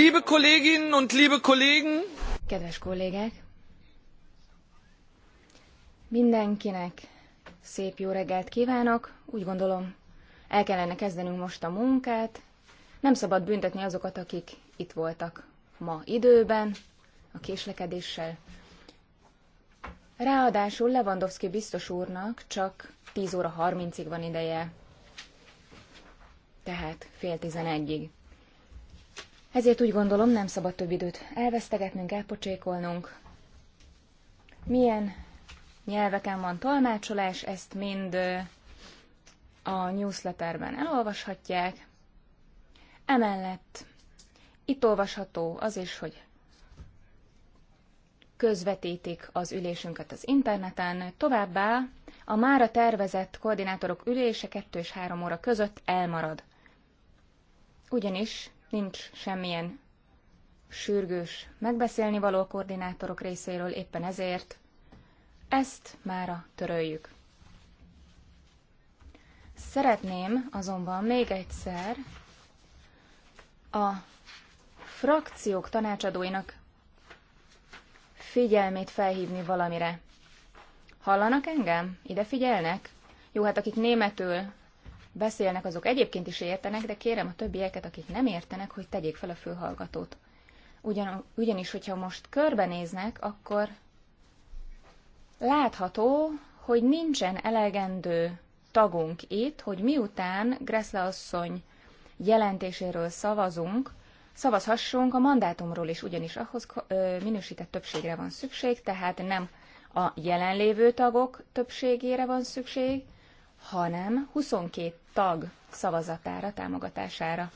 Liebe Kolleginnen und liebe Kollegen! Kedves kollégák! Mindenkinek szép jó reggelt kívánok. Úgy gondolom, el kellene kezdenünk most a munkát. Nem szabad büntetni azokat, akik itt voltak ma időben, a késlekedéssel. Ráadásul Lewandowski biztos úrnak csak 10 óra 30-ig van ideje, tehát fél tizenegyig. Ezért úgy gondolom, nem szabad több időt elvesztegetnünk, elpocsékolnunk. Milyen nyelveken van tolmácsolás, ezt mind a newsletterben elolvashatják. Emellett itt olvasható az is, hogy közvetítik az ülésünket az interneten, továbbá a mára tervezett koordinátorok ülése 2 és 3 óra között elmarad. Ugyanis nincs semmilyen sürgős megbeszélni való koordinátorok részéről, éppen ezért ezt mára töröljük. Szeretném azonban még egyszer a frakciók tanácsadóinak figyelmét felhívni valamire. Hallanak engem? Ide figyelnek? Jó, hát akik németül beszélnek, azok egyébként is értenek, de kérem a többieket, akik nem értenek, hogy tegyék fel a fülhallgatót. Ugyan, ugyanis, hogyha most körbenéznek, akkor látható, hogy nincsen elegendő tagunk itt, hogy miután Gressle asszony jelentéséről szavazunk, szavazhassunk a mandátumról is, ugyanis ahhoz minősített többségre van szükség, tehát nem a jelenlévő tagok többségére van szükség, hanem 22 tag szavazatára, támogatására.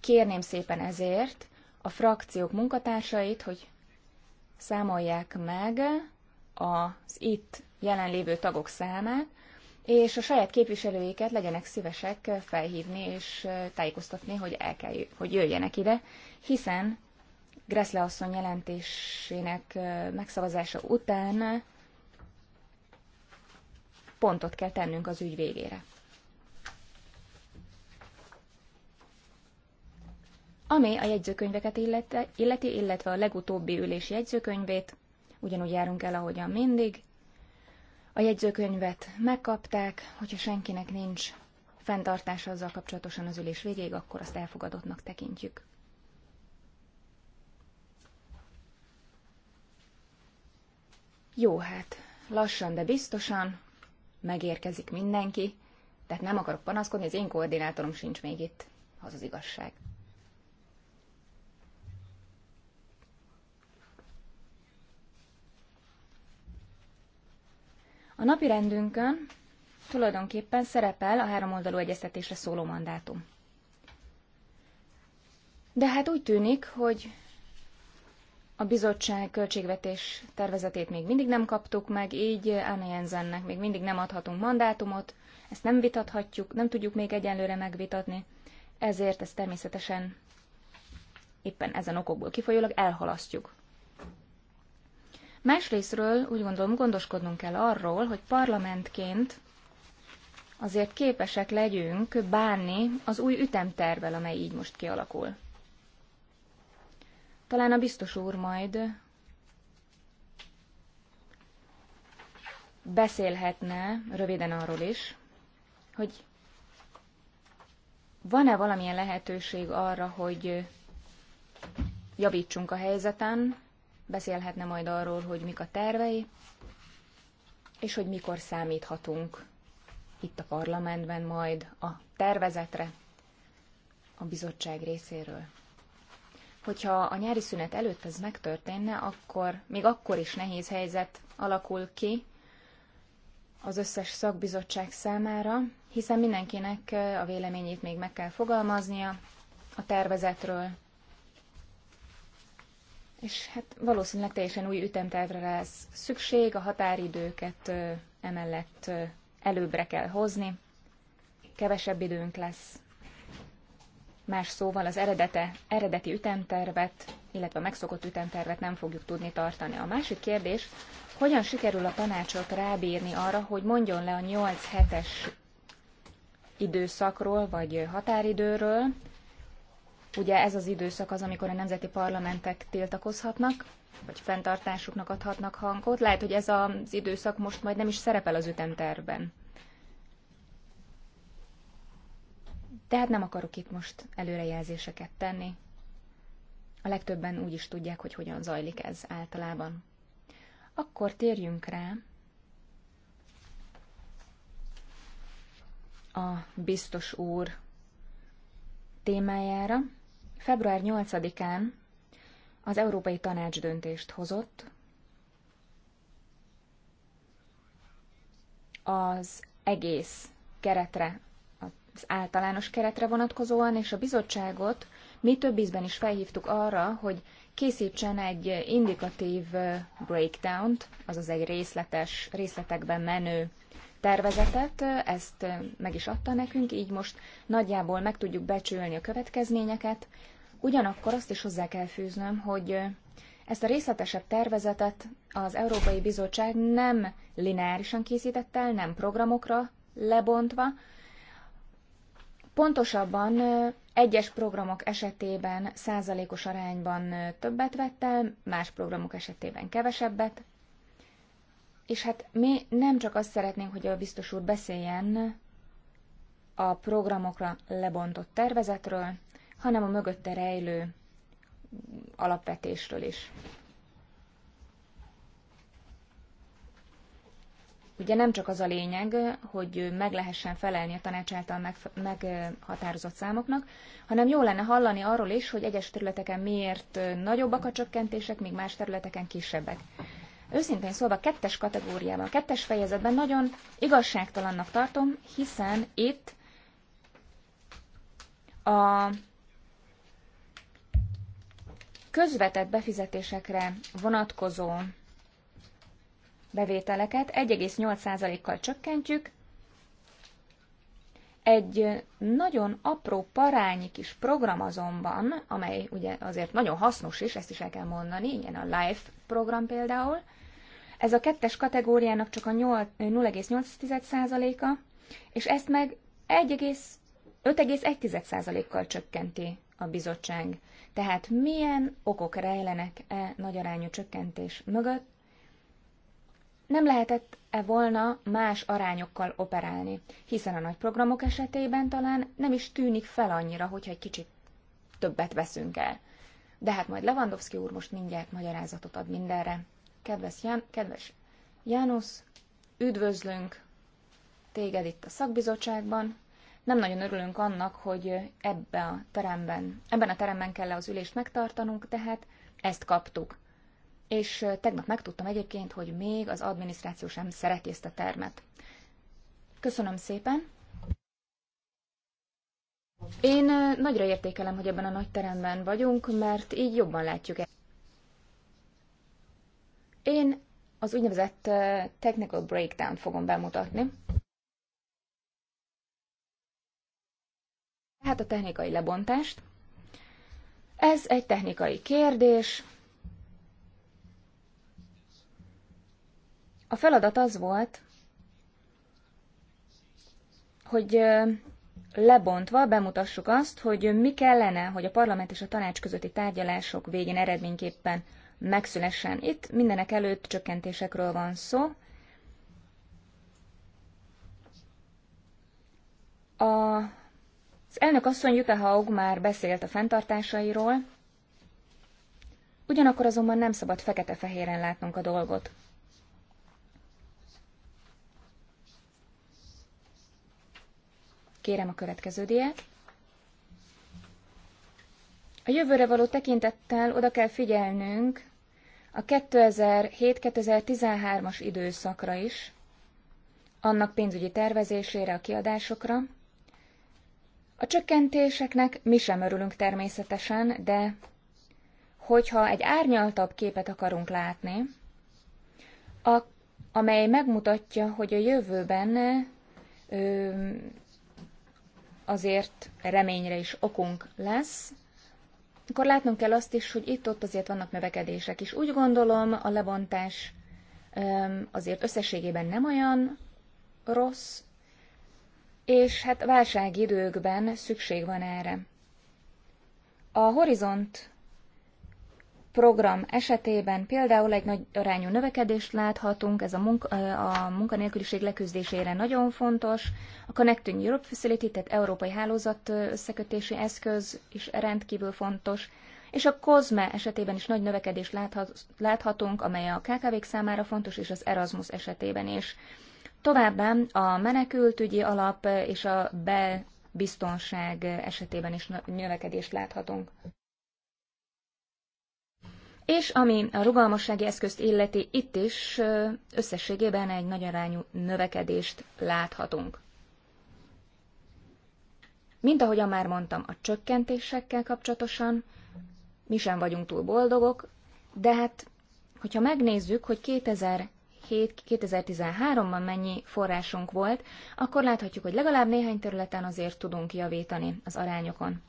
Kérném szépen ezért a frakciók munkatársait, hogy számolják meg az itt jelenlévő tagok számát, és a saját képviselőiket legyenek szívesek felhívni és tájékoztatni, hogy, el kell, hogy jöjjenek ide, hiszen Gressle asszony jelentésének megszavazása után pontot kell tennünk az ügy végére. Ami a jegyzőkönyveket illeti, illetve a legutóbbi ülés jegyzőkönyvét, ugyanúgy járunk el, ahogyan mindig. A jegyzőkönyvet megkapták, hogyha senkinek nincs fenntartása azzal kapcsolatosan az ülés végéig, akkor azt elfogadottnak tekintjük. Jó, hát lassan, de biztosan megérkezik mindenki, tehát nem akarok panaszkodni, az én koordinátorom sincs még itt, az az igazság. A napi rendünkön tulajdonképpen szerepel a háromoldalú egyeztetésre szóló mandátum. De hát úgy tűnik, hogy a bizottság költségvetés tervezetét még mindig nem kaptuk meg, így Anna Jensennek még mindig nem adhatunk mandátumot, ezt nem vitathatjuk, nem tudjuk még egyenlőre megvitatni, ezért ezt természetesen éppen ezen okokból kifolyólag elhalasztjuk. Másrésztről úgy gondolom gondoskodnunk kell arról, hogy parlamentként azért képesek legyünk bánni az új ütemtervel, amely így most kialakul. Talán a biztos úr majd beszélhetne röviden arról is, hogy van-e valamilyen lehetőség arra, hogy javítsunk a helyzeten, beszélhetne majd arról, hogy mik a tervei, és hogy mikor számíthatunk itt a parlamentben majd a tervezetre a bizottság részéről. Hogyha a nyári szünet előtt ez megtörténne, akkor még akkor is nehéz helyzet alakul ki az összes szakbizottság számára, hiszen mindenkinek a véleményét még meg kell fogalmaznia a tervezetről, és hát valószínűleg teljesen új ütemtervre lesz szükség, a határidőket emellett előbbre kell hozni, kevesebb időnk lesz Más szóval az eredete, eredeti ütemtervet, illetve a megszokott ütemtervet nem fogjuk tudni tartani. A másik kérdés, hogyan sikerül a tanácsot rábírni arra, hogy mondjon le a 8 hetes időszakról, vagy határidőről. Ugye ez az időszak az, amikor a nemzeti parlamentek tiltakozhatnak, vagy fenntartásuknak adhatnak hangot. Lehet, hogy ez az időszak most majd nem is szerepel az ütemterben. Tehát nem akarok itt most előrejelzéseket tenni. A legtöbben úgy is tudják, hogy hogyan zajlik ez általában. Akkor térjünk rá a biztos úr témájára. Február 8-án az Európai Tanács döntést hozott az egész keretre az általános keretre vonatkozóan, és a bizottságot mi több ízben is felhívtuk arra, hogy készítsen egy indikatív breakdown-t, azaz egy részletes, részletekben menő tervezetet, ezt meg is adta nekünk, így most nagyjából meg tudjuk becsülni a következményeket. Ugyanakkor azt is hozzá kell fűznöm, hogy ezt a részletesebb tervezetet az Európai Bizottság nem lineárisan készített el, nem programokra lebontva, Pontosabban egyes programok esetében százalékos arányban többet vett el, más programok esetében kevesebbet, és hát mi nem csak azt szeretnénk, hogy a biztos úr beszéljen a programokra lebontott tervezetről, hanem a mögötte rejlő alapvetésről is. Ugye nem csak az a lényeg, hogy meg lehessen felelni a tanács által meghatározott számoknak, hanem jó lenne hallani arról is, hogy egyes területeken miért nagyobbak a csökkentések, míg más területeken kisebbek. Őszintén szólva a kettes kategóriában, a kettes fejezetben nagyon igazságtalannak tartom, hiszen itt a közvetett befizetésekre vonatkozó bevételeket 1,8%-kal csökkentjük, egy nagyon apró parányi kis program azonban, amely ugye azért nagyon hasznos is, ezt is el kell mondani, ilyen a LIFE program például, ez a kettes kategóriának csak a 0,8%-a, és ezt meg 5,1%-kal csökkenti a bizottság. Tehát milyen okok rejlenek e nagyarányú csökkentés mögött, nem lehetett-e volna más arányokkal operálni, hiszen a nagy programok esetében talán nem is tűnik fel annyira, hogyha egy kicsit többet veszünk el. De hát majd Lewandowski úr most mindjárt magyarázatot ad mindenre. Kedves, Ján- kedves János, üdvözlünk téged itt a szakbizottságban. Nem nagyon örülünk annak, hogy ebbe a teremben, ebben a teremben kell az ülést megtartanunk, tehát ezt kaptuk és tegnap megtudtam egyébként, hogy még az adminisztráció sem szereti ezt a termet. Köszönöm szépen! Én nagyra értékelem, hogy ebben a nagy teremben vagyunk, mert így jobban látjuk ezt. Én az úgynevezett technical breakdown fogom bemutatni. Tehát a technikai lebontást. Ez egy technikai kérdés, A feladat az volt, hogy lebontva bemutassuk azt, hogy mi kellene, hogy a parlament és a tanács közötti tárgyalások végén eredményképpen megszülessen. Itt mindenek előtt csökkentésekről van szó. A, az elnök asszony Jutta Haug már beszélt a fenntartásairól, ugyanakkor azonban nem szabad fekete-fehéren látnunk a dolgot. Kérem a következő diát. A jövőre való tekintettel oda kell figyelnünk a 2007-2013-as időszakra is, annak pénzügyi tervezésére, a kiadásokra. A csökkentéseknek mi sem örülünk természetesen, de hogyha egy árnyaltabb képet akarunk látni, a, amely megmutatja, hogy a jövőben ö, azért reményre is okunk lesz, akkor látnunk kell azt is, hogy itt-ott azért vannak növekedések is. Úgy gondolom, a lebontás azért összességében nem olyan rossz, és hát válságidőkben szükség van erre. A Horizont program esetében például egy nagy arányú növekedést láthatunk, ez a, munka, a munkanélküliség leküzdésére nagyon fontos. A Connecting Europe Facility, tehát európai hálózat összekötési eszköz is rendkívül fontos, és a COSME esetében is nagy növekedést láthatunk, amely a KKV-k számára fontos, és az Erasmus esetében is. Továbbá a menekültügyi alap és a belbiztonság esetében is növekedést láthatunk. És ami a rugalmassági eszközt illeti, itt is összességében egy nagy arányú növekedést láthatunk. Mint ahogyan már mondtam, a csökkentésekkel kapcsolatosan mi sem vagyunk túl boldogok, de hát, hogyha megnézzük, hogy 2007-2013-ban mennyi forrásunk volt, akkor láthatjuk, hogy legalább néhány területen azért tudunk javítani az arányokon.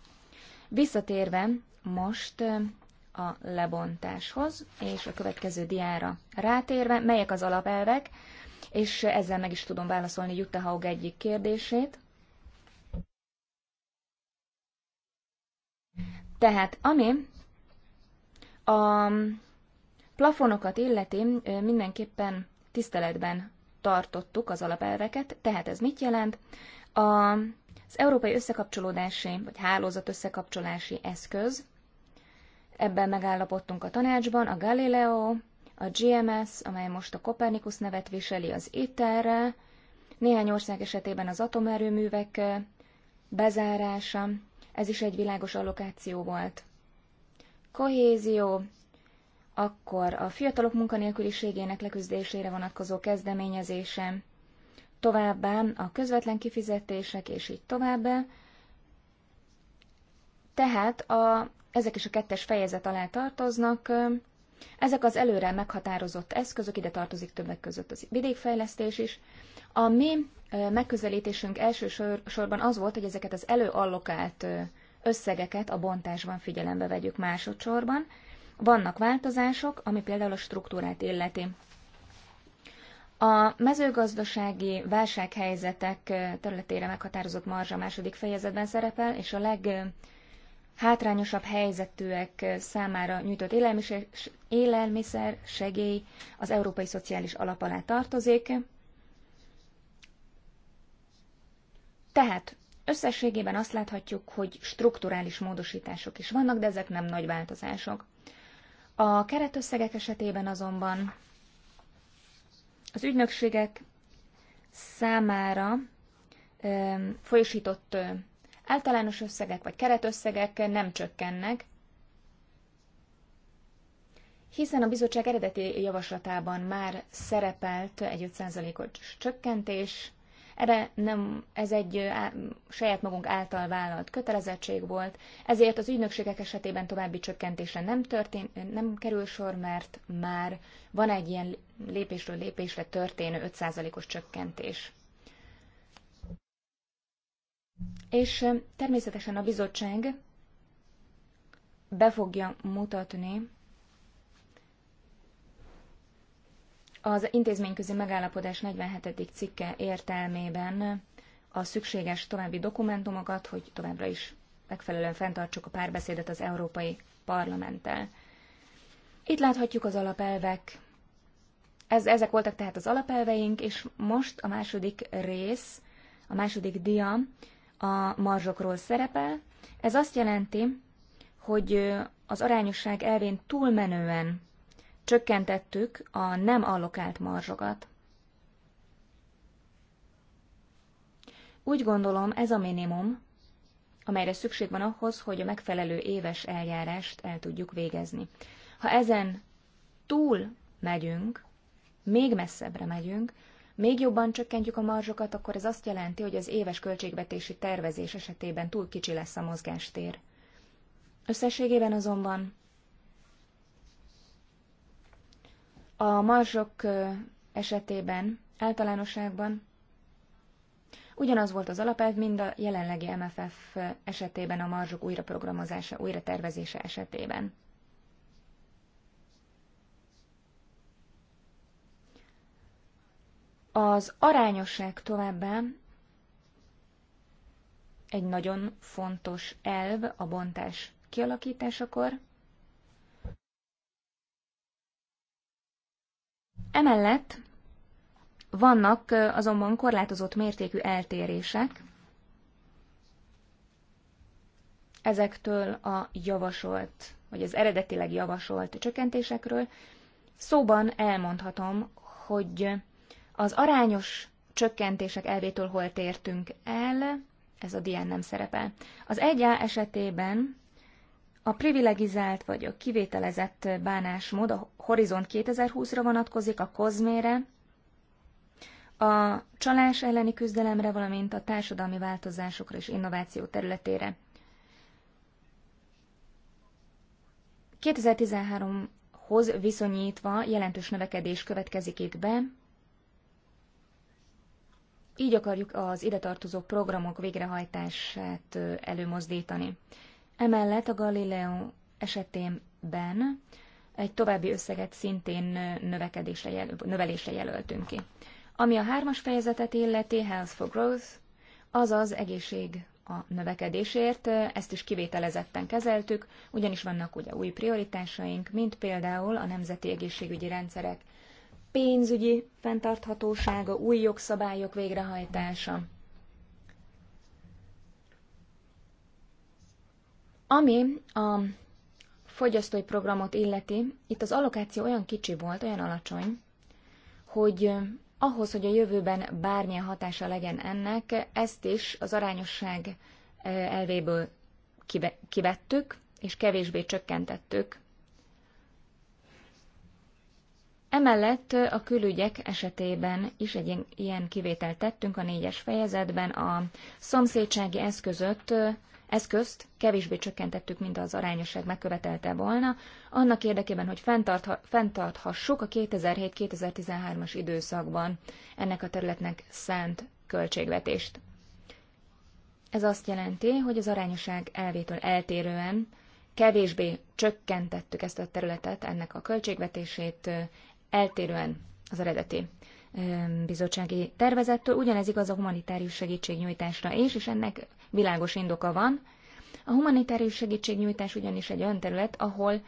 Visszatérve most a lebontáshoz, és a következő diára rátérve, melyek az alapelvek, és ezzel meg is tudom válaszolni Jutta Haug egyik kérdését. Tehát, ami a plafonokat illeti, mindenképpen tiszteletben tartottuk az alapelveket, tehát ez mit jelent? A, az Európai Összekapcsolódási vagy Hálózat Összekapcsolási Eszköz Ebben megállapodtunk a tanácsban, a Galileo, a GMS, amely most a Kopernikus nevet viseli, az ITER, néhány ország esetében az atomerőművek eh, bezárása, ez is egy világos allokáció volt. Kohézió, akkor a fiatalok munkanélküliségének leküzdésére vonatkozó kezdeményezése, továbbá a közvetlen kifizetések, és így tovább. Tehát a ezek is a kettes fejezet alá tartoznak. Ezek az előre meghatározott eszközök, ide tartozik többek között az vidékfejlesztés is. A mi megközelítésünk elsősorban az volt, hogy ezeket az előallokált összegeket a bontásban figyelembe vegyük másodszorban. Vannak változások, ami például a struktúrát illeti. A mezőgazdasági válsághelyzetek területére meghatározott marzsa második fejezetben szerepel, és a leg hátrányosabb helyzetűek számára nyújtott élelmiszer, élelmiszer segély az Európai Szociális Alap alá tartozik. Tehát összességében azt láthatjuk, hogy strukturális módosítások is vannak, de ezek nem nagy változások. A keretösszegek esetében azonban az ügynökségek számára folyosított Általános összegek vagy keretösszegek nem csökkennek, hiszen a bizottság eredeti javaslatában már szerepelt egy 5%-os csökkentés, erre nem, ez egy á, saját magunk által vállalt kötelezettség volt, ezért az ügynökségek esetében további csökkentésre nem, történ, nem kerül sor, mert már van egy ilyen lépésről lépésre történő 5%-os csökkentés. És természetesen a bizottság be fogja mutatni az intézményközi megállapodás 47. cikke értelmében a szükséges további dokumentumokat, hogy továbbra is megfelelően fenntartsuk a párbeszédet az Európai Parlamenttel. Itt láthatjuk az alapelvek. Ez, ezek voltak tehát az alapelveink, és most a második rész, a második dia a marzsokról szerepel. Ez azt jelenti, hogy az arányosság elvén túlmenően csökkentettük a nem allokált marzsokat. Úgy gondolom, ez a minimum, amelyre szükség van ahhoz, hogy a megfelelő éves eljárást el tudjuk végezni. Ha ezen túl megyünk, még messzebbre megyünk, még jobban csökkentjük a marzsokat, akkor ez azt jelenti, hogy az éves költségvetési tervezés esetében túl kicsi lesz a mozgástér. Összességében azonban a marzsok esetében általánosságban ugyanaz volt az alapelv, mind a jelenlegi MFF esetében a marzsok újraprogramozása, újratervezése esetében. Az arányosság továbbá egy nagyon fontos elv a bontás kialakításakor. Emellett vannak azonban korlátozott mértékű eltérések ezektől a javasolt, vagy az eredetileg javasolt csökkentésekről. Szóban elmondhatom, hogy az arányos csökkentések elvétől hol tértünk el, ez a dián nem szerepel. Az 1A esetében a privilegizált vagy a kivételezett bánásmód a Horizont 2020-ra vonatkozik, a kozmére, a csalás elleni küzdelemre, valamint a társadalmi változásokra és innováció területére. 2013-hoz viszonyítva jelentős növekedés következik itt be, így akarjuk az ide tartozó programok végrehajtását előmozdítani. Emellett a Galileo esetében egy további összeget szintén növekedésre jel- növelésre jelöltünk ki. Ami a hármas fejezetet illeti, Health for Growth, azaz egészség a növekedésért, ezt is kivételezetten kezeltük, ugyanis vannak ugye új prioritásaink, mint például a nemzeti egészségügyi rendszerek pénzügyi fenntarthatósága, új jogszabályok végrehajtása. Ami a fogyasztói programot illeti, itt az allokáció olyan kicsi volt, olyan alacsony, hogy ahhoz, hogy a jövőben bármilyen hatása legyen ennek, ezt is az arányosság elvéből kivettük, és kevésbé csökkentettük Emellett a külügyek esetében is egy ilyen kivételt tettünk a négyes fejezetben. A szomszédsági eszközöt, eszközt kevésbé csökkentettük, mint az arányosság megkövetelte volna, annak érdekében, hogy fenntarthassuk a 2007-2013-as időszakban ennek a területnek szánt költségvetést. Ez azt jelenti, hogy az arányosság elvétől eltérően kevésbé csökkentettük ezt a területet, ennek a költségvetését, eltérően az eredeti bizottsági tervezettől. Ugyanez igaz a humanitárius segítségnyújtásra is, és ennek világos indoka van. A humanitárius segítségnyújtás ugyanis egy olyan terület, ahol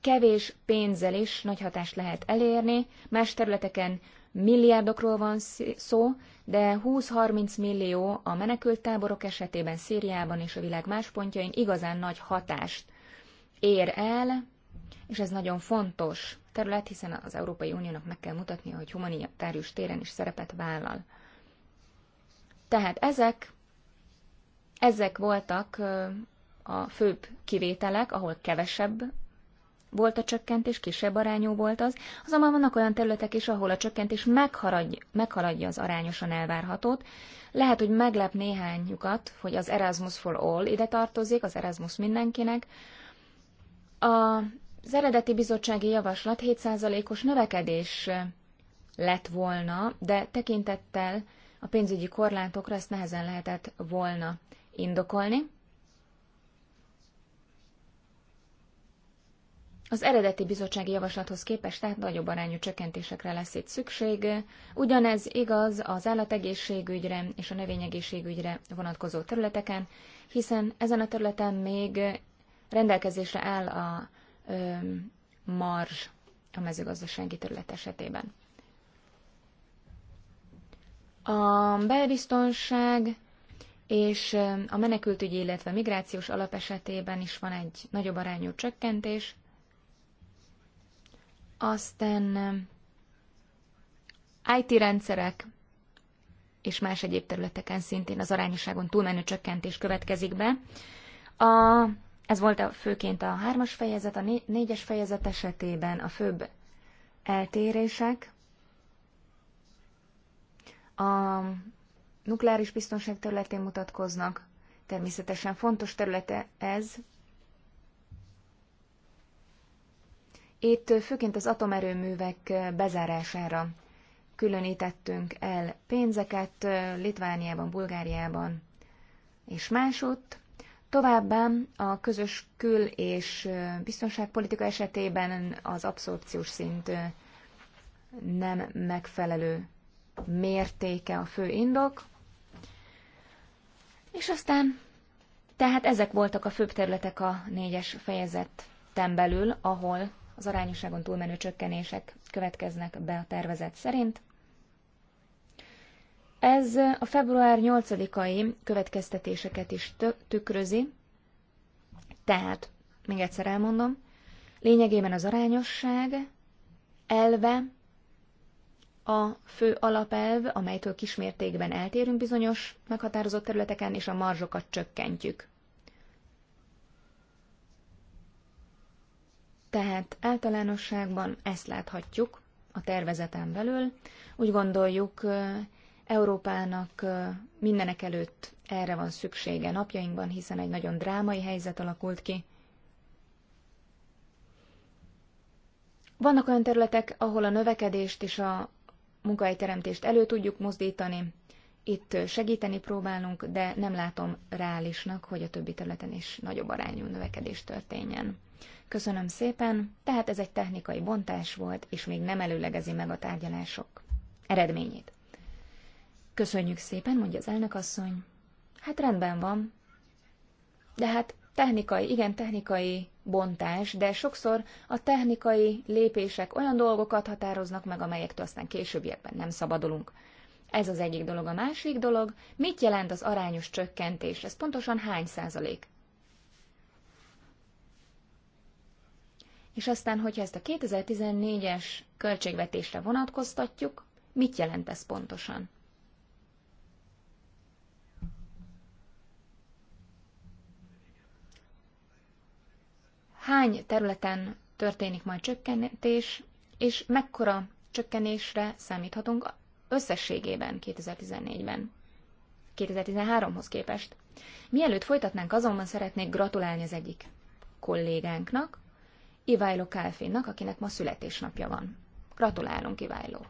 kevés pénzzel is nagy hatást lehet elérni, más területeken milliárdokról van szó, de 20-30 millió a menekült táborok esetében Szíriában és a világ más pontjain igazán nagy hatást ér el, és ez nagyon fontos terület, hiszen az Európai Uniónak meg kell mutatnia, hogy humanitárius téren is szerepet vállal. Tehát ezek, ezek voltak a főbb kivételek, ahol kevesebb volt a csökkentés, kisebb arányú volt az, azonban vannak olyan területek is, ahol a csökkentés meghaladja, meghaladja az arányosan elvárhatót. Lehet, hogy meglep néhányukat, hogy az Erasmus for All ide tartozik, az Erasmus mindenkinek. A az eredeti bizottsági javaslat 7%-os növekedés lett volna, de tekintettel a pénzügyi korlátokra ezt nehezen lehetett volna indokolni. Az eredeti bizottsági javaslathoz képest tehát nagyobb arányú csökkentésekre lesz itt szükség. Ugyanez igaz az állategészségügyre és a növényegészségügyre vonatkozó területeken, hiszen ezen a területen még rendelkezésre áll a marzs a mezőgazdasági terület esetében. A belbiztonság és a menekültügyi, illetve migrációs alap esetében is van egy nagyobb arányú csökkentés. Aztán IT-rendszerek és más egyéb területeken szintén az arányosságon túlmenő csökkentés következik be. A ez volt a, főként a hármas fejezet, a négyes fejezet esetében a főbb eltérések. A nukleáris biztonság területén mutatkoznak. Természetesen fontos területe ez. Itt főként az atomerőművek bezárására különítettünk el pénzeket Litvániában, Bulgáriában és másutt. Továbbá a közös kül- és biztonságpolitika esetében az abszorpciós szint nem megfelelő mértéke a fő indok. És aztán, tehát ezek voltak a főbb területek a négyes fejezetten belül, ahol az arányosságon túlmenő csökkenések következnek be a tervezet szerint. Ez a február 8-ai következtetéseket is tükrözi, tehát, még egyszer elmondom, lényegében az arányosság elve a fő alapelv, amelytől kismértékben eltérünk bizonyos meghatározott területeken, és a marzsokat csökkentjük. Tehát általánosságban ezt láthatjuk a tervezeten belül. Úgy gondoljuk, Európának mindenek előtt erre van szüksége napjainkban, hiszen egy nagyon drámai helyzet alakult ki. Vannak olyan területek, ahol a növekedést és a munkahelyteremtést elő tudjuk mozdítani, itt segíteni próbálunk, de nem látom reálisnak, hogy a többi területen is nagyobb arányú növekedés történjen. Köszönöm szépen, tehát ez egy technikai bontás volt, és még nem előlegezi meg a tárgyalások eredményét. Köszönjük szépen, mondja az elnökasszony. Hát rendben van. De hát technikai, igen, technikai bontás, de sokszor a technikai lépések olyan dolgokat határoznak meg, amelyektől aztán későbbiekben nem szabadulunk. Ez az egyik dolog. A másik dolog, mit jelent az arányos csökkentés? Ez pontosan hány százalék? És aztán, hogyha ezt a 2014-es költségvetésre vonatkoztatjuk, mit jelent ez pontosan? hány területen történik majd csökkentés, és mekkora csökkenésre számíthatunk összességében 2014-ben, 2013-hoz képest. Mielőtt folytatnánk, azonban szeretnék gratulálni az egyik kollégánknak, Iváló Kálfinnak, akinek ma születésnapja van. Gratulálunk, Iváló!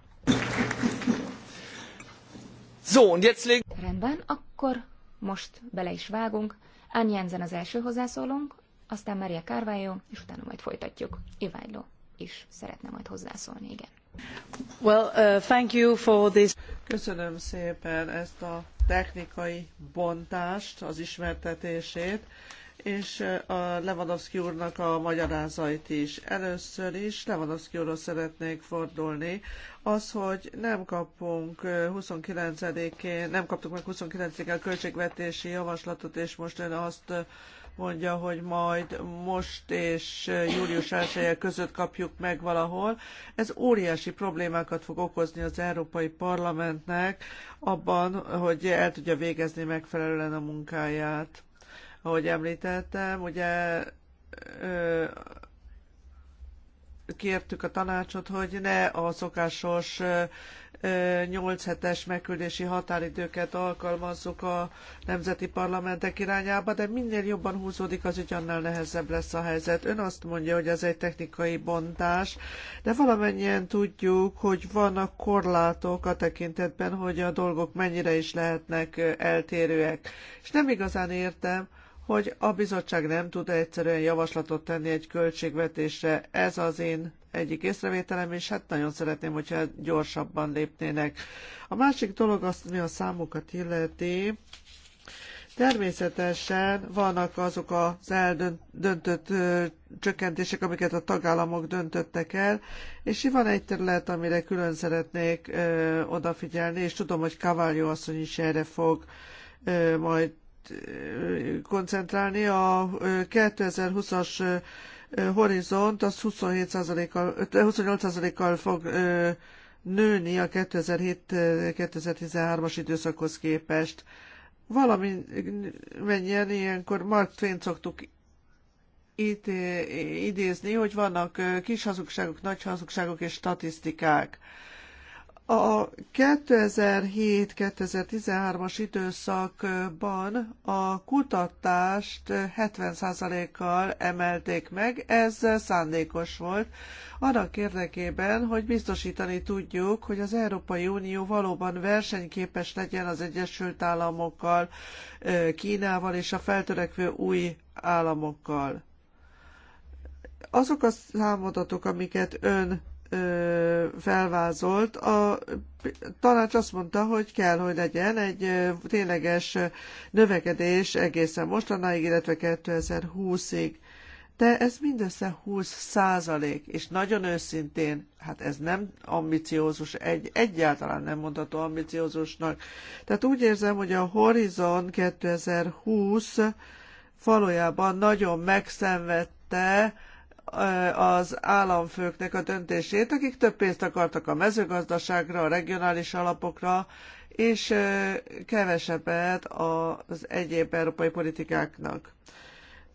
So, und jetzt leg... Rendben, akkor most bele is vágunk. Ann Jensen az első hozzászólónk, aztán Maria Carvalho, és utána majd folytatjuk. Iványló is szeretne majd hozzászólni, igen. Well, uh, thank you for this. Köszönöm szépen ezt a technikai bontást, az ismertetését, és uh, a Lewandowski úrnak a magyarázait is. Először is Lewandowski úrra szeretnék fordulni. Az, hogy nem kapunk 29 uh, nem kaptuk meg 29-én költségvetési javaslatot, és most ön azt uh, mondja, hogy majd most és július 1 között kapjuk meg valahol. Ez óriási problémákat fog okozni az Európai Parlamentnek abban, hogy el tudja végezni megfelelően a munkáját. Ahogy említettem, ugye kértük a tanácsot, hogy ne a szokásos 8 hetes megküldési határidőket alkalmazzuk a nemzeti parlamentek irányába, de minél jobban húzódik az ügy, annál nehezebb lesz a helyzet. Ön azt mondja, hogy ez egy technikai bontás, de valamennyien tudjuk, hogy vannak korlátok a tekintetben, hogy a dolgok mennyire is lehetnek eltérőek. És nem igazán értem, hogy a bizottság nem tud egyszerűen javaslatot tenni egy költségvetésre. Ez az én egyik észrevételem, és hát nagyon szeretném, hogyha gyorsabban lépnének. A másik dolog azt, mi a számokat illeti, Természetesen vannak azok az eldöntött csökkentések, amiket a tagállamok döntöttek el, és van egy terület, amire külön szeretnék ö, odafigyelni, és tudom, hogy Cavaglio asszony is erre fog ö, majd ö, koncentrálni. A 2020-as horizont az 27%-kal, 28%-kal fog nőni a 2007-2013-as időszakhoz képest. Valami mennyien ilyenkor Mark Twain szoktuk itt idézni, hogy vannak kis hazugságok, nagy hazugságok és statisztikák. A 2007-2013-as időszakban a kutatást 70%-kal emelték meg, ez szándékos volt, annak érdekében, hogy biztosítani tudjuk, hogy az Európai Unió valóban versenyképes legyen az Egyesült Államokkal, Kínával és a feltörekvő új államokkal. Azok a számadatok, amiket ön felvázolt, a tanács azt mondta, hogy kell, hogy legyen egy tényleges növekedés egészen mostanáig, illetve 2020-ig. De ez mindössze 20 százalék, és nagyon őszintén, hát ez nem ambiciózus, egy, egyáltalán nem mondható ambiciózusnak. Tehát úgy érzem, hogy a Horizon 2020 valójában nagyon megszenvedte az államfőknek a döntését, akik több pénzt akartak a mezőgazdaságra, a regionális alapokra, és kevesebbet az egyéb európai politikáknak.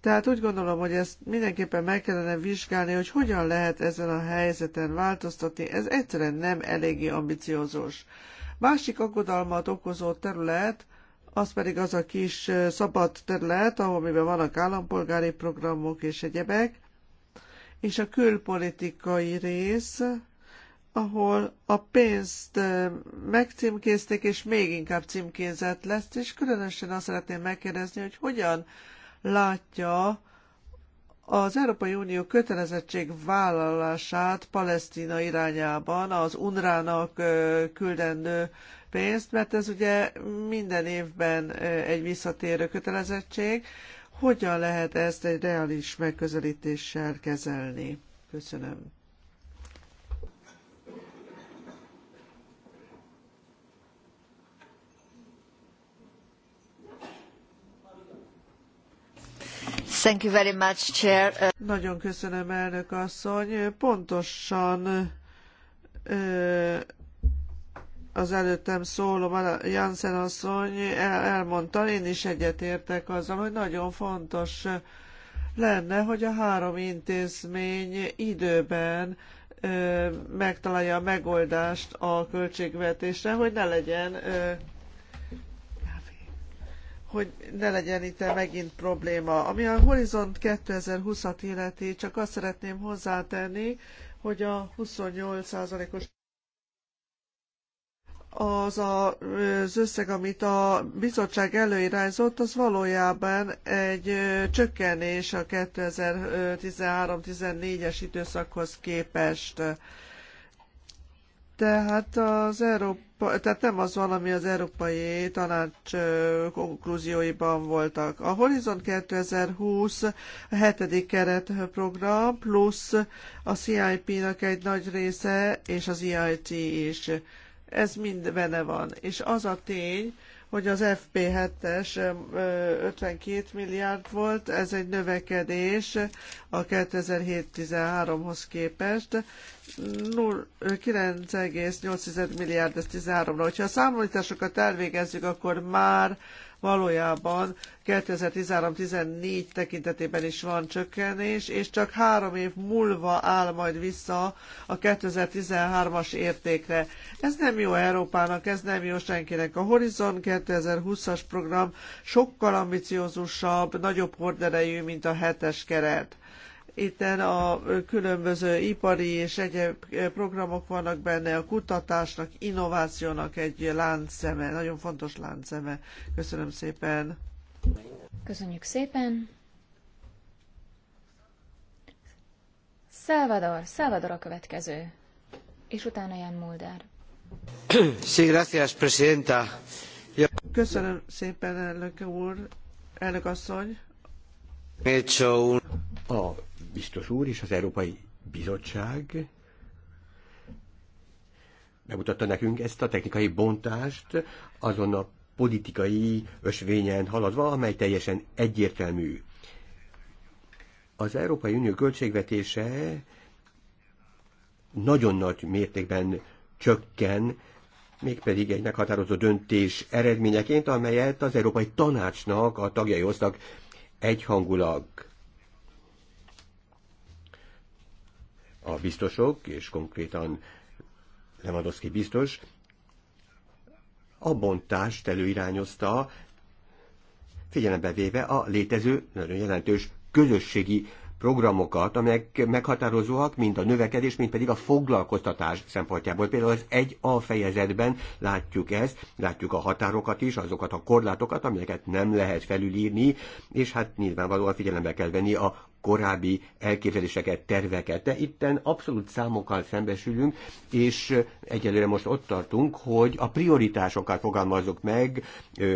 Tehát úgy gondolom, hogy ezt mindenképpen meg kellene vizsgálni, hogy hogyan lehet ezen a helyzeten változtatni. Ez egyszerűen nem eléggé ambiciózus. Másik aggodalmat okozó terület, az pedig az a kis szabad terület, ahol miben vannak állampolgári programok és egyebek, és a külpolitikai rész, ahol a pénzt megcímkézték, és még inkább címkézett lesz, és különösen azt szeretném megkérdezni, hogy hogyan látja az Európai Unió kötelezettség vállalását Palesztina irányában az UNRWA-nak küldendő pénzt, mert ez ugye minden évben egy visszatérő kötelezettség, hogyan lehet ezt egy reális megközelítéssel kezelni? Köszönöm. Thank you very much, Chair. Nagyon köszönöm, elnök asszony. Pontosan az előttem szóló Janssen asszony elmondta, én is egyetértek azzal, hogy nagyon fontos lenne, hogy a három intézmény időben ö, megtalálja a megoldást a költségvetésre, hogy ne legyen ö, hogy ne legyen itt megint probléma. Ami a Horizont 2020-at illeti, csak azt szeretném hozzátenni, hogy a 28%-os az a, az összeg, amit a bizottság előirányzott, az valójában egy csökkenés a 2013-14-es időszakhoz képest. Tehát az Európa, tehát nem az van, ami az Európai Tanács konklúzióiban voltak. A Horizon 2020 a hetedik keretprogram, plusz a CIP-nak egy nagy része, és az EIT is ez mind benne van. És az a tény, hogy az FP7-es 52 milliárd volt, ez egy növekedés a 2007-13-hoz képest, 9,8 milliárd, ez 13-ra. Ha a számolításokat elvégezzük, akkor már valójában 2013-14 tekintetében is van csökkenés, és csak három év múlva áll majd vissza a 2013-as értékre. Ez nem jó Európának, ez nem jó senkinek. A Horizon 2020-as program sokkal ambiciózusabb, nagyobb horderejű, mint a hetes keret Itten a különböző ipari és egyéb programok vannak benne, a kutatásnak, innovációnak egy láncszeme, nagyon fontos láncszeme. Köszönöm szépen. Köszönjük szépen. Salvador, Salvador a következő, és utána Jan Mulder. Sí, gracias, presidenta. Köszönöm szépen, elnök úr, elnök asszony biztos úr és az Európai Bizottság bemutatta nekünk ezt a technikai bontást azon a politikai ösvényen haladva, amely teljesen egyértelmű. Az Európai Unió költségvetése nagyon nagy mértékben csökken, mégpedig egy meghatározó döntés eredményeként, amelyet az Európai Tanácsnak a tagjai hoztak egyhangulag. a biztosok, és konkrétan Lewandowski biztos, a bontást előirányozta, figyelembe véve a létező nagyon jelentős közösségi programokat, amelyek meghatározóak mind a növekedés, mind pedig a foglalkoztatás szempontjából. Például az egy A fejezetben látjuk ezt, látjuk a határokat is, azokat a korlátokat, amelyeket nem lehet felülírni, és hát nyilvánvalóan figyelembe kell venni a korábbi elképzeléseket, terveket. De itten abszolút számokkal szembesülünk, és egyelőre most ott tartunk, hogy a prioritásokat fogalmazzuk meg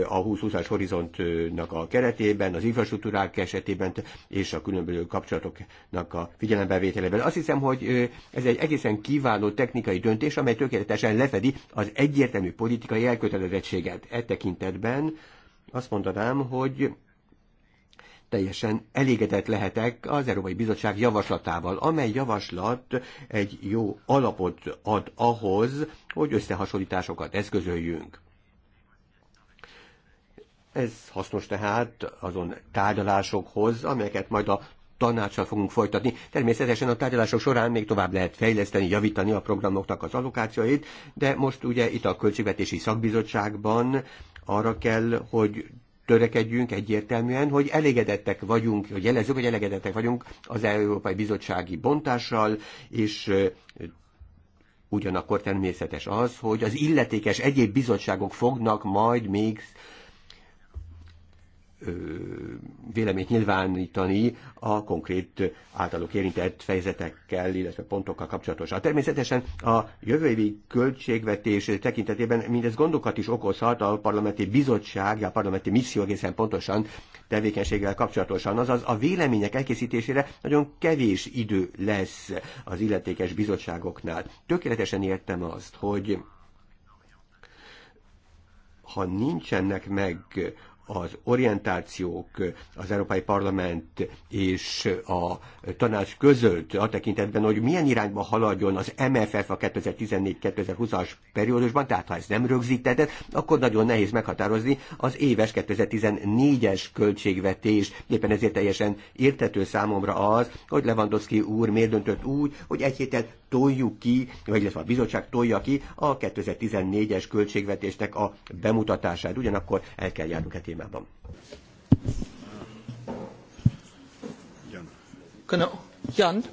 a 2020-as horizontnak a keretében, az infrastruktúrák esetében és a különböző kapcsolatoknak a figyelembevételében. Azt hiszem, hogy ez egy egészen kiváló technikai döntés, amely tökéletesen lefedi az egyértelmű politikai elkötelezettséget. E tekintetben azt mondanám, hogy teljesen elégedett lehetek az Európai Bizottság javaslatával, amely javaslat egy jó alapot ad ahhoz, hogy összehasonlításokat eszközöljünk. Ez hasznos tehát azon tárgyalásokhoz, amelyeket majd a tanácssal fogunk folytatni. Természetesen a tárgyalások során még tovább lehet fejleszteni, javítani a programoknak az allokációit, de most ugye itt a Költségvetési Szakbizottságban arra kell, hogy törekedjünk egyértelműen, hogy elégedettek vagyunk, hogy jelezzük, hogy elégedettek vagyunk az Európai Bizottsági bontással, és ugyanakkor természetes az, hogy az illetékes egyéb bizottságok fognak majd még véleményt nyilvánítani a konkrét általuk érintett fejezetekkel, illetve pontokkal kapcsolatosan. Természetesen a jövő évi költségvetés tekintetében mindez gondokat is okozhat a parlamenti bizottság, a parlamenti misszió egészen pontosan tevékenységgel kapcsolatosan. Azaz a vélemények elkészítésére nagyon kevés idő lesz az illetékes bizottságoknál. Tökéletesen értem azt, hogy ha nincsenek meg az orientációk az Európai Parlament és a tanács között a tekintetben, hogy milyen irányba haladjon az MFF a 2014-2020-as periódusban, tehát ha ez nem rögzítetett, akkor nagyon nehéz meghatározni az éves 2014-es költségvetés. Éppen ezért teljesen értető számomra az, hogy Lewandowski úr miért döntött úgy, hogy egy héten toljuk ki, vagy illetve a bizottság tolja ki a 2014-es költségvetésnek a bemutatását. Ugyanakkor el kell járnunk e témában. Genau. Jan.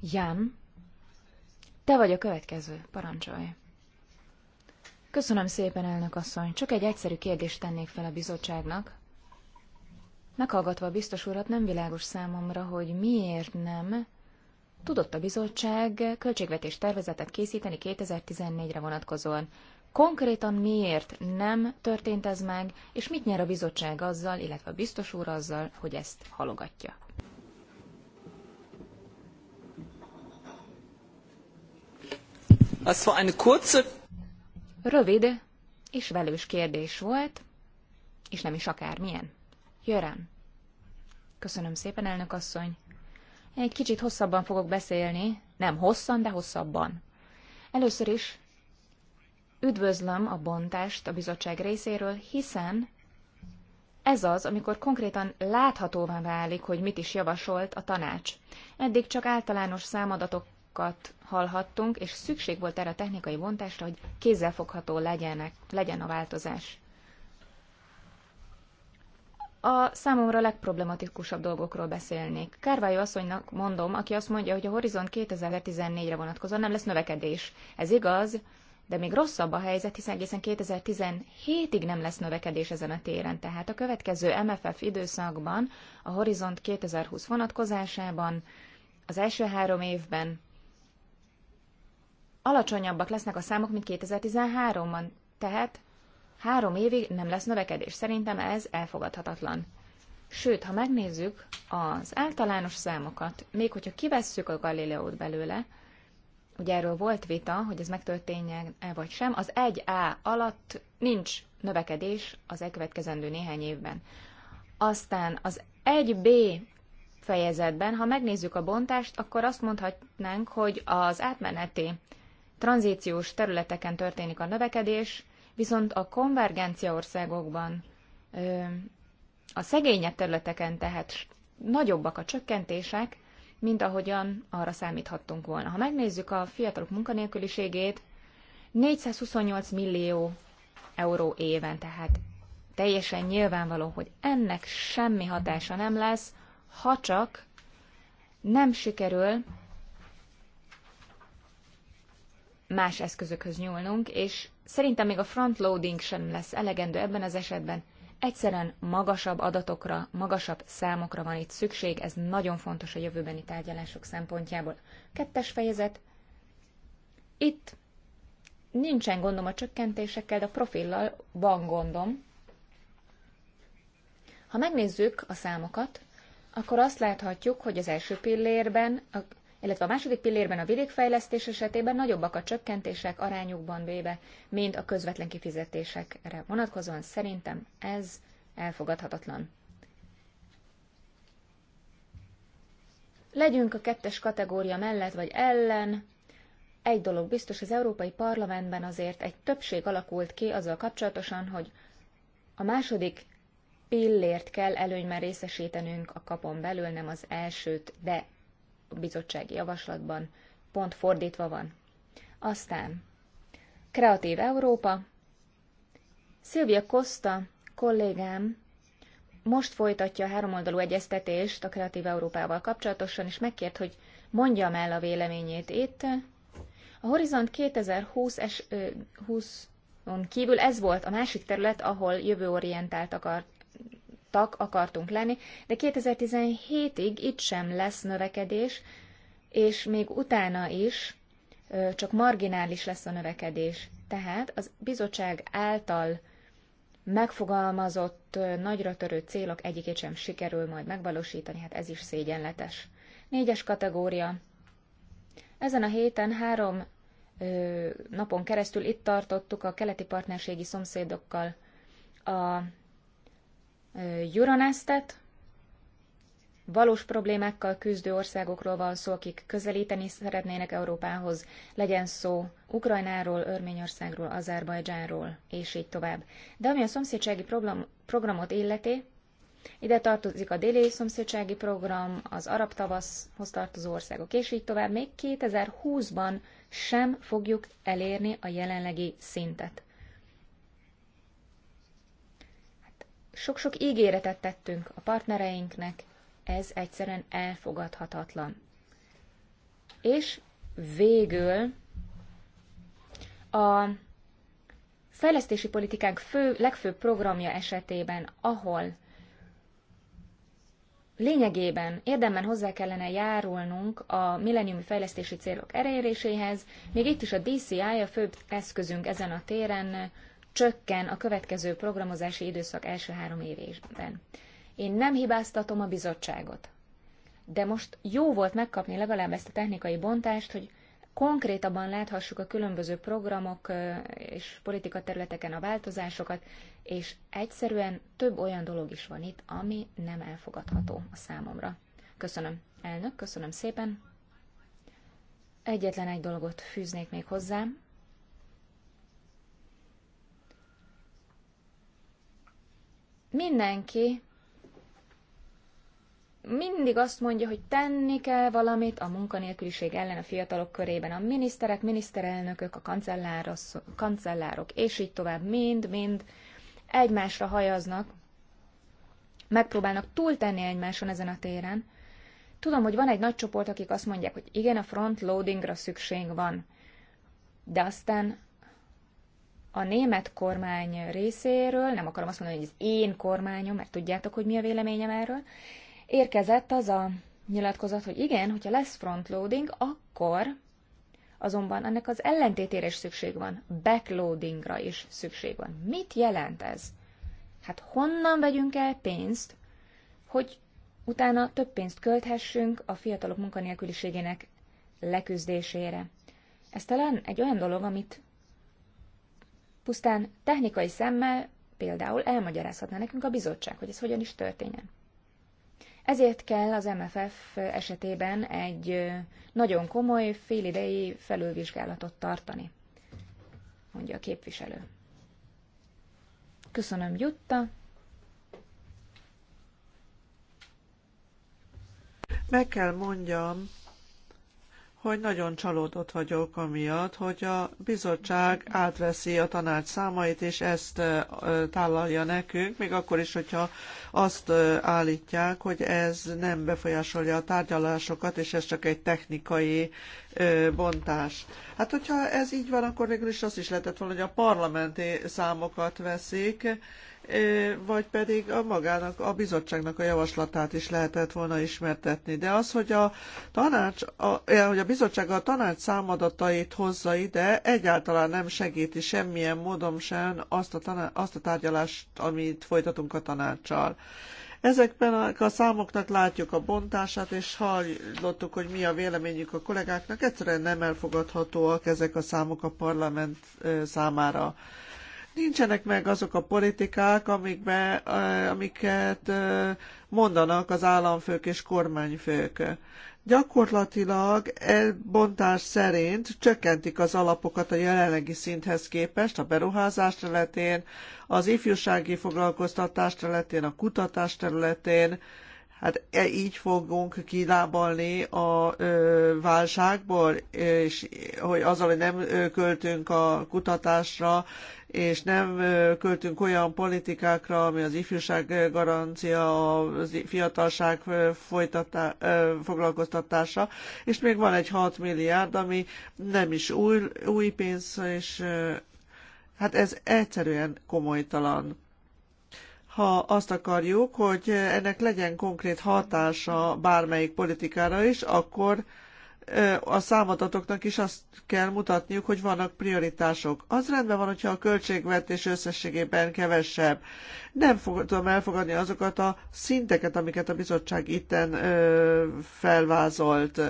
Jan. Te vagy a következő. Parancsolj. Köszönöm szépen, elnök asszony. Csak egy egyszerű kérdést tennék fel a bizottságnak. Meghallgatva a biztos urat, nem világos számomra, hogy miért nem tudott a bizottság költségvetés tervezetet készíteni 2014-re vonatkozóan. Konkrétan miért nem történt ez meg, és mit nyer a bizottság azzal, illetve a biztos úr azzal, hogy ezt halogatja? Az war eine kurze... Rövid és velős kérdés volt, és nem is akármilyen. Jörem. Köszönöm szépen, elnök asszony. Egy kicsit hosszabban fogok beszélni, nem hosszan, de hosszabban. Először is Üdvözlöm a bontást a bizottság részéről, hiszen ez az, amikor konkrétan láthatóvá válik, hogy mit is javasolt a tanács. Eddig csak általános számadatokat hallhattunk, és szükség volt erre a technikai bontásra, hogy kézzelfogható legyenek, legyen a változás. A számomra legproblematikusabb dolgokról beszélnék. Kárvályó asszonynak mondom, aki azt mondja, hogy a Horizont 2014-re vonatkozóan nem lesz növekedés. Ez igaz, de még rosszabb a helyzet, hiszen egészen 2017-ig nem lesz növekedés ezen a téren. Tehát a következő MFF időszakban, a Horizont 2020 vonatkozásában, az első három évben alacsonyabbak lesznek a számok, mint 2013-ban. Tehát három évig nem lesz növekedés. Szerintem ez elfogadhatatlan. Sőt, ha megnézzük az általános számokat, még hogyha kivesszük a Galileót belőle, Ugye erről volt vita, hogy ez megtörténjen-e vagy sem. Az 1A alatt nincs növekedés az elkövetkezendő néhány évben. Aztán az 1B fejezetben, ha megnézzük a bontást, akkor azt mondhatnánk, hogy az átmeneti tranzíciós területeken történik a növekedés, viszont a konvergencia országokban, a szegényebb területeken tehát nagyobbak a csökkentések, mint ahogyan arra számíthattunk volna. Ha megnézzük a fiatalok munkanélküliségét, 428 millió euró éven, tehát teljesen nyilvánvaló, hogy ennek semmi hatása nem lesz, ha csak nem sikerül más eszközökhöz nyúlnunk, és szerintem még a frontloading sem lesz elegendő ebben az esetben. Egyszerűen magasabb adatokra, magasabb számokra van itt szükség, ez nagyon fontos a jövőbeni tárgyalások szempontjából. Kettes fejezet. Itt nincsen gondom a csökkentésekkel, de a profillal van gondom. Ha megnézzük a számokat, akkor azt láthatjuk, hogy az első pillérben a illetve a második pillérben a vidékfejlesztés esetében nagyobbak a csökkentések arányukban véve, mint a közvetlen kifizetésekre vonatkozóan. Szerintem ez elfogadhatatlan. Legyünk a kettes kategória mellett vagy ellen, egy dolog biztos, az Európai Parlamentben azért egy többség alakult ki azzal kapcsolatosan, hogy a második pillért kell előnyben részesítenünk a kapon belül, nem az elsőt, de bizottsági javaslatban pont fordítva van. Aztán Kreatív Európa. Szilvia Costa kollégám most folytatja a háromoldalú egyeztetést a Kreatív Európával kapcsolatosan, és megkért, hogy mondjam el a véleményét itt. A Horizont 2020 es, ö, 20 kívül ez volt a másik terület, ahol jövőorientált akart tak akartunk lenni, de 2017-ig itt sem lesz növekedés, és még utána is csak marginális lesz a növekedés. Tehát az bizottság által megfogalmazott nagyra törő célok egyikét sem sikerül majd megvalósítani, hát ez is szégyenletes. Négyes kategória. Ezen a héten három ö, napon keresztül itt tartottuk a keleti partnerségi szomszédokkal a euronest Valós problémákkal küzdő országokról van szó, akik közelíteni szeretnének Európához, legyen szó Ukrajnáról, Örményországról, Azerbajdzsánról, és így tovább. De ami a szomszédsági program, programot illeti, ide tartozik a déli szomszédsági program, az arab tavaszhoz tartozó országok, és így tovább. Még 2020-ban sem fogjuk elérni a jelenlegi szintet. sok-sok ígéretet tettünk a partnereinknek, ez egyszerűen elfogadhatatlan. És végül a fejlesztési politikánk fő, legfőbb programja esetében, ahol lényegében érdemben hozzá kellene járulnunk a milleniumi fejlesztési célok eléréséhez, még itt is a DCI a főbb eszközünk ezen a téren csökken a következő programozási időszak első három évében. Én nem hibáztatom a bizottságot. De most jó volt megkapni legalább ezt a technikai bontást, hogy konkrétabban láthassuk a különböző programok és politikaterületeken a változásokat, és egyszerűen több olyan dolog is van itt, ami nem elfogadható a számomra. Köszönöm, elnök, köszönöm szépen. Egyetlen egy dolgot fűznék még hozzám. Mindenki mindig azt mondja, hogy tenni kell valamit a munkanélküliség ellen a fiatalok körében. A miniszterek, miniszterelnökök, a kancellárok, és így tovább mind-mind egymásra hajaznak, megpróbálnak túltenni egymáson ezen a téren. Tudom, hogy van egy nagy csoport, akik azt mondják, hogy igen, a front loadingra szükség van, de aztán a német kormány részéről, nem akarom azt mondani, hogy az én kormányom, mert tudjátok, hogy mi a véleményem erről, érkezett az a nyilatkozat, hogy igen, hogyha lesz frontloading, akkor azonban ennek az ellentétére is szükség van, backloadingra is szükség van. Mit jelent ez? Hát honnan vegyünk el pénzt, hogy utána több pénzt költhessünk a fiatalok munkanélküliségének leküzdésére? Ez talán egy olyan dolog, amit Pusztán technikai szemmel például elmagyarázhatná nekünk a bizottság, hogy ez hogyan is történjen. Ezért kell az MFF esetében egy nagyon komoly félidei felülvizsgálatot tartani, mondja a képviselő. Köszönöm, Jutta. Meg kell mondjam, hogy nagyon csalódott vagyok amiatt, hogy a bizottság átveszi a tanács számait, és ezt tálalja nekünk, még akkor is, hogyha azt állítják, hogy ez nem befolyásolja a tárgyalásokat, és ez csak egy technikai bontás. Hát, hogyha ez így van, akkor végül is azt is lehetett volna, hogy a parlamenti számokat veszik, vagy pedig a magának, a bizottságnak a javaslatát is lehetett volna ismertetni. De az, hogy a, tanács, a, hogy a bizottság a tanács számadatait hozza ide, egyáltalán nem segíti semmilyen módon sem azt a, taná, azt a tárgyalást, amit folytatunk a tanácssal. Ezekben a, a számoknak látjuk a bontását, és hallottuk, hogy mi a véleményük a kollégáknak. Egyszerűen nem elfogadhatóak ezek a számok a parlament számára nincsenek meg azok a politikák, amikbe, amiket mondanak az államfők és kormányfők. Gyakorlatilag elbontás szerint csökkentik az alapokat a jelenlegi szinthez képest a beruházás területén, az ifjúsági foglalkoztatás területén, a kutatás területén, Hát e így fogunk kilábalni a ö, válságból, és hogy azzal, hogy nem költünk a kutatásra, és nem költünk olyan politikákra, ami az ifjúság garancia, a fiatalság folytatá, foglalkoztatása, és még van egy 6 milliárd, ami nem is új, új pénz, és hát ez egyszerűen komolytalan ha azt akarjuk, hogy ennek legyen konkrét hatása bármelyik politikára is, akkor a számadatoknak is azt kell mutatniuk, hogy vannak prioritások. Az rendben van, hogyha a költségvetés összességében kevesebb. Nem fog, tudom elfogadni azokat a szinteket, amiket a bizottság itten felvázolt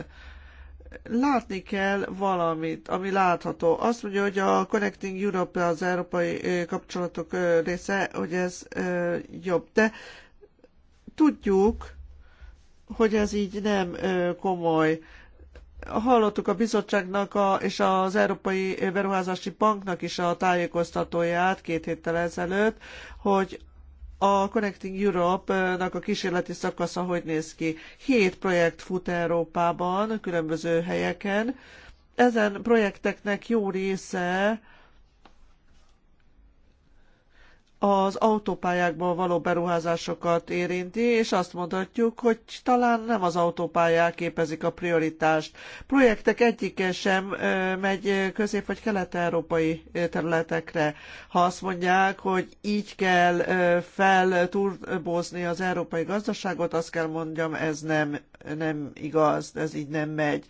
látni kell valamit, ami látható. Azt mondja, hogy a Connecting Europe az európai kapcsolatok része, hogy ez jobb. De tudjuk, hogy ez így nem komoly. Hallottuk a bizottságnak a, és az Európai Beruházási Banknak is a tájékoztatóját két héttel ezelőtt, hogy a Connecting Europe-nak a kísérleti szakasza hogy néz ki? Hét projekt fut Európában, különböző helyeken. Ezen projekteknek jó része az autópályákból való beruházásokat érinti, és azt mondhatjuk, hogy talán nem az autópályák képezik a prioritást. Projektek egyike sem megy közép- vagy kelet-európai területekre. Ha azt mondják, hogy így kell felturbózni az európai gazdaságot, azt kell mondjam, ez nem, nem igaz, ez így nem megy.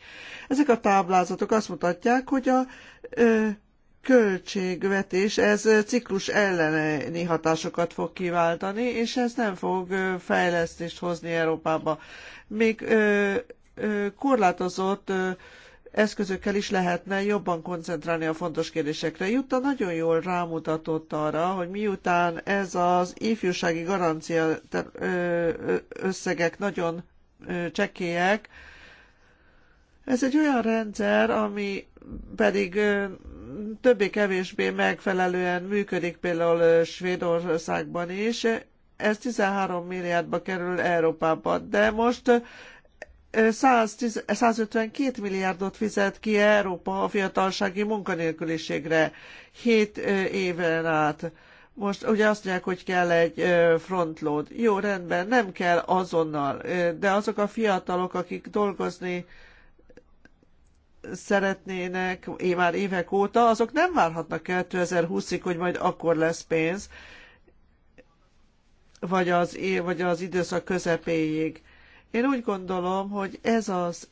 Ezek a táblázatok azt mutatják, hogy a költségvetés, ez ciklus elleni hatásokat fog kiváltani, és ez nem fog fejlesztést hozni Európába. Még ö, ö, korlátozott ö, eszközökkel is lehetne jobban koncentrálni a fontos kérdésekre. Jutta nagyon jól rámutatott arra, hogy miután ez az ifjúsági garancia összegek nagyon csekélyek, ez egy olyan rendszer, ami pedig többé-kevésbé megfelelően működik például Svédországban is. Ez 13 milliárdba kerül Európába, de most 152 milliárdot fizet ki Európa a fiatalsági munkanélküliségre 7 éven át. Most ugye azt mondják, hogy kell egy frontload. Jó, rendben, nem kell azonnal, de azok a fiatalok, akik dolgozni szeretnének már évek óta, azok nem várhatnak 2020-ig, hogy majd akkor lesz pénz, vagy az, vagy az időszak közepéig. Én úgy gondolom, hogy ez az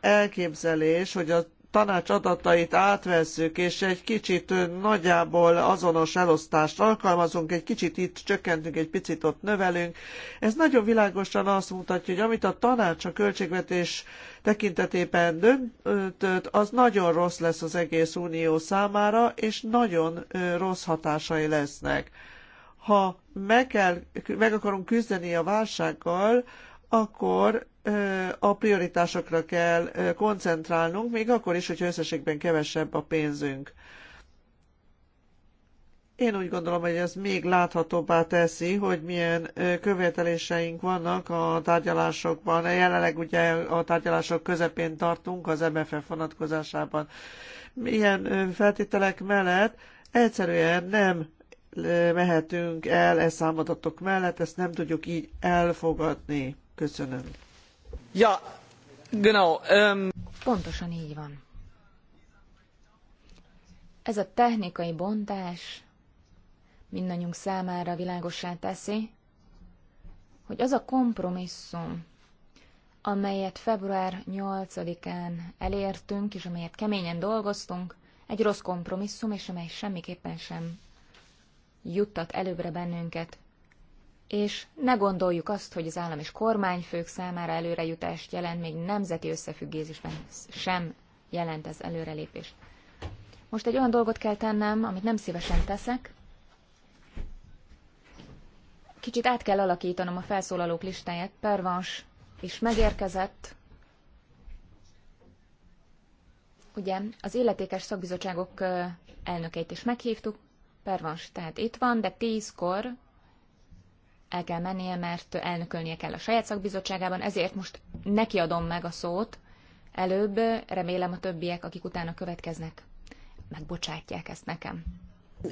elképzelés, hogy a tanács adatait átvesszük, és egy kicsit nagyjából azonos elosztást alkalmazunk, egy kicsit itt csökkentünk, egy picit ott növelünk. Ez nagyon világosan azt mutatja, hogy amit a tanács a költségvetés tekintetében döntött, az nagyon rossz lesz az egész unió számára, és nagyon rossz hatásai lesznek. Ha meg, kell, meg akarunk küzdeni a válsággal, akkor a prioritásokra kell koncentrálnunk, még akkor is, hogyha összességben kevesebb a pénzünk. Én úgy gondolom, hogy ez még láthatóbbá teszi, hogy milyen követeléseink vannak a tárgyalásokban. Jelenleg ugye a tárgyalások közepén tartunk az MFF vonatkozásában. Milyen feltételek mellett egyszerűen nem mehetünk el e számadatok mellett, ezt nem tudjuk így elfogadni. Köszönöm. Ähm, Pontosan így van. Ez a technikai bontás mindannyiunk számára világossá teszi, hogy az a kompromisszum, amelyet február 8-án elértünk, és amelyet keményen dolgoztunk, egy rossz kompromisszum, és amely semmiképpen sem juttat előbbre bennünket és ne gondoljuk azt, hogy az állam és kormányfők számára előrejutást jelent, még nemzeti összefüggésben sem jelent ez előrelépést. Most egy olyan dolgot kell tennem, amit nem szívesen teszek. Kicsit át kell alakítanom a felszólalók listáját. Pervans is megérkezett. Ugye az illetékes szakbizottságok elnökeit is meghívtuk. Pervans tehát itt van, de tízkor el kell mennie, mert elnökölnie kell a saját szakbizottságában, ezért most neki adom meg a szót előbb, remélem a többiek, akik utána következnek, megbocsátják ezt nekem.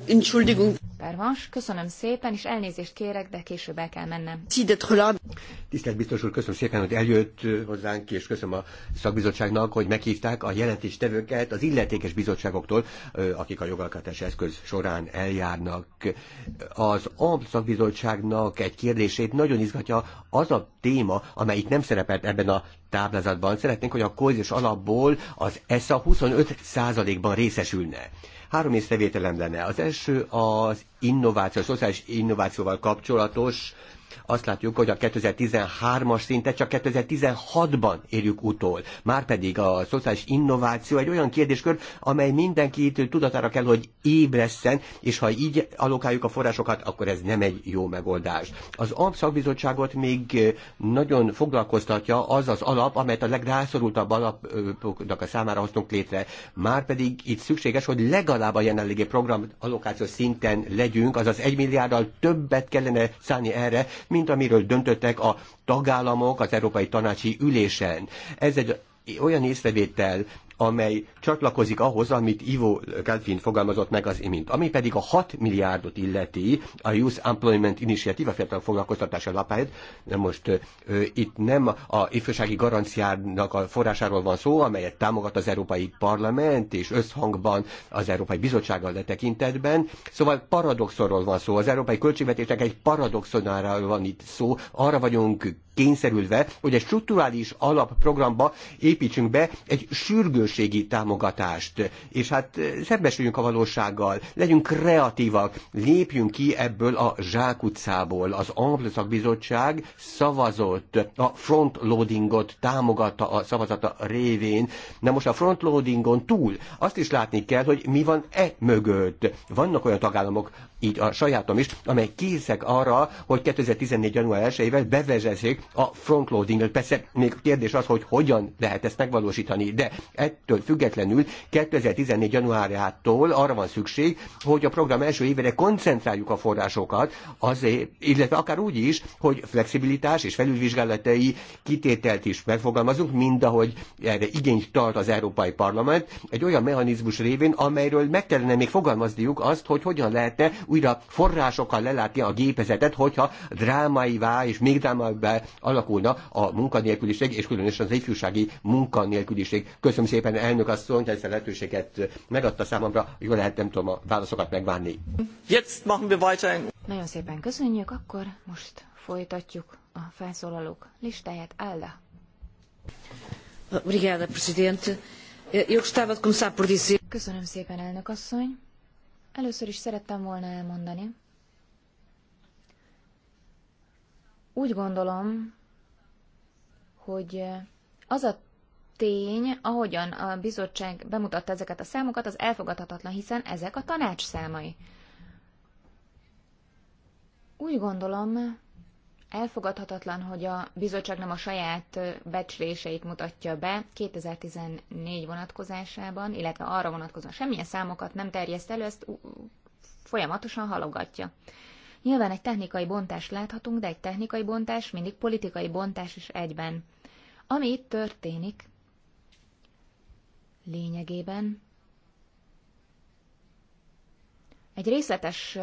Entschuldigung. Pervas, köszönöm szépen, és elnézést kérek, de később el kell mennem. Tisztelt biztos úr, köszönöm szépen, hogy eljött hozzánk, és köszönöm a szakbizottságnak, hogy meghívták a jelentéstevőket az illetékes bizottságoktól, akik a jogalkatás eszköz során eljárnak. Az a szakbizottságnak egy kérdését nagyon izgatja az a téma, amely itt nem szerepelt ebben a táblázatban. Szeretnénk, hogy a kohéziós alapból az ESA 25%-ban részesülne. Három észrevételem lenne. Az első az innováció, a szociális innovációval kapcsolatos azt látjuk, hogy a 2013-as szinte csak 2016-ban érjük utol. Márpedig a szociális innováció egy olyan kérdéskör, amely mindenkit tudatára kell, hogy ébreszen, és ha így alokáljuk a forrásokat, akkor ez nem egy jó megoldás. Az AMP szakbizottságot még nagyon foglalkoztatja az az alap, amelyet a legrászorultabb alapoknak a számára hoztunk létre. Márpedig itt szükséges, hogy legalább a jelenlegi program alokáció szinten legyünk, azaz egy milliárdal többet kellene szállni erre, mint amiről döntöttek a tagállamok az Európai Tanácsi Ülésen. Ez egy olyan észrevétel, amely csatlakozik ahhoz, amit Ivo Galvin fogalmazott meg az imént. Ami pedig a 6 milliárdot illeti, a Youth Employment Initiative, a fiatal foglalkoztatás De most ö, itt nem a ifjúsági garanciának a forrásáról van szó, amelyet támogat az Európai Parlament, és összhangban az Európai Bizottsággal letekintetben. Szóval paradoxonról van szó, az európai költségvetésnek egy paradoxonára van itt szó, arra vagyunk kényszerülve, hogy egy strukturális alapprogramba építsünk be egy sürgő közösségi támogatást. És hát eh, szembesüljünk a valósággal, legyünk kreatívak, lépjünk ki ebből a zsákutcából. Az Anglaszak Bizottság szavazott, a frontloadingot támogatta a szavazata révén. Na most a frontloadingon túl azt is látni kell, hogy mi van e mögött. Vannak olyan tagállamok, így a sajátom is, amely készek arra, hogy 2014. január 1-ével bevezessék a frontloadinget. Persze még a kérdés az, hogy hogyan lehet ezt megvalósítani, de ettől függetlenül 2014. januárjától arra van szükség, hogy a program első évére koncentráljuk a forrásokat, azért, illetve akár úgy is, hogy flexibilitás és felülvizsgálatai kitételt is megfogalmazunk, mind ahogy erre igényt tart az Európai Parlament, egy olyan mechanizmus révén, amelyről meg kellene még fogalmazniuk azt, hogy hogyan lehetne újra forrásokkal lelátni a gépezetet, hogyha drámaivá és még drámaivá alakulna a munkanélküliség, és különösen az ifjúsági munkanélküliség. Köszönöm szépen, elnök asszony, ezt a lehetőséget megadta számomra, jó lehet, nem tudom a válaszokat megvárni. Jetzt machen wir weiter. Nagyon szépen köszönjük, akkor most folytatjuk a felszólalók listáját. Álla. Obrigada, Presidente. Eu gostava de começar por dizer... Köszönöm szépen, elnök asszony. Először is szerettem volna elmondani. Úgy gondolom, hogy az a tény, ahogyan a bizottság bemutatta ezeket a számokat, az elfogadhatatlan, hiszen ezek a tanács számai. Úgy gondolom, Elfogadhatatlan, hogy a bizottság nem a saját becsléseit mutatja be 2014 vonatkozásában, illetve arra vonatkozóan semmilyen számokat nem terjeszt elő, ezt folyamatosan halogatja. Nyilván egy technikai bontást láthatunk, de egy technikai bontás mindig politikai bontás is egyben. Ami itt történik, lényegében egy részletes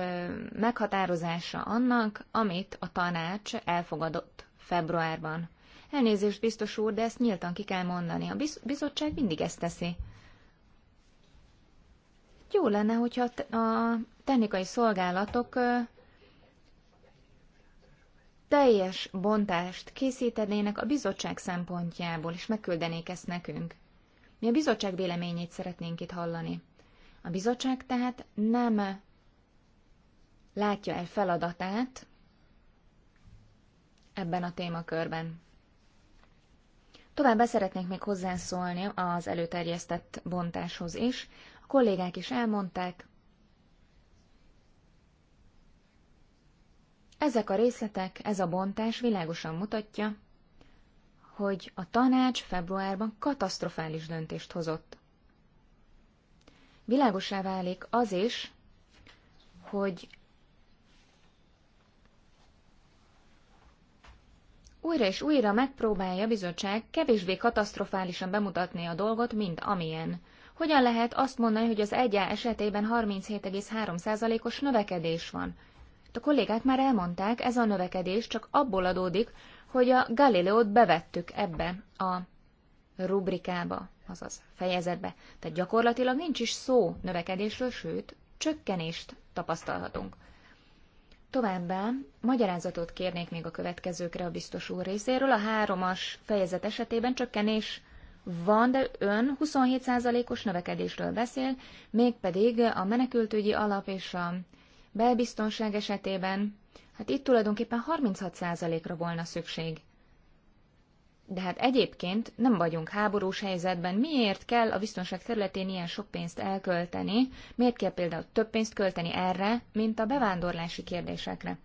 meghatározása annak, amit a tanács elfogadott februárban. Elnézést, biztos úr, de ezt nyíltan ki kell mondani. A bizottság mindig ezt teszi. Jó lenne, hogyha a technikai szolgálatok teljes bontást készítenének a bizottság szempontjából, és megküldenék ezt nekünk. Mi a bizottság véleményét szeretnénk itt hallani. A bizottság tehát nem látja el feladatát ebben a témakörben. Továbbá szeretnék még hozzászólni az előterjesztett bontáshoz is. A kollégák is elmondták, Ezek a részletek, ez a bontás világosan mutatja, hogy a tanács februárban katasztrofális döntést hozott. Világosá válik az is, hogy újra és újra megpróbálja a bizottság kevésbé katasztrofálisan bemutatni a dolgot, mint amilyen. Hogyan lehet azt mondani, hogy az egyá esetében 37,3%-os növekedés van? A kollégák már elmondták, ez a növekedés csak abból adódik, hogy a Galileót bevettük ebbe a rubrikába azaz fejezetbe. Tehát gyakorlatilag nincs is szó növekedésről, sőt, csökkenést tapasztalhatunk. Továbbá magyarázatot kérnék még a következőkre a biztos úr részéről. A háromas fejezet esetében csökkenés van, de ön 27%-os növekedésről beszél, mégpedig a menekültügyi alap és a belbiztonság esetében, hát itt tulajdonképpen 36%-ra volna szükség. De hát egyébként nem vagyunk háborús helyzetben. Miért kell a biztonság területén ilyen sok pénzt elkölteni? Miért kell például több pénzt költeni erre, mint a bevándorlási kérdésekre?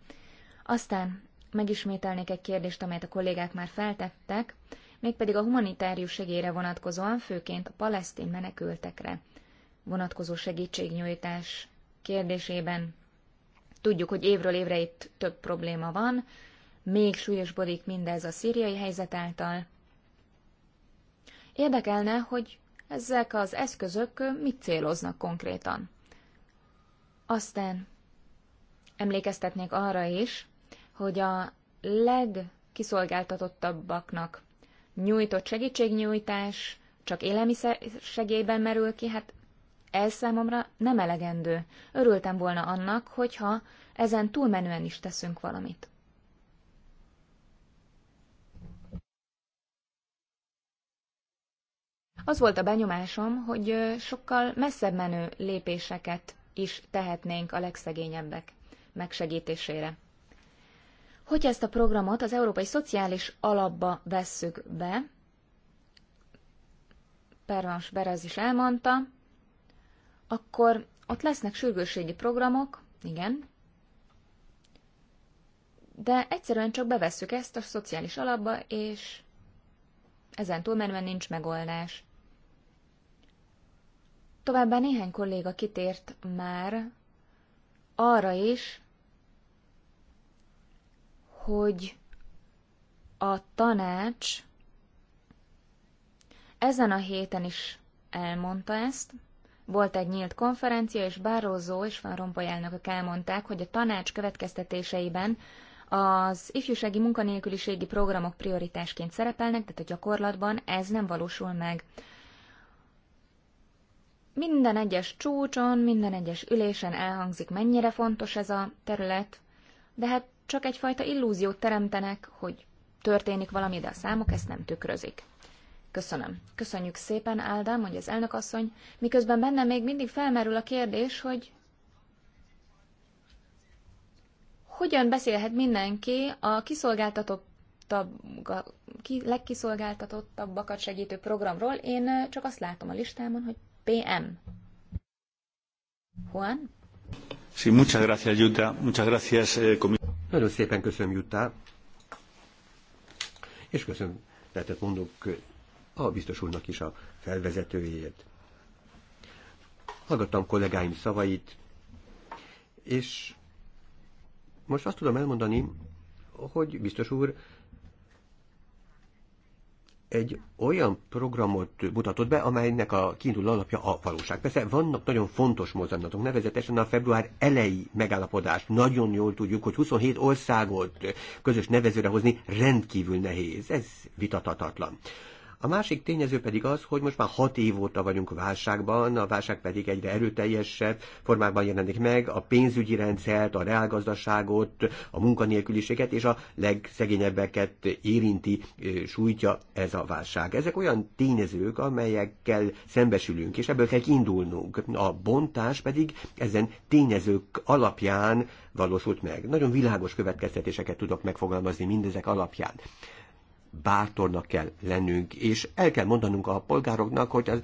Aztán megismételnék egy kérdést, amelyet a kollégák már feltettek, mégpedig a humanitárius segélyre vonatkozóan, főként a palesztin menekültekre vonatkozó segítségnyújtás kérdésében. Tudjuk, hogy évről évre itt több probléma van, még súlyosbodik mindez a szíriai helyzet által. Érdekelne, hogy ezek az eszközök mit céloznak konkrétan. Aztán emlékeztetnék arra is, hogy a legkiszolgáltatottabbaknak nyújtott segítségnyújtás csak élelmiszer segélyben merül ki, hát ez számomra nem elegendő. Örültem volna annak, hogyha ezen túlmenően is teszünk valamit. Az volt a benyomásom, hogy sokkal messzebb menő lépéseket is tehetnénk a legszegényebbek megsegítésére. Hogy ezt a programot az Európai Szociális Alapba vesszük be, Pervans Berez is elmondta, akkor ott lesznek sürgősségi programok, igen, de egyszerűen csak bevesszük ezt a szociális alapba, és ezen túlmenően nincs megoldás. Továbbá néhány kolléga kitért már arra is, hogy a tanács ezen a héten is elmondta ezt, volt egy nyílt konferencia, és Bárózó és Van Rompuy elnökök elmondták, hogy a tanács következtetéseiben az ifjúsági munkanélküliségi programok prioritásként szerepelnek, de a gyakorlatban ez nem valósul meg. Minden egyes csúcson, minden egyes ülésen elhangzik, mennyire fontos ez a terület, de hát csak egyfajta illúziót teremtenek, hogy történik valami, de a számok ezt nem tükrözik. Köszönöm. Köszönjük szépen, Áldám, mondja az elnökasszony, miközben benne még mindig felmerül a kérdés, hogy hogyan beszélhet mindenki a kiszolgáltatottabb, a legkiszolgáltatottabbakat segítő programról. Én csak azt látom a listámon, hogy PM. Juan? Sí, muchas gracias, Jutta. Muchas gracias, eh, Nagyon szépen köszönöm, Jutta. És köszönöm, tehát mondok a biztos úrnak is a felvezetőjét. Hallgattam kollégáim szavait, és most azt tudom elmondani, hogy biztos úr, egy olyan programot mutatott be, amelynek a kiinduló alapja a valóság. Persze vannak nagyon fontos mozzanatok, nevezetesen a február elejé megállapodás. Nagyon jól tudjuk, hogy 27 országot közös nevezőre hozni rendkívül nehéz. Ez vitatatlan. A másik tényező pedig az, hogy most már hat év óta vagyunk válságban, a válság pedig egyre erőteljesebb formában jelenik meg, a pénzügyi rendszert, a reálgazdaságot, a munkanélküliséget és a legszegényebbeket érinti, sújtja ez a válság. Ezek olyan tényezők, amelyekkel szembesülünk, és ebből kell indulnunk. A bontás pedig ezen tényezők alapján valósult meg. Nagyon világos következtetéseket tudok megfogalmazni mindezek alapján bátornak kell lennünk, és el kell mondanunk a polgároknak, hogy, az,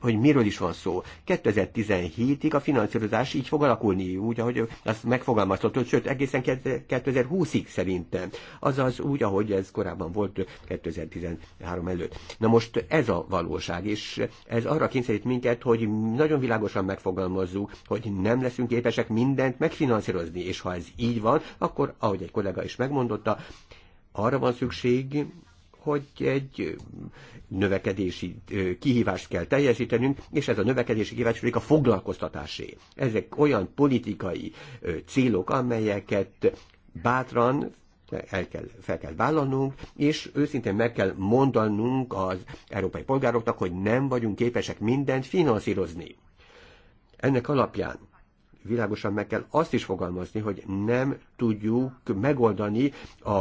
hogy miről is van szó. 2017-ig a finanszírozás így fog alakulni, úgy, ahogy azt megfogalmazhatod, sőt, egészen 2020-ig szerintem. Azaz úgy, ahogy ez korábban volt 2013 előtt. Na most ez a valóság, és ez arra kényszerít minket, hogy nagyon világosan megfogalmazzuk, hogy nem leszünk képesek mindent megfinanszírozni, és ha ez így van, akkor, ahogy egy kollega is megmondotta, arra van szükség, hogy egy növekedési kihívást kell teljesítenünk, és ez a növekedési kihívás pedig a foglalkoztatásé. Ezek olyan politikai célok, amelyeket bátran el kell, fel kell vállalnunk, és őszintén meg kell mondanunk az európai polgároknak, hogy nem vagyunk képesek mindent finanszírozni. Ennek alapján világosan meg kell azt is fogalmazni, hogy nem tudjuk megoldani a,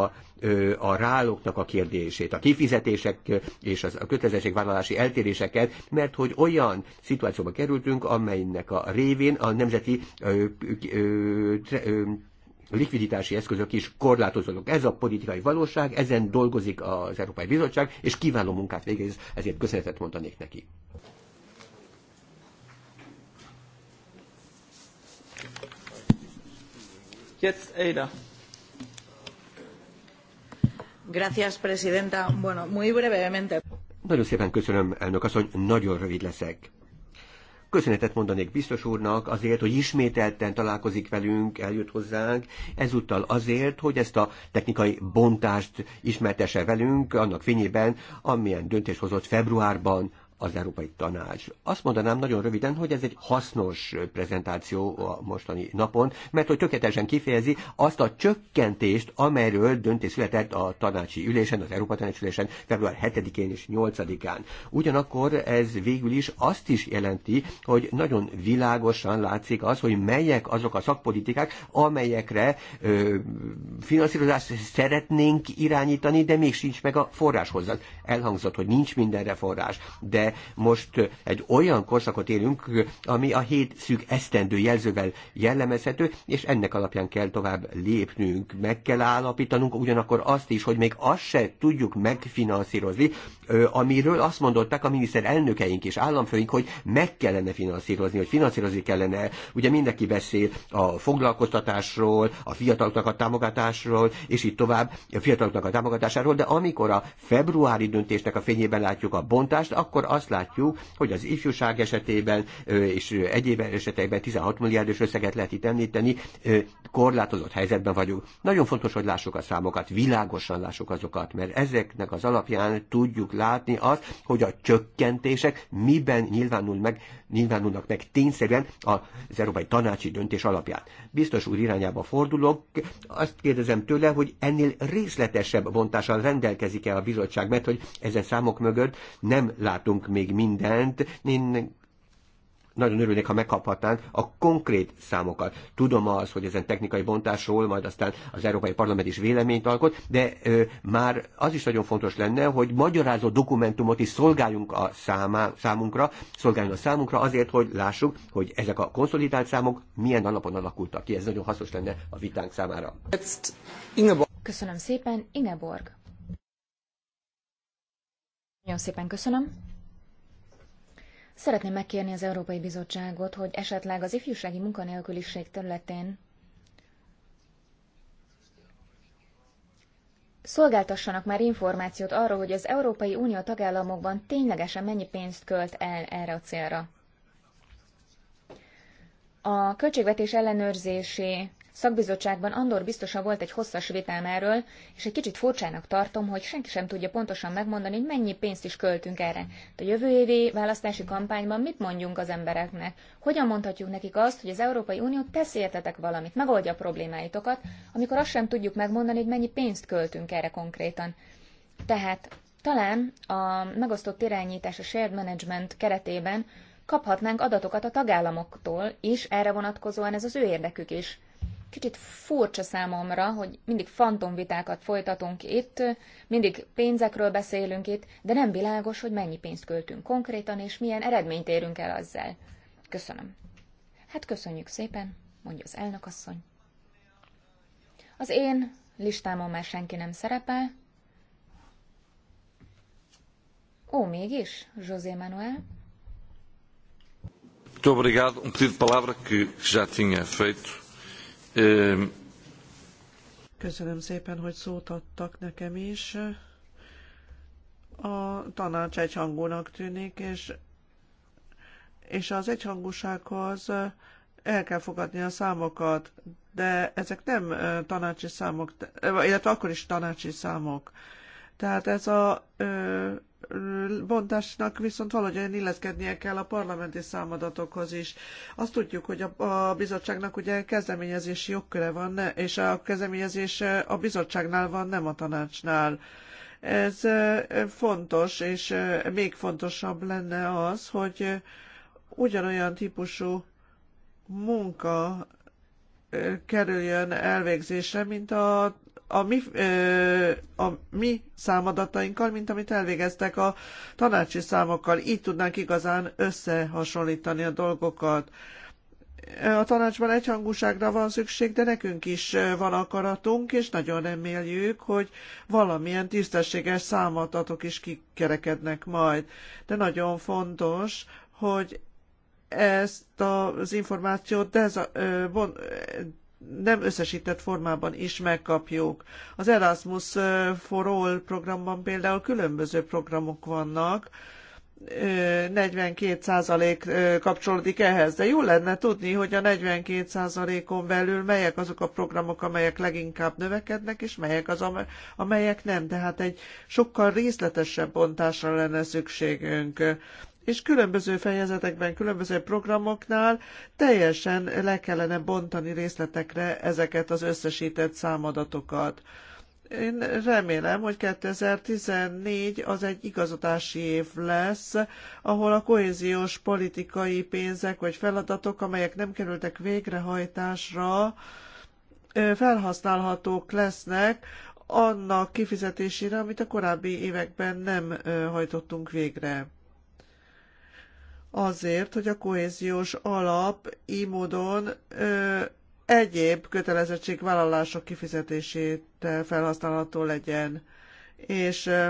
a rálóknak a kérdését, a kifizetések és az a kötelezettségvállalási eltéréseket, mert hogy olyan szituációba kerültünk, amelynek a révén a nemzeti ö, ö, ö, likviditási eszközök is korlátozódnak. Ez a politikai valóság, ezen dolgozik az Európai Bizottság, és kiváló munkát végez, ezért köszönetet mondanék neki. Jetzt presidenta. muy brevemente. Nagyon szépen köszönöm, elnök asszony, nagyon rövid leszek. Köszönetet mondanék biztos úrnak azért, hogy ismételten találkozik velünk, eljött hozzánk, ezúttal azért, hogy ezt a technikai bontást ismertese velünk, annak fényében, amilyen döntést hozott februárban az Európai Tanács. Azt mondanám nagyon röviden, hogy ez egy hasznos prezentáció a mostani napon, mert hogy tökéletesen kifejezi azt a csökkentést, amelyről döntés született a tanácsi ülésen, az Európa Tanács ülésen február 7-én és 8-án. Ugyanakkor ez végül is azt is jelenti, hogy nagyon világosan látszik az, hogy melyek azok a szakpolitikák, amelyekre ö, finanszírozást szeretnénk irányítani, de még sincs meg a forrás hozzá. Elhangzott, hogy nincs mindenre forrás, de most egy olyan korszakot élünk, ami a hét szűk esztendő jelzővel jellemezhető, és ennek alapján kell tovább lépnünk. Meg kell állapítanunk ugyanakkor azt is, hogy még azt se tudjuk megfinanszírozni, amiről azt mondották a miniszterelnökeink és államfőink, hogy meg kellene finanszírozni, hogy finanszírozni kellene. Ugye mindenki beszél a foglalkoztatásról, a fiataloknak a támogatásról, és itt tovább a fiataloknak a támogatásáról, de amikor a februári döntésnek a fényében látjuk a bontást, akkor azt látjuk, hogy az ifjúság esetében és egyéb esetekben 16 milliárdos összeget lehet itt említeni, korlátozott helyzetben vagyunk. Nagyon fontos, hogy lássuk a számokat, világosan lássuk azokat, mert ezeknek az alapján tudjuk látni azt, hogy a csökkentések miben nyilvánul meg, nyilvánulnak meg tényszerűen az Európai Tanácsi döntés alapján. Biztos úr irányába fordulok, azt kérdezem tőle, hogy ennél részletesebb bontással rendelkezik-e a bizottság, mert hogy ezen számok mögött nem látunk tudunk még mindent. Én nagyon örülnék, ha megkaphatnánk a konkrét számokat. Tudom az, hogy ezen technikai bontásról majd aztán az Európai Parlament is véleményt alkot, de ö, már az is nagyon fontos lenne, hogy magyarázó dokumentumot is szolgáljunk a számá, számunkra, szolgáljon a számunkra azért, hogy lássuk, hogy ezek a konszolidált számok milyen alapon alakultak ki. Ez nagyon hasznos lenne a vitánk számára. Köszönöm szépen, Ingeborg. Nagyon szépen köszönöm. Szeretném megkérni az Európai Bizottságot, hogy esetleg az ifjúsági munkanélküliség területén szolgáltassanak már információt arról, hogy az Európai Unió tagállamokban ténylegesen mennyi pénzt költ el erre a célra. A költségvetés ellenőrzési szakbizottságban Andor biztosan volt egy hosszas vitám erről, és egy kicsit furcsának tartom, hogy senki sem tudja pontosan megmondani, hogy mennyi pénzt is költünk erre. De A jövő évi választási kampányban mit mondjunk az embereknek? Hogyan mondhatjuk nekik azt, hogy az Európai Unió tesz értetek valamit, megoldja a problémáitokat, amikor azt sem tudjuk megmondani, hogy mennyi pénzt költünk erre konkrétan. Tehát talán a megosztott irányítás, a shared management keretében kaphatnánk adatokat a tagállamoktól is, erre vonatkozóan ez az ő érdekük is. Kicsit furcsa számomra, hogy mindig fantomvitákat folytatunk itt, mindig pénzekről beszélünk itt, de nem világos, hogy mennyi pénzt költünk konkrétan, és milyen eredményt érünk el azzal. Köszönöm. Hát köszönjük szépen, mondja az elnökasszony. Az én listámon már senki nem szerepel. Ó, mégis, José Manuel. Muito obrigado. Um pedido de palavra que já tinha feito Köszönöm szépen, hogy szót adtak nekem is. A tanács egyhangúnak tűnik, és, és az egyhangúsághoz el kell fogadni a számokat, de ezek nem tanácsi számok, illetve akkor is tanácsi számok. Tehát ez a bontásnak viszont valahogyan illeszkednie kell a parlamenti számadatokhoz is. Azt tudjuk, hogy a, a bizottságnak ugye kezdeményezési jogköre van, és a kezdeményezés a bizottságnál van, nem a tanácsnál. Ez fontos, és még fontosabb lenne az, hogy ugyanolyan típusú munka kerüljön elvégzésre, mint a a mi, a mi számadatainkkal, mint amit elvégeztek a tanácsi számokkal. Így tudnánk igazán összehasonlítani a dolgokat. A tanácsban egyhangúságra van szükség, de nekünk is van akaratunk, és nagyon reméljük, hogy valamilyen tisztességes számadatok is kikerekednek majd. De nagyon fontos, hogy ezt az információt deza, bon, nem összesített formában is megkapjuk. Az Erasmus for All programban például különböző programok vannak, 42% kapcsolódik ehhez, de jó lenne tudni, hogy a 42%-on belül melyek azok a programok, amelyek leginkább növekednek, és melyek az, amelyek nem. Tehát egy sokkal részletesebb bontásra lenne szükségünk és különböző fejezetekben, különböző programoknál teljesen le kellene bontani részletekre ezeket az összesített számadatokat. Én remélem, hogy 2014 az egy igazodási év lesz, ahol a kohéziós politikai pénzek vagy feladatok, amelyek nem kerültek végrehajtásra, felhasználhatók lesznek annak kifizetésére, amit a korábbi években nem hajtottunk végre azért, hogy a kohéziós alap így módon ö, egyéb kötelezettségvállalások kifizetését felhasználható legyen. És ö,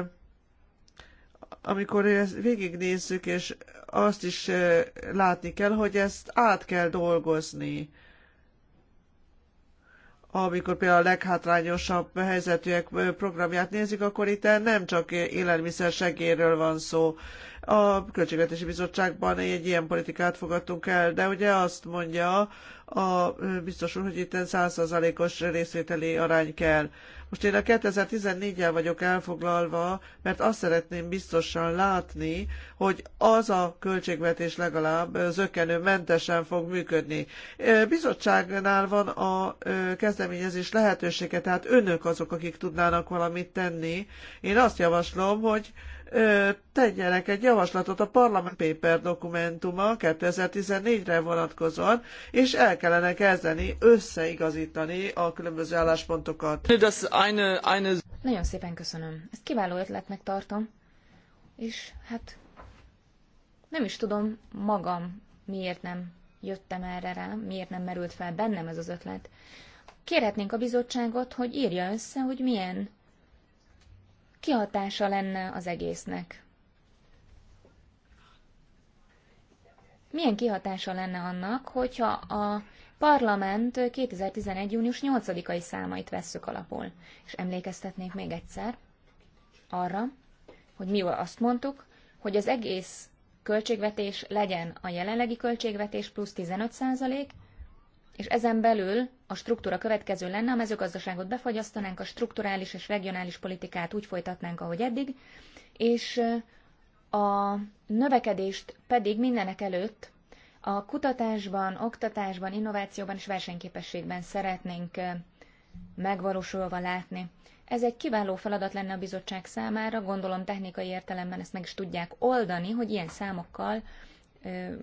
amikor ezt végignézzük, és azt is ö, látni kell, hogy ezt át kell dolgozni amikor például a leghátrányosabb helyzetűek programját nézik, akkor itt nem csak élelmiszer van szó. A Költségvetési Bizottságban egy ilyen politikát fogadtunk el, de ugye azt mondja a biztos úr, hogy itt 100%-os részvételi arány kell. Most én a 2014-el vagyok elfoglalva, mert azt szeretném biztosan látni, hogy az a költségvetés legalább zökkenőmentesen fog működni. Bizottságnál van a kezdeményezés lehetősége, tehát önök azok, akik tudnának valamit tenni. Én azt javaslom, hogy tegyenek egy javaslatot a Parlament Paper dokumentuma 2014-re vonatkozóan, és el kellene kezdeni összeigazítani a különböző álláspontokat. Nagyon szépen köszönöm. Ezt kiváló ötletnek tartom, és hát nem is tudom magam, miért nem jöttem erre rá, miért nem merült fel bennem ez az ötlet. Kérhetnénk a bizottságot, hogy írja össze, hogy milyen kihatása lenne az egésznek? Milyen kihatása lenne annak, hogyha a parlament 2011. június 8-ai számait vesszük alapul? És emlékeztetnék még egyszer arra, hogy mi azt mondtuk, hogy az egész költségvetés legyen a jelenlegi költségvetés plusz 15 százalék, és ezen belül a struktúra következő lenne, a mezőgazdaságot befagyasztanánk, a strukturális és regionális politikát úgy folytatnánk, ahogy eddig, és a növekedést pedig mindenek előtt a kutatásban, oktatásban, innovációban és versenyképességben szeretnénk megvalósulva látni. Ez egy kiváló feladat lenne a bizottság számára, gondolom technikai értelemben ezt meg is tudják oldani, hogy ilyen számokkal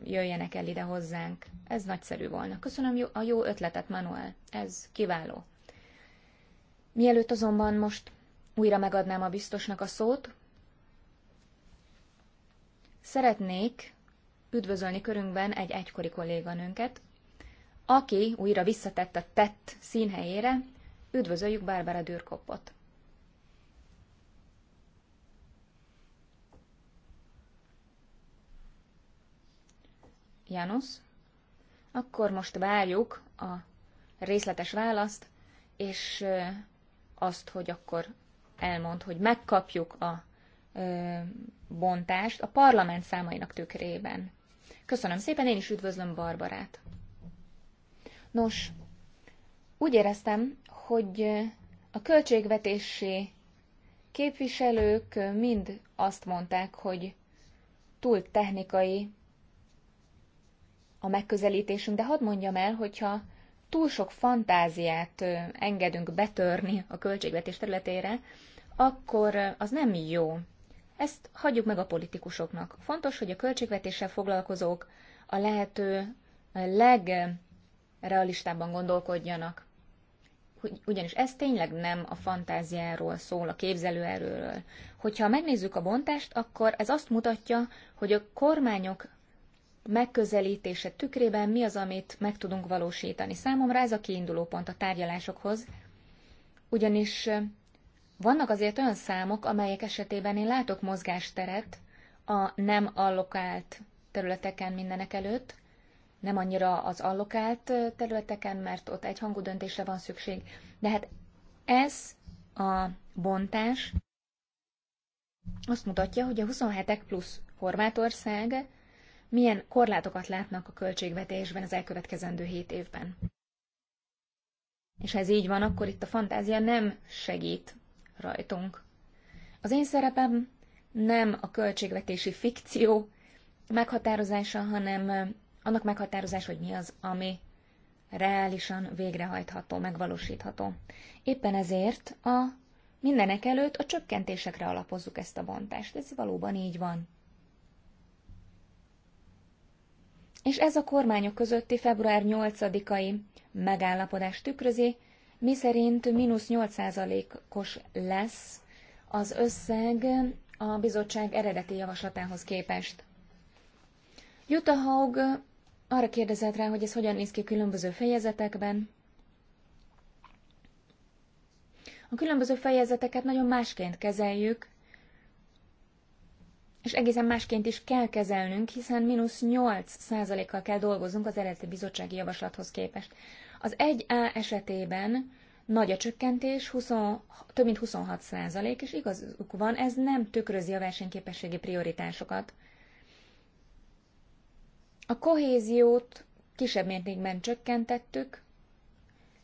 jöjjenek el ide hozzánk. Ez nagyszerű volna. Köszönöm a jó ötletet, Manuel. Ez kiváló. Mielőtt azonban most újra megadnám a biztosnak a szót, szeretnék üdvözölni körünkben egy egykori kolléganőnket, aki újra visszatett a tett színhelyére, üdvözöljük Bárbara Dürkoppot. Janusz. Akkor most várjuk a részletes választ, és azt, hogy akkor elmond, hogy megkapjuk a bontást a parlament számainak tükrében. Köszönöm szépen, én is üdvözlöm Barbarát. Nos, úgy éreztem, hogy a költségvetési képviselők mind azt mondták, hogy túl technikai a megközelítésünk, de hadd mondjam el, hogyha túl sok fantáziát engedünk betörni a költségvetés területére, akkor az nem jó. Ezt hagyjuk meg a politikusoknak. Fontos, hogy a költségvetéssel foglalkozók a lehető legrealistábban gondolkodjanak. Ugyanis ez tényleg nem a fantáziáról szól, a képzelőerőről. Hogyha megnézzük a bontást, akkor ez azt mutatja, hogy a kormányok megközelítése tükrében mi az, amit meg tudunk valósítani. Számomra ez a kiinduló pont a tárgyalásokhoz, ugyanis vannak azért olyan számok, amelyek esetében én látok mozgásteret a nem allokált területeken mindenek előtt, nem annyira az allokált területeken, mert ott egyhangú döntésre van szükség. De hát ez a bontás azt mutatja, hogy a 27 plusz Horvátország milyen korlátokat látnak a költségvetésben az elkövetkezendő hét évben. És ha ez így van, akkor itt a fantázia nem segít rajtunk. Az én szerepem nem a költségvetési fikció meghatározása, hanem annak meghatározása, hogy mi az, ami reálisan végrehajtható, megvalósítható. Éppen ezért a mindenek előtt a csökkentésekre alapozzuk ezt a bontást. Ez valóban így van. és ez a kormányok közötti február 8-ai megállapodás tükrözi, miszerint mínusz 8%-os lesz az összeg a bizottság eredeti javaslatához képest. Jutta Haug arra kérdezett rá, hogy ez hogyan néz ki különböző fejezetekben. A különböző fejezeteket nagyon másként kezeljük, és egészen másként is kell kezelnünk, hiszen mínusz 8 százalékkal kell dolgoznunk az eredeti bizottsági javaslathoz képest. Az 1A esetében nagy a csökkentés, 20, több mint 26 százalék, és igazuk van, ez nem tükrözi a versenyképességi prioritásokat. A kohéziót kisebb mértékben csökkentettük,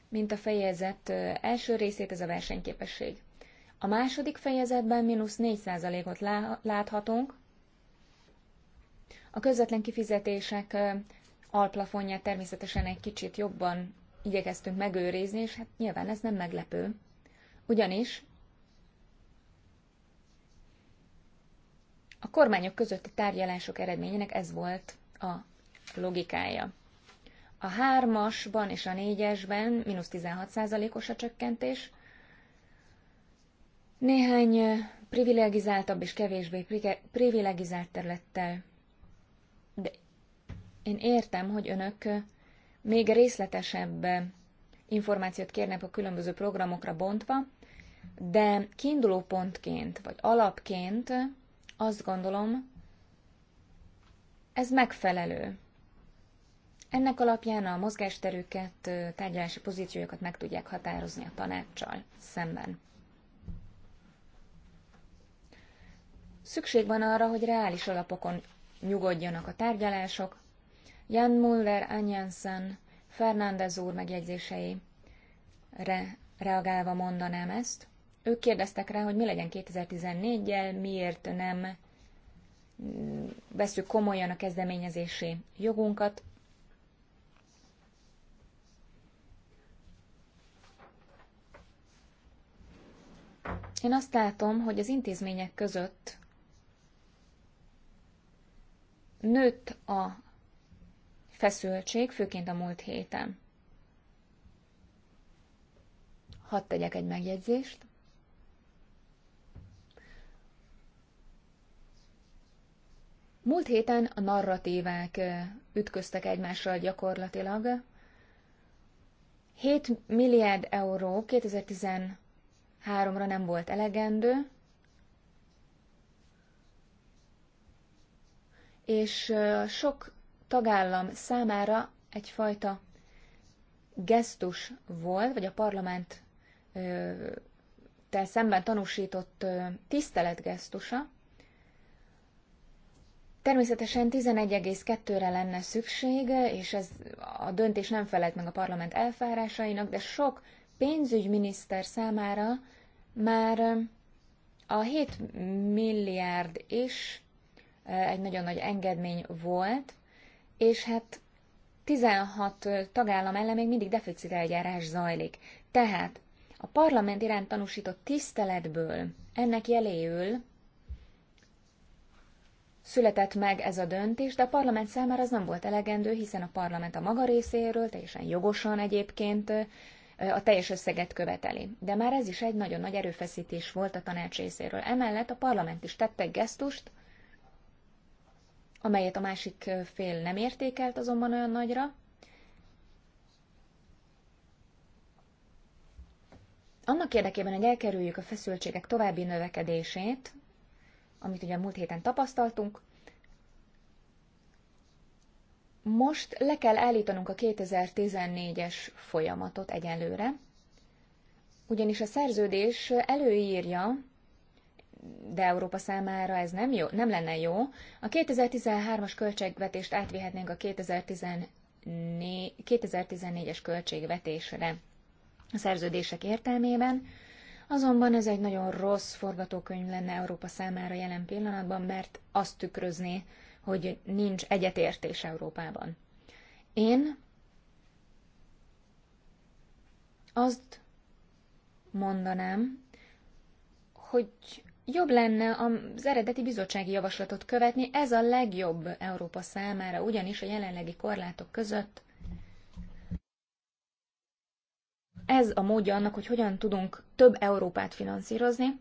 mint a fejezet első részét, ez a versenyképesség. A második fejezetben mínusz 4%-ot láthatunk. A közvetlen kifizetések alplafonját természetesen egy kicsit jobban igyekeztünk megőrizni, és hát nyilván ez nem meglepő. Ugyanis a kormányok közötti tárgyalások eredményének ez volt a logikája. A hármasban és a négyesben mínusz 16%-os a csökkentés, néhány privilegizáltabb és kevésbé privilegizált területtel. De én értem, hogy önök még részletesebb információt kérnek a különböző programokra bontva, de kiinduló pontként, vagy alapként azt gondolom, ez megfelelő. Ennek alapján a mozgásterüket, tárgyalási pozíciójukat meg tudják határozni a tanácssal szemben. Szükség van arra, hogy reális alapokon nyugodjanak a tárgyalások. Jan Muller, Anjansen, Fernández úr megjegyzései re reagálva mondanám ezt. Ők kérdeztek rá, hogy mi legyen 2014-jel, miért nem veszük komolyan a kezdeményezési jogunkat. Én azt látom, hogy az intézmények között nőtt a feszültség, főként a múlt héten. Hadd tegyek egy megjegyzést. Múlt héten a narratívák ütköztek egymással gyakorlatilag. 7 milliárd euró 2013-ra nem volt elegendő, és sok tagállam számára egyfajta gesztus volt, vagy a parlament tel szemben tanúsított tiszteletgesztusa. Természetesen 11,2-re lenne szükség, és ez a döntés nem felelt meg a parlament elfárásainak, de sok pénzügyminiszter számára már a 7 milliárd is Eh, egy nagyon nagy engedmény volt, és hát 16 eh, tagállam ellen még mindig eljárás zajlik. Tehát a parlament iránt tanúsított tiszteletből ennek jeléül született meg ez a döntés, de a parlament számára az nem volt elegendő, hiszen a parlament a maga részéről, teljesen jogosan egyébként, eh, a teljes összeget követeli. De már ez is egy nagyon nagy erőfeszítés volt a tanács részéről. Emellett a parlament is tette gesztust, amelyet a másik fél nem értékelt azonban olyan nagyra. Annak érdekében, hogy elkerüljük a feszültségek további növekedését, amit ugye a múlt héten tapasztaltunk, most le kell állítanunk a 2014-es folyamatot egyelőre, ugyanis a szerződés előírja, de Európa számára ez nem, jó, nem lenne jó. A 2013-as költségvetést átvihetnénk a 2014-es költségvetésre a szerződések értelmében, azonban ez egy nagyon rossz forgatókönyv lenne Európa számára jelen pillanatban, mert azt tükrözné, hogy nincs egyetértés Európában. Én azt mondanám, hogy Jobb lenne az eredeti bizottsági javaslatot követni, ez a legjobb Európa számára, ugyanis a jelenlegi korlátok között ez a módja annak, hogy hogyan tudunk több Európát finanszírozni,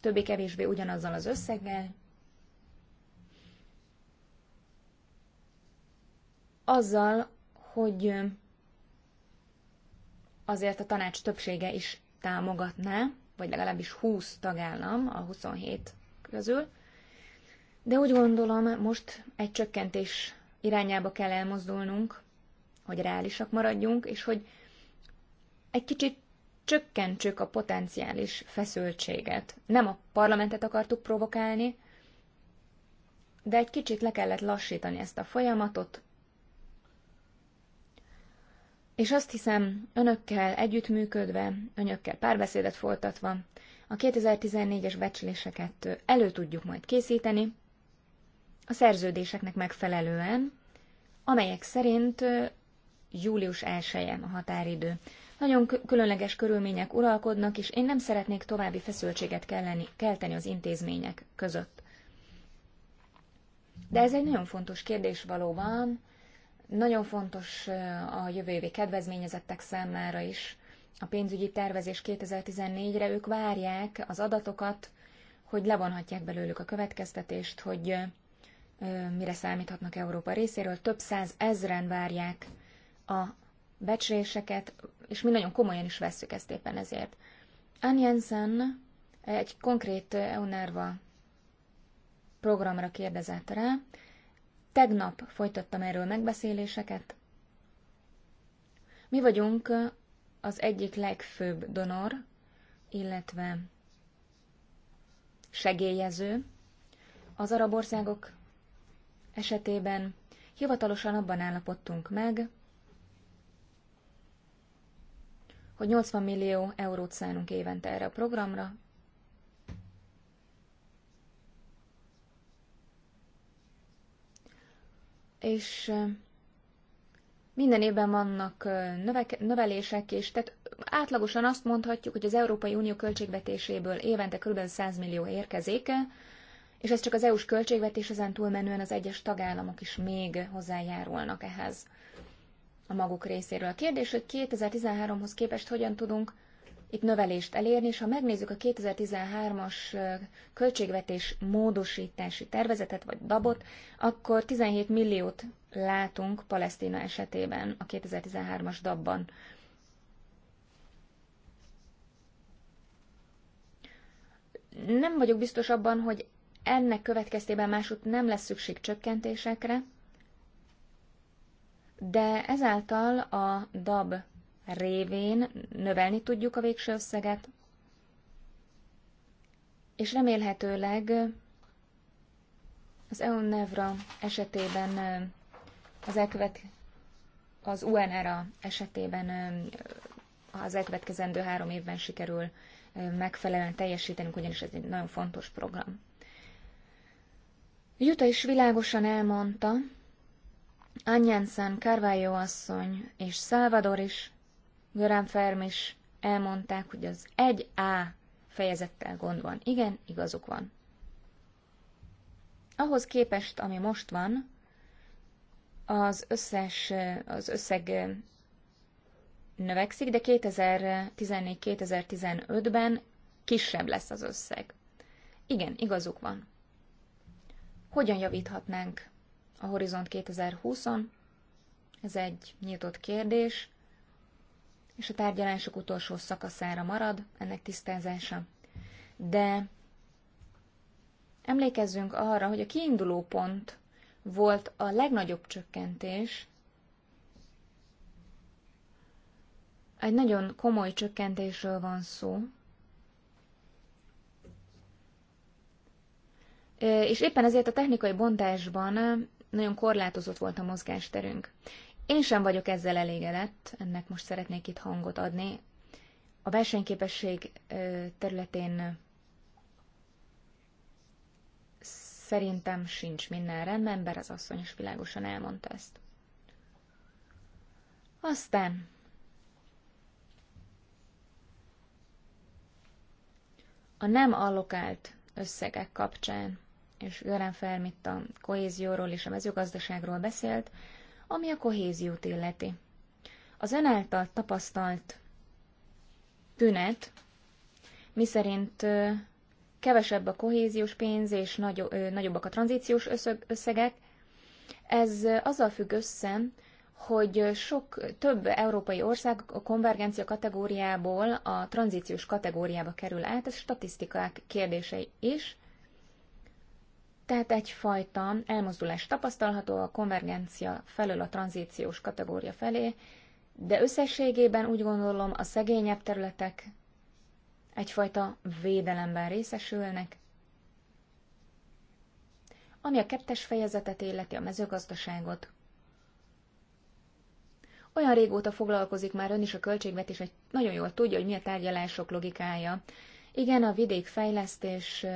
többé-kevésbé ugyanazzal az összeggel, azzal, hogy azért a tanács többsége is támogatná, vagy legalábbis 20 tagállam a 27 közül. De úgy gondolom, most egy csökkentés irányába kell elmozdulnunk, hogy reálisak maradjunk, és hogy egy kicsit csökkentsük a potenciális feszültséget. Nem a parlamentet akartuk provokálni, de egy kicsit le kellett lassítani ezt a folyamatot, és azt hiszem, önökkel együttműködve, önökkel párbeszédet folytatva, a 2014-es becsléseket elő tudjuk majd készíteni, a szerződéseknek megfelelően, amelyek szerint július 1 a határidő. Nagyon különleges körülmények uralkodnak, és én nem szeretnék további feszültséget kelleni, kelteni az intézmények között. De ez egy nagyon fontos kérdés valóban, nagyon fontos a jövő évi kedvezményezettek számára is a pénzügyi tervezés 2014-re. Ők várják az adatokat, hogy levonhatják belőlük a következtetést, hogy mire számíthatnak Európa részéről. Több száz ezren várják a becsléseket, és mi nagyon komolyan is vesszük ezt éppen ezért. Ann Jensen egy konkrét EUNERVA programra kérdezett rá, Tegnap folytattam erről megbeszéléseket. Mi vagyunk az egyik legfőbb donor, illetve segélyező. Az arab országok esetében hivatalosan abban állapodtunk meg, hogy 80 millió eurót szánunk évente erre a programra, és minden évben vannak növelések, és tehát átlagosan azt mondhatjuk, hogy az Európai Unió költségvetéséből évente kb. 100 millió érkezik, és ez csak az EU-s költségvetés, ezen túlmenően az egyes tagállamok is még hozzájárulnak ehhez a maguk részéről. A kérdés, hogy 2013-hoz képest hogyan tudunk itt növelést elérni, és ha megnézzük a 2013-as költségvetés módosítási tervezetet, vagy dabot, akkor 17 milliót látunk Palesztina esetében a 2013-as dabban. Nem vagyok biztos abban, hogy ennek következtében másút nem lesz szükség csökkentésekre, de ezáltal a DAB révén növelni tudjuk a végső összeget, és remélhetőleg az EON Nevra esetében az elkövet, az UNRA esetében az elkövetkezendő három évben sikerül megfelelően teljesítenünk, ugyanis ez egy nagyon fontos program. Juta is világosan elmondta, Anjensen, Carvalho asszony és Salvador is, Görán Ferm is elmondták, hogy az 1A fejezettel gond van. Igen, igazuk van. Ahhoz képest, ami most van, az összes, az összeg növekszik, de 2014-2015-ben kisebb lesz az összeg. Igen, igazuk van. Hogyan javíthatnánk a Horizont 2020-on? Ez egy nyitott kérdés és a tárgyalások utolsó szakaszára marad ennek tisztázása. De emlékezzünk arra, hogy a kiinduló pont volt a legnagyobb csökkentés, egy nagyon komoly csökkentésről van szó, és éppen ezért a technikai bontásban nagyon korlátozott volt a mozgásterünk. Én sem vagyok ezzel elégedett, ennek most szeretnék itt hangot adni. A versenyképesség területén szerintem sincs minden rendben, bár az asszony is világosan elmondta ezt. Aztán a nem allokált összegek kapcsán, és Gören Fermitt a kohézióról és a mezőgazdaságról beszélt, ami a kohéziót illeti. Az ön által tapasztalt tünet, miszerint kevesebb a kohéziós pénz és nagyobbak a tranzíciós összegek, ez azzal függ össze, hogy sok több európai ország a konvergencia kategóriából a tranzíciós kategóriába kerül át, ez statisztikák kérdése is, tehát egyfajta elmozdulás tapasztalható a konvergencia felől a tranzíciós kategória felé, de összességében úgy gondolom a szegényebb területek egyfajta védelemben részesülnek, ami a kettes fejezetet illeti a mezőgazdaságot. Olyan régóta foglalkozik már ön is a költségvetés, hogy nagyon jól tudja, hogy mi a tárgyalások logikája. Igen, a vidékfejlesztés,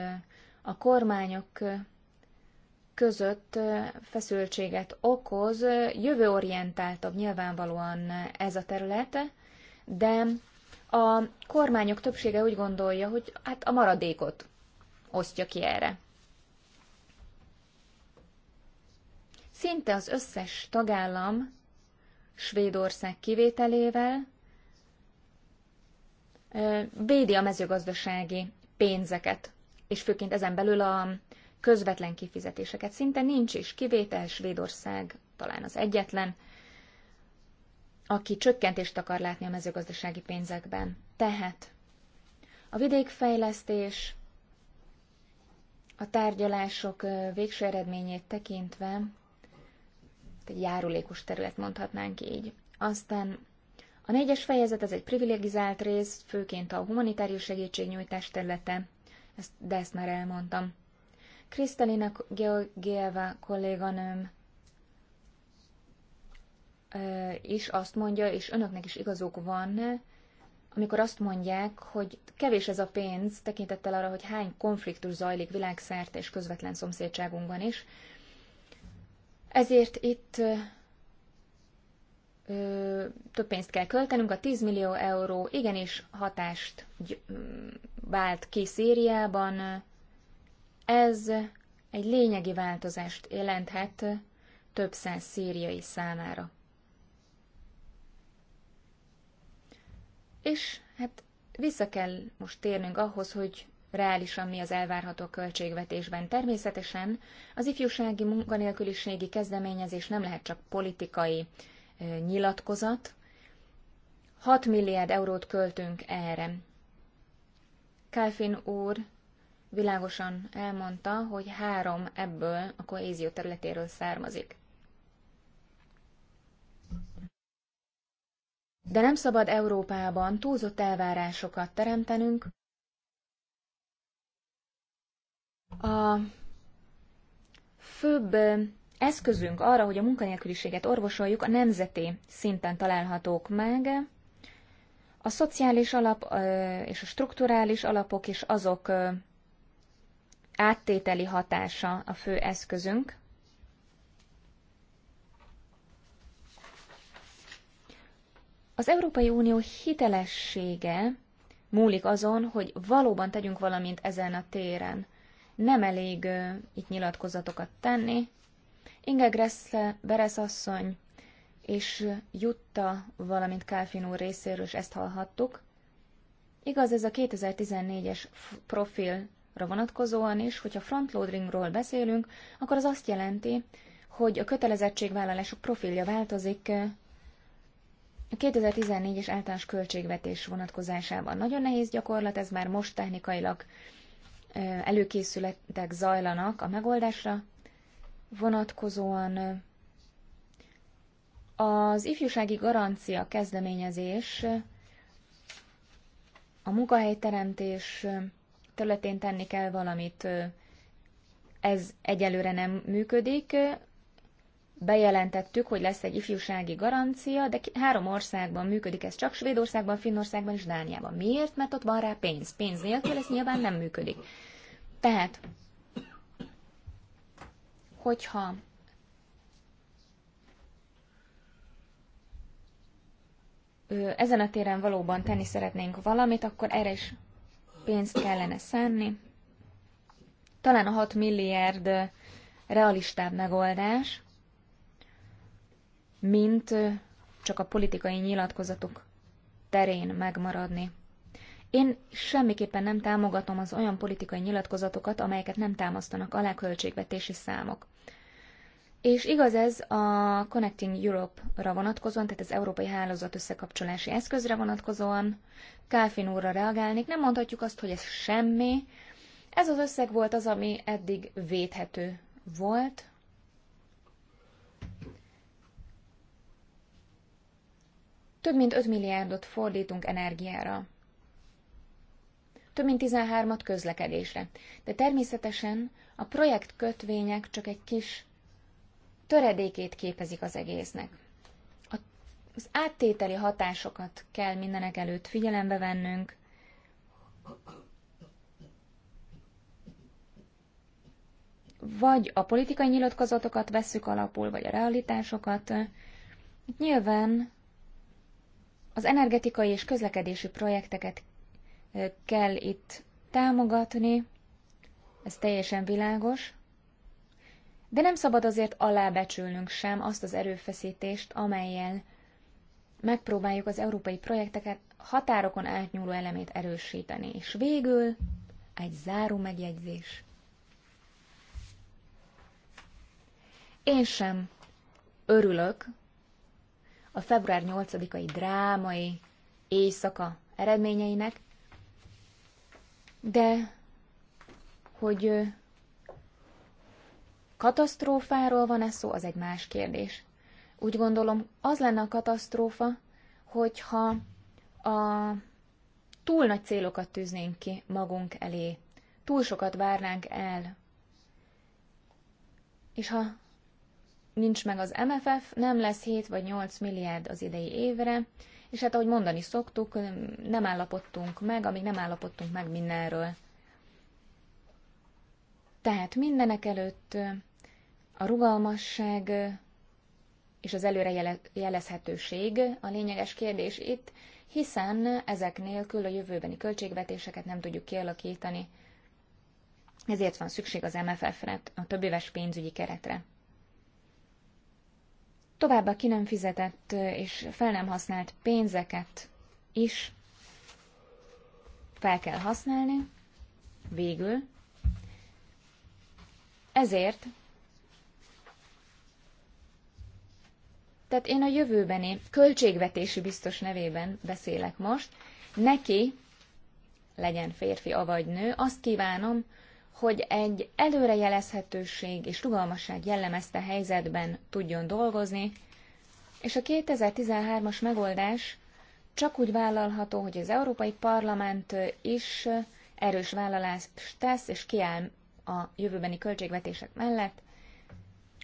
a kormányok között feszültséget okoz, jövőorientáltabb nyilvánvalóan ez a terület, de a kormányok többsége úgy gondolja, hogy hát a maradékot osztja ki erre. Szinte az összes tagállam, Svédország kivételével, védi a mezőgazdasági pénzeket, és főként ezen belül a közvetlen kifizetéseket. Szinte nincs is kivétel, Svédország talán az egyetlen, aki csökkentést akar látni a mezőgazdasági pénzekben. Tehát a vidékfejlesztés, a tárgyalások végső eredményét tekintve egy járulékos terület mondhatnánk így. Aztán a négyes fejezet ez egy privilegizált rész, főként a humanitárius segítségnyújtás területe, ezt, de ezt már elmondtam. Krisztalina Georgieva kolléganőm is azt mondja, és önöknek is igazuk van, amikor azt mondják, hogy kevés ez a pénz, tekintettel arra, hogy hány konfliktus zajlik világszerte és közvetlen szomszédságunkban is. Ezért itt ö, több pénzt kell költenünk, a 10 millió euró igenis hatást vált ki Szíriában, ez egy lényegi változást jelenthet több száz szíriai számára. És hát vissza kell most térnünk ahhoz, hogy reálisan mi az elvárható költségvetésben. Természetesen az ifjúsági munkanélküliségi kezdeményezés nem lehet csak politikai nyilatkozat. 6 milliárd eurót költünk erre. Kálfin úr világosan elmondta, hogy három ebből a kohézió területéről származik. De nem szabad Európában túlzott elvárásokat teremtenünk. A főbb eszközünk arra, hogy a munkanélküliséget orvosoljuk, a nemzeti szinten találhatók meg. A szociális alap és a strukturális alapok és azok áttételi hatása a fő eszközünk. Az Európai Unió hitelessége múlik azon, hogy valóban tegyünk valamint ezen a téren. Nem elég uh, itt nyilatkozatokat tenni. Inge Gressle, Beres asszony és Jutta, valamint Kálfin úr részéről is ezt hallhattuk. Igaz, ez a 2014-es profil vonatkozóan is, hogyha frontloadingról beszélünk, akkor az azt jelenti, hogy a kötelezettségvállalások profilja változik eh, a 2014-es általános költségvetés vonatkozásában. Nagyon nehéz gyakorlat, ez már most technikailag eh, előkészületek zajlanak a megoldásra vonatkozóan. Eh, az ifjúsági garancia kezdeményezés, a munkahelyteremtés, területén tenni kell valamit. Ez egyelőre nem működik. Bejelentettük, hogy lesz egy ifjúsági garancia, de három országban működik ez csak, Svédországban, Finnországban és Dániában. Miért? Mert ott van rá pénz. Pénz nélkül ez nyilván nem működik. Tehát, hogyha ezen a téren valóban tenni szeretnénk valamit, akkor erre is pénzt kellene szánni. Talán a 6 milliárd realistább megoldás, mint csak a politikai nyilatkozatok terén megmaradni. Én semmiképpen nem támogatom az olyan politikai nyilatkozatokat, amelyeket nem támasztanak alá költségvetési számok. És igaz ez a Connecting Europe-ra vonatkozóan, tehát az Európai Hálózat összekapcsolási eszközre vonatkozóan. Kálfin úrra reagálnék, nem mondhatjuk azt, hogy ez semmi. Ez az összeg volt az, ami eddig védhető volt. Több mint 5 milliárdot fordítunk energiára. Több mint 13-at közlekedésre. De természetesen a projektkötvények csak egy kis töredékét képezik az egésznek. Az áttételi hatásokat kell mindenek előtt figyelembe vennünk, vagy a politikai nyilatkozatokat vesszük alapul, vagy a realitásokat. Nyilván az energetikai és közlekedési projekteket kell itt támogatni, ez teljesen világos. De nem szabad azért alábecsülnünk sem azt az erőfeszítést, amelyen megpróbáljuk az európai projekteket határokon átnyúló elemét erősíteni. És végül egy záró megjegyzés. Én sem örülök a február 8-ai drámai éjszaka eredményeinek, de hogy katasztrófáról van-e szó, az egy más kérdés. Úgy gondolom, az lenne a katasztrófa, hogyha a túl nagy célokat tűznénk ki magunk elé, túl sokat várnánk el. És ha nincs meg az MFF, nem lesz 7 vagy 8 milliárd az idei évre, és hát ahogy mondani szoktuk, nem állapodtunk meg, amíg nem állapodtunk meg mindenről. Tehát mindenek előtt a rugalmasság és az előrejelezhetőség a lényeges kérdés itt, hiszen ezek nélkül a jövőbeni költségvetéseket nem tudjuk kialakítani. Ezért van szükség az MFF-re, a többéves pénzügyi keretre. Továbbá ki nem fizetett és fel nem használt pénzeket is fel kell használni, végül. Ezért tehát én a jövőbeni költségvetési biztos nevében beszélek most, neki, legyen férfi avagy nő, azt kívánom, hogy egy előrejelezhetőség és rugalmasság jellemezte helyzetben tudjon dolgozni, és a 2013-as megoldás csak úgy vállalható, hogy az Európai Parlament is erős vállalást tesz, és kiáll a jövőbeni költségvetések mellett,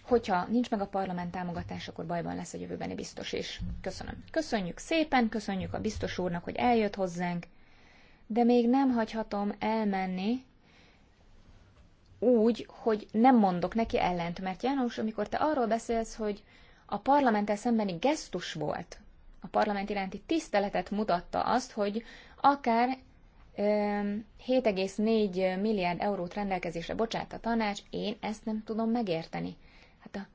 hogyha nincs meg a parlament támogatás, akkor bajban lesz a jövőbeni biztos is. Köszönöm. Köszönjük szépen, köszönjük a biztos úrnak, hogy eljött hozzánk, de még nem hagyhatom elmenni úgy, hogy nem mondok neki ellent, mert János, amikor te arról beszélsz, hogy a parlamenttel szembeni gesztus volt, a parlament iránti tiszteletet mutatta azt, hogy akár 7,4 milliárd eurót rendelkezésre bocsát a tanács, én ezt nem tudom megérteni. Hát a,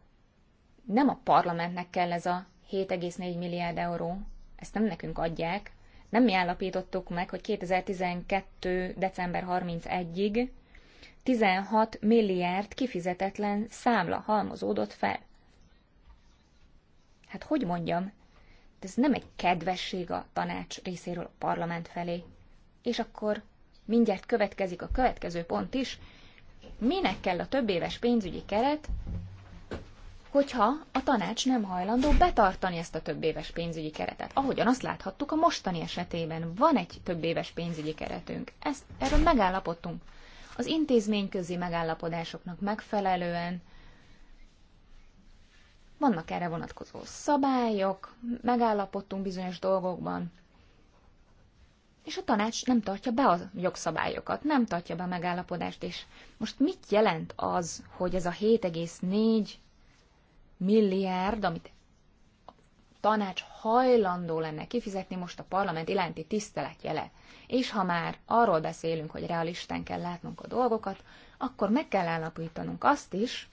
nem a parlamentnek kell ez a 7,4 milliárd euró, ezt nem nekünk adják, nem mi állapítottuk meg, hogy 2012. december 31-ig 16 milliárd kifizetetlen számla halmozódott fel. Hát hogy mondjam, ez nem egy kedvesség a tanács részéről a parlament felé. És akkor mindjárt következik a következő pont is, minek kell a több éves pénzügyi keret, hogyha a tanács nem hajlandó betartani ezt a több éves pénzügyi keretet. Ahogyan azt láthattuk a mostani esetében, van egy több éves pénzügyi keretünk. Ezt, erről megállapodtunk. Az intézményközi megállapodásoknak megfelelően vannak erre vonatkozó szabályok, megállapodtunk bizonyos dolgokban, és a tanács nem tartja be a jogszabályokat, nem tartja be a megállapodást, és most mit jelent az, hogy ez a milliárd, amit tanács hajlandó lenne kifizetni most a parlament iránti tisztelet jele. És ha már arról beszélünk, hogy realistán kell látnunk a dolgokat, akkor meg kell állapítanunk azt is,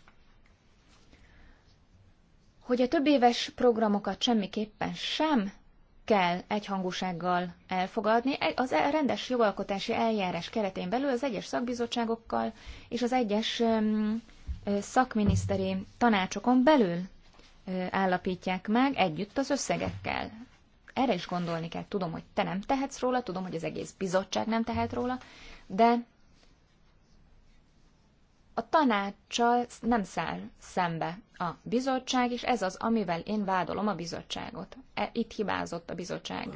hogy a több éves programokat semmiképpen sem kell egyhangúsággal elfogadni. E- az e- rendes jogalkotási eljárás keretén belül az egyes szakbizottságokkal és az egyes szakminiszteri tanácsokon belül állapítják meg együtt az összegekkel. Erre is gondolni kell. Tudom, hogy te nem tehetsz róla, tudom, hogy az egész bizottság nem tehet róla, de a tanácssal nem száll szembe a bizottság, és ez az, amivel én vádolom a bizottságot. E, itt hibázott a bizottság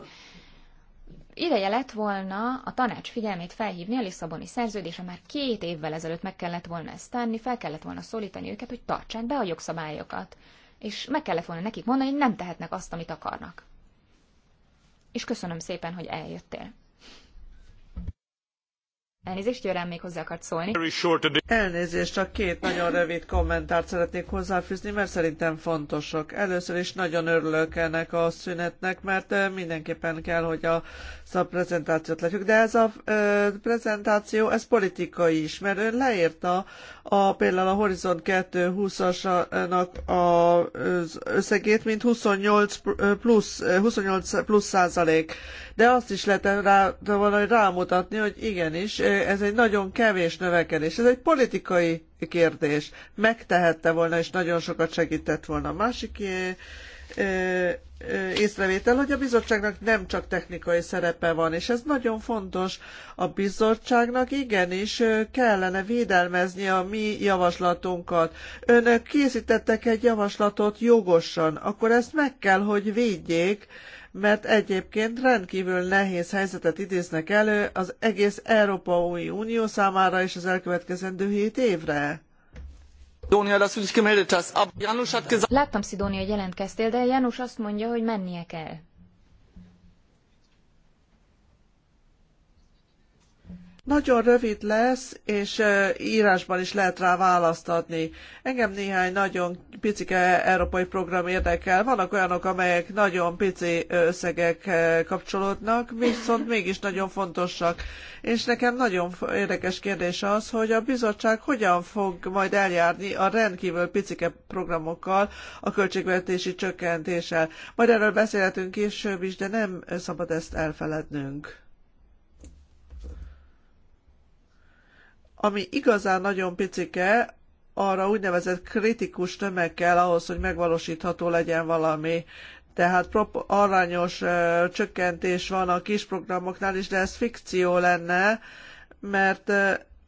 ideje lett volna a tanács figyelmét felhívni a Lisszaboni szerződése, már két évvel ezelőtt meg kellett volna ezt tenni, fel kellett volna szólítani őket, hogy tartsák be a jogszabályokat, és meg kellett volna nekik mondani, hogy nem tehetnek azt, amit akarnak. És köszönöm szépen, hogy eljöttél. Elnézést, Jörán még hozzá akart szólni. Elnézést, csak két nagyon rövid kommentárt szeretnék hozzáfűzni, mert szerintem fontosak. Először is nagyon örülök ennek a szünetnek, mert eh, mindenképpen kell, hogy a ezt a prezentációt látjuk, de ez a ö, prezentáció, ez politikai is, mert ön leírta a, például a Horizon 220-asnak az összegét, mint 28 plusz, 28 plusz százalék, de azt is lehet rá, valahogy rámutatni, hogy igenis, ez egy nagyon kevés növekedés, ez egy politikai kérdés. Megtehette volna, és nagyon sokat segített volna. A másik észrevétel, hogy a bizottságnak nem csak technikai szerepe van, és ez nagyon fontos. A bizottságnak igenis kellene védelmezni a mi javaslatunkat. Önök készítettek egy javaslatot jogosan, akkor ezt meg kell, hogy védjék, mert egyébként rendkívül nehéz helyzetet idéznek elő az egész Európai Unió számára és az elkövetkezendő hét évre. Láttam, Szidónia, hogy jelentkeztél, de János azt mondja, hogy mennie kell. Nagyon rövid lesz, és írásban is lehet rá választ adni. Engem néhány nagyon picike európai program érdekel. Vannak olyanok, amelyek nagyon pici összegek kapcsolódnak, viszont mégis nagyon fontosak. És nekem nagyon érdekes kérdés az, hogy a bizottság hogyan fog majd eljárni a rendkívül picike programokkal, a költségvetési csökkentéssel. Majd erről beszélhetünk később is, de nem szabad ezt elfelednünk. Ami igazán nagyon picike, arra úgynevezett kritikus tömeg kell ahhoz, hogy megvalósítható legyen valami. Tehát prop- arányos ö, csökkentés van a kis programoknál is, de ez fikció lenne, mert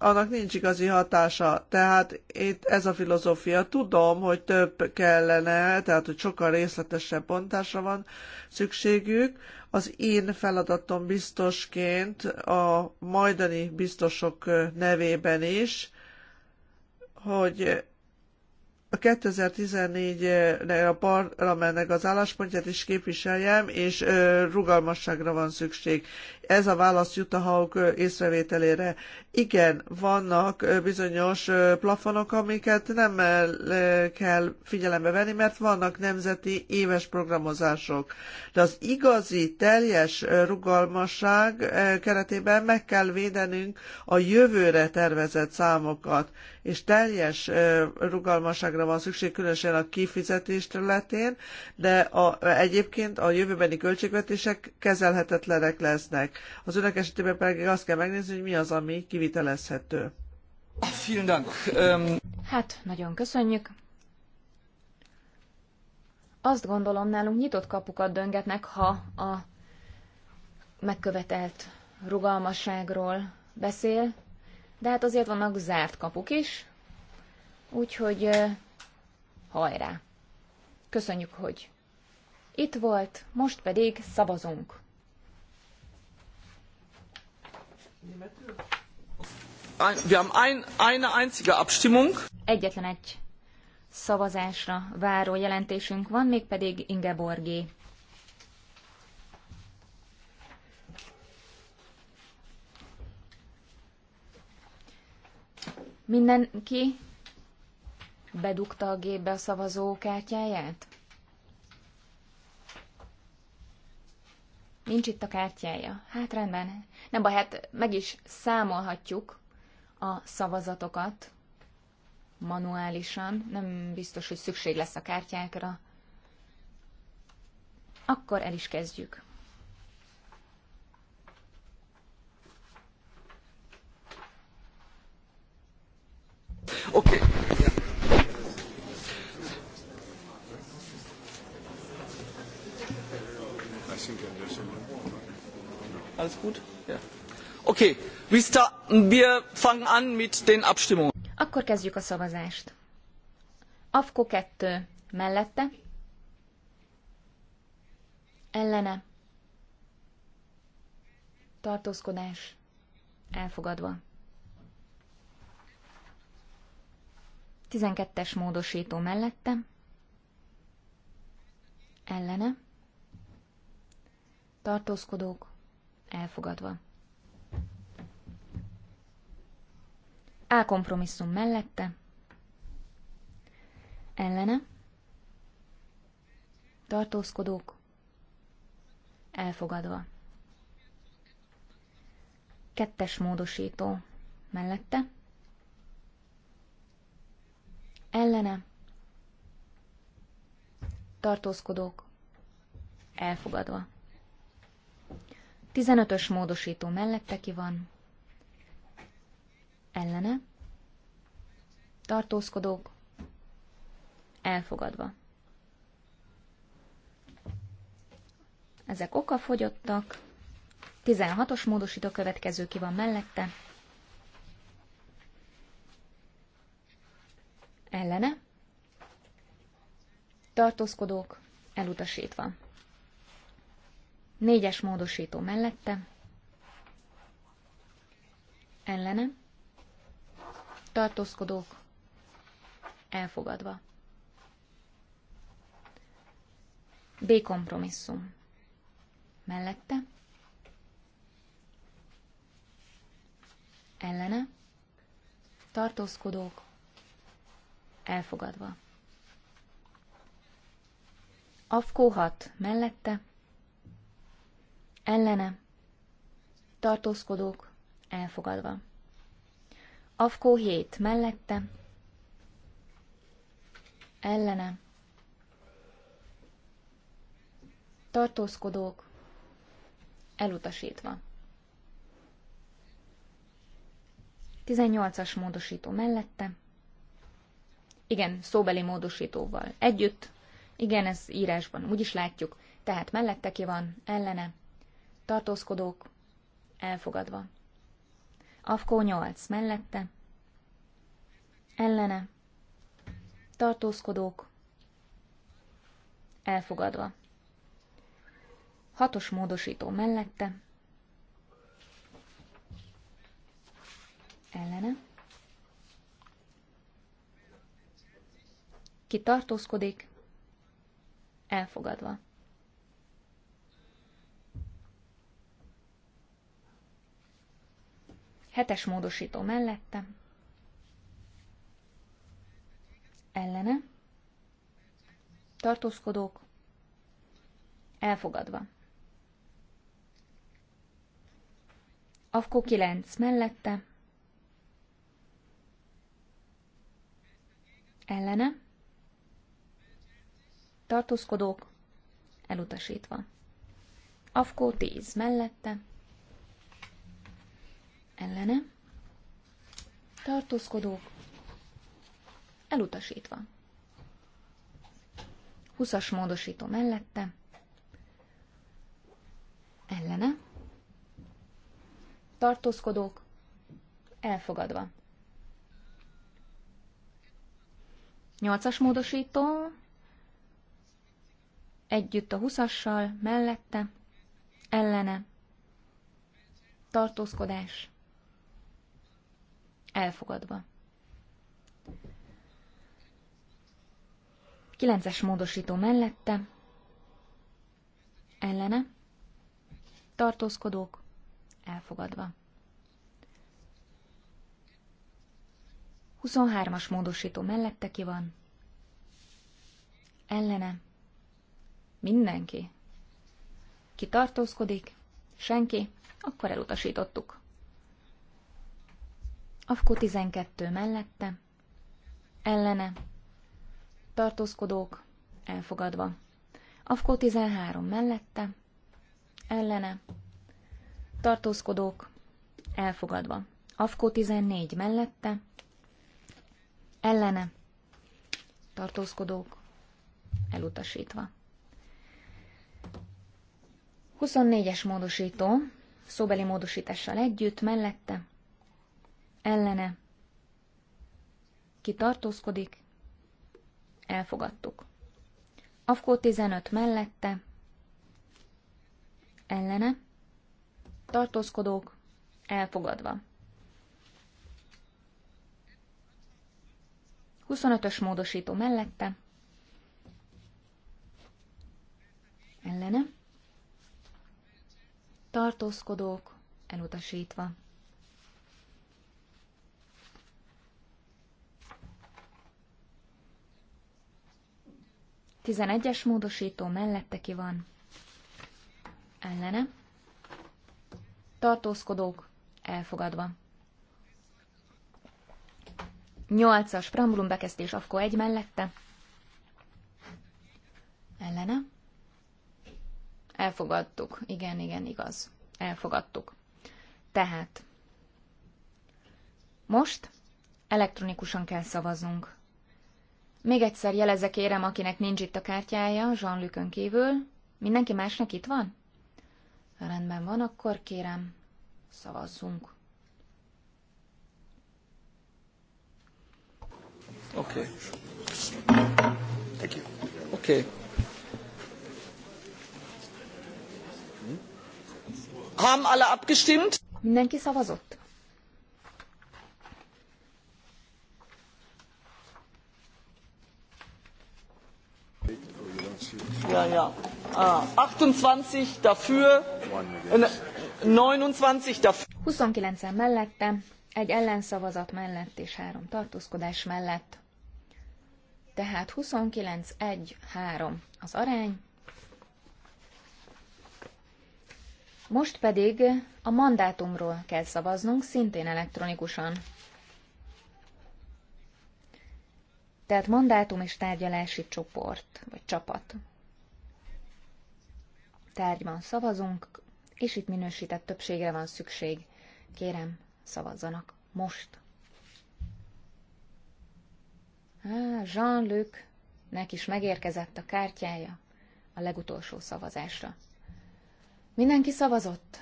annak nincs igazi hatása. Tehát itt ez a filozófia. Tudom, hogy több kellene, tehát hogy sokkal részletesebb bontásra van szükségük. Az én feladatom biztosként a majdani biztosok nevében is, hogy a 2014-re a parlamentnek az álláspontját is képviseljem, és rugalmasságra van szükség. Ez a válasz jut a HAUK észrevételére. Igen, vannak bizonyos plafonok, amiket nem kell figyelembe venni, mert vannak nemzeti éves programozások. De az igazi, teljes rugalmasság keretében meg kell védenünk a jövőre tervezett számokat és teljes rugalmasságra van szükség, különösen a kifizetés területén, de a, egyébként a jövőbeni költségvetések kezelhetetlenek lesznek. Az önök esetében pedig azt kell megnézni, hogy mi az, ami kivitelezhető. Hát, nagyon köszönjük. Azt gondolom, nálunk nyitott kapukat döngetnek, ha a megkövetelt rugalmasságról beszél de hát azért vannak zárt kapuk is, úgyhogy hajrá! Köszönjük, hogy itt volt, most pedig szavazunk. Wir haben ein, eine einzige Abstimmung. Egyetlen egy szavazásra váró jelentésünk van, mégpedig Ingeborgé Mindenki bedugta a gépbe a szavazókártyáját? Nincs itt a kártyája. Hát rendben. Nem baj, hát meg is számolhatjuk a szavazatokat manuálisan. Nem biztos, hogy szükség lesz a kártyákra. Akkor el is kezdjük. Oké. Okay. Alles gut? Ja. Okay, wir, wir fangen an mit den Abstimmungen. Akkor kezdjük a szavazást. AFKO 2 mellette. Ellene. Tartózkodás. Elfogadva. 12-es módosító mellette, ellene, tartózkodók, elfogadva. A kompromisszum mellette, ellene, tartózkodók, elfogadva. Kettes módosító mellette, ellene, tartózkodók, elfogadva. 15-ös módosító mellette ki van, ellene, tartózkodók, elfogadva. Ezek fogyottak. 16-os módosító következő ki van mellette, ellene, tartózkodók elutasítva. Négyes módosító mellette, ellene, tartózkodók elfogadva. B kompromisszum mellette, ellene, tartózkodók elfogadva. Afkó hat mellette, ellene, tartózkodók, elfogadva. Afkó hét mellette, ellene, tartózkodók, elutasítva. 18-as módosító mellette, igen, szóbeli módosítóval. Együtt. Igen, ez írásban. Úgy is látjuk. Tehát mellette ki van, ellene. Tartózkodók. Elfogadva. Afkó 8 mellette. Ellene. Tartózkodók. Elfogadva. Hatos módosító mellette. Ellene. ki tartózkodik, elfogadva. Hetes módosító mellette, ellene, tartózkodók, elfogadva. Afko 9 mellette, ellene, tartózkodók, elutasítva. Afkó 10 mellette, ellene, tartózkodók, elutasítva. 20-as módosító mellette, ellene, tartózkodók, elfogadva. 8-as módosító együtt a huszassal, mellette, ellene, tartózkodás, elfogadva. 9-es módosító mellette, ellene, tartózkodók, elfogadva. 23-as módosító mellette ki van, ellene, Mindenki. Ki tartózkodik? Senki? Akkor elutasítottuk. Afko 12 mellette, ellene, tartózkodók, elfogadva. Afko 13 mellette, ellene, tartózkodók, elfogadva. Afko 14 mellette, ellene, tartózkodók, elutasítva. 24-es módosító, szóbeli módosítással együtt, mellette, ellene, kitartózkodik, elfogadtuk. Afkó 15 mellette, ellene, tartózkodók, elfogadva. 25-ös módosító mellette, ellene, tartózkodók elutasítva. Tizenegyes módosító mellette ki van, ellene, tartózkodók elfogadva. Nyolcas prambulum bekezdés afko egy mellette, ellene, Elfogadtuk. Igen, igen, igaz. Elfogadtuk. Tehát most elektronikusan kell szavaznunk. Még egyszer jelezek kérem, akinek nincs itt a kártyája, Jean-Lucön kívül. Mindenki másnak itt van? Rendben van, akkor kérem, szavazzunk. Oké. Okay. Thank you. Okay. Haben alle abgestimmt? Mindenki szavazott? Ja, ja. Ah, 28 dafür, 29 äh, dafür. 29 mellette, egy ellenszavazat mellett és három tartózkodás mellett. Tehát 29-1-3 az arány, Most pedig a mandátumról kell szavaznunk, szintén elektronikusan. Tehát mandátum és tárgyalási csoport, vagy csapat. Tárgyban szavazunk, és itt minősített többségre van szükség. Kérem, szavazzanak most. Jean-Luc, neki is megérkezett a kártyája a legutolsó szavazásra. Mindenki szavazott?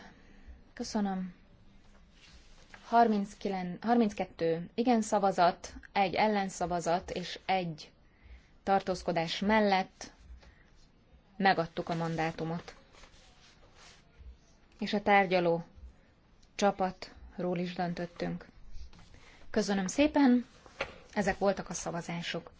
Köszönöm. 39, 32 igen szavazat, egy ellenszavazat és egy tartózkodás mellett megadtuk a mandátumot. És a tárgyaló csapatról is döntöttünk. Köszönöm szépen, ezek voltak a szavazások.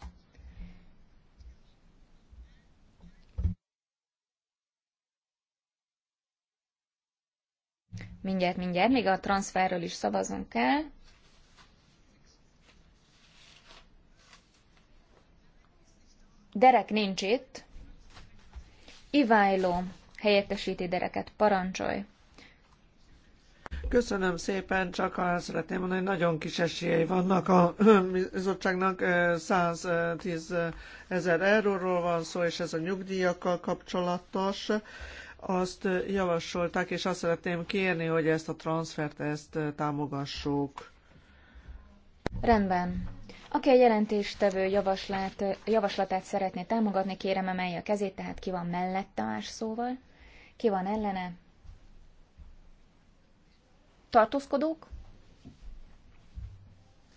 Mindjárt, mindjárt, még a transferről is szavazunk kell. Derek nincs itt. Iványló helyettesíti dereket, parancsolj! Köszönöm szépen, csak azt szeretném mondani, hogy nagyon kis esélyei vannak a bizottságnak, 110 ezer euróról van szó, és ez a nyugdíjakkal kapcsolatos azt javasolták, és azt szeretném kérni, hogy ezt a transfert, ezt eh, támogassuk. Rendben. Aki a jelentéstevő javaslát, javaslatát szeretné támogatni, kérem emelje a kezét, tehát ki van mellette más szóval, ki van ellene. Tartózkodók?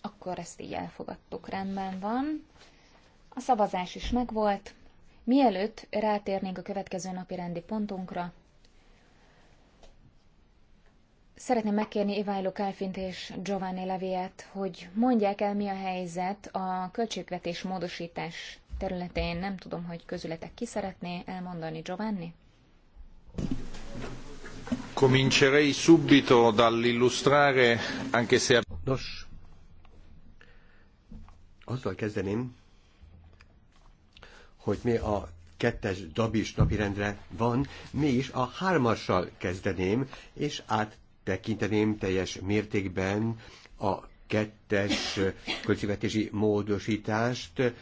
Akkor ezt így elfogadtuk, rendben van. A szavazás is megvolt, Mielőtt rátérnénk a következő napi rendi pontunkra, szeretném megkérni Iványló Kálfint és Giovanni Leviet, hogy mondják el, mi a helyzet a költségvetés módosítás területén. Nem tudom, hogy közületek ki szeretné elmondani, Giovanni? Comincerei subito dall'illustrare, anche se... Nos, azzal kezdeném, hogy mi a kettes dabis napirendre van, mi is a hármassal kezdeném, és áttekinteném teljes mértékben a kettes költségvetési módosítást.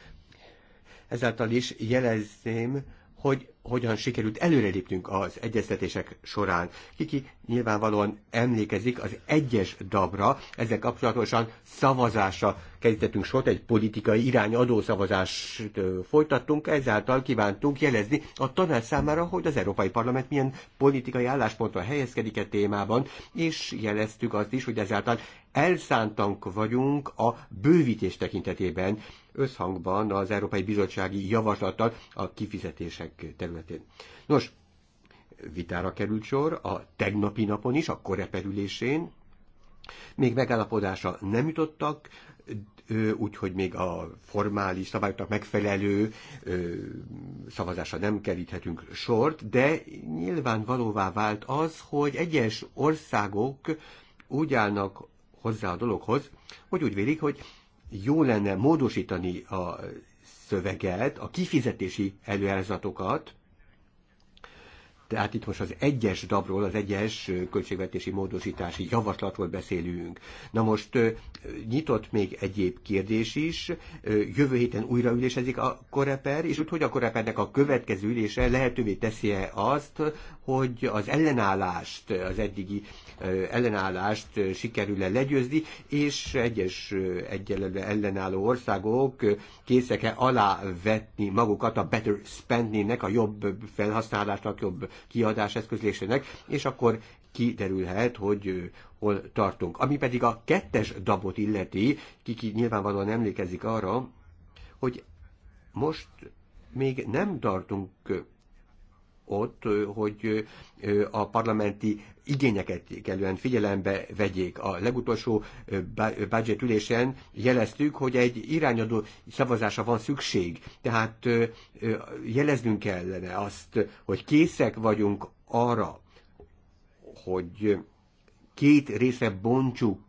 Ezáltal is jelezném, hogy hogyan sikerült előreléptünk az egyeztetések során. Kiki nyilvánvalóan emlékezik az egyes dabra, ezzel kapcsolatosan szavazásra kezdettünk sort, egy politikai irány adószavazást folytattunk, ezáltal kívántunk jelezni a tanács számára, hogy az Európai Parlament milyen politikai álláspontra helyezkedik a e témában, és jeleztük azt is, hogy ezáltal elszántank vagyunk a bővítés tekintetében, összhangban az Európai Bizottsági Javaslattal a kifizetések területén. Nos, vitára került sor a tegnapi napon is, a koreperülésén, még megállapodásra nem jutottak, úgyhogy még a formális szabályoknak megfelelő szavazásra nem keríthetünk sort, de nyilvánvalóvá vált az, hogy egyes országok úgy állnak hozzá a dologhoz, hogy úgy vélik, hogy jó lenne módosítani a szöveget, a kifizetési előjelzatokat, tehát itt most az egyes dabról, az egyes költségvetési módosítási javaslatról beszélünk. Na most nyitott még egyéb kérdés is. Jövő héten újra ülésezik a koreper, és úgy hogy a korepernek a következő ülése lehetővé teszi -e azt, hogy az ellenállást, az eddigi ellenállást sikerül-e legyőzni, és egyes egyenlőre ellenálló országok készek-e alávetni magukat a better spending-nek, a jobb felhasználásnak, jobb kiadás eszközlésének, és akkor kiderülhet, hogy hol tartunk. Ami pedig a kettes dabot illeti, kiki nyilvánvalóan emlékezik arra, hogy most még nem tartunk ott, hogy a parlamenti igényeket kellően figyelembe vegyék. A legutolsó budget ülésen jeleztük, hogy egy irányadó szavazásra van szükség, tehát jeleznünk kellene azt, hogy készek vagyunk arra, hogy két részre bontsuk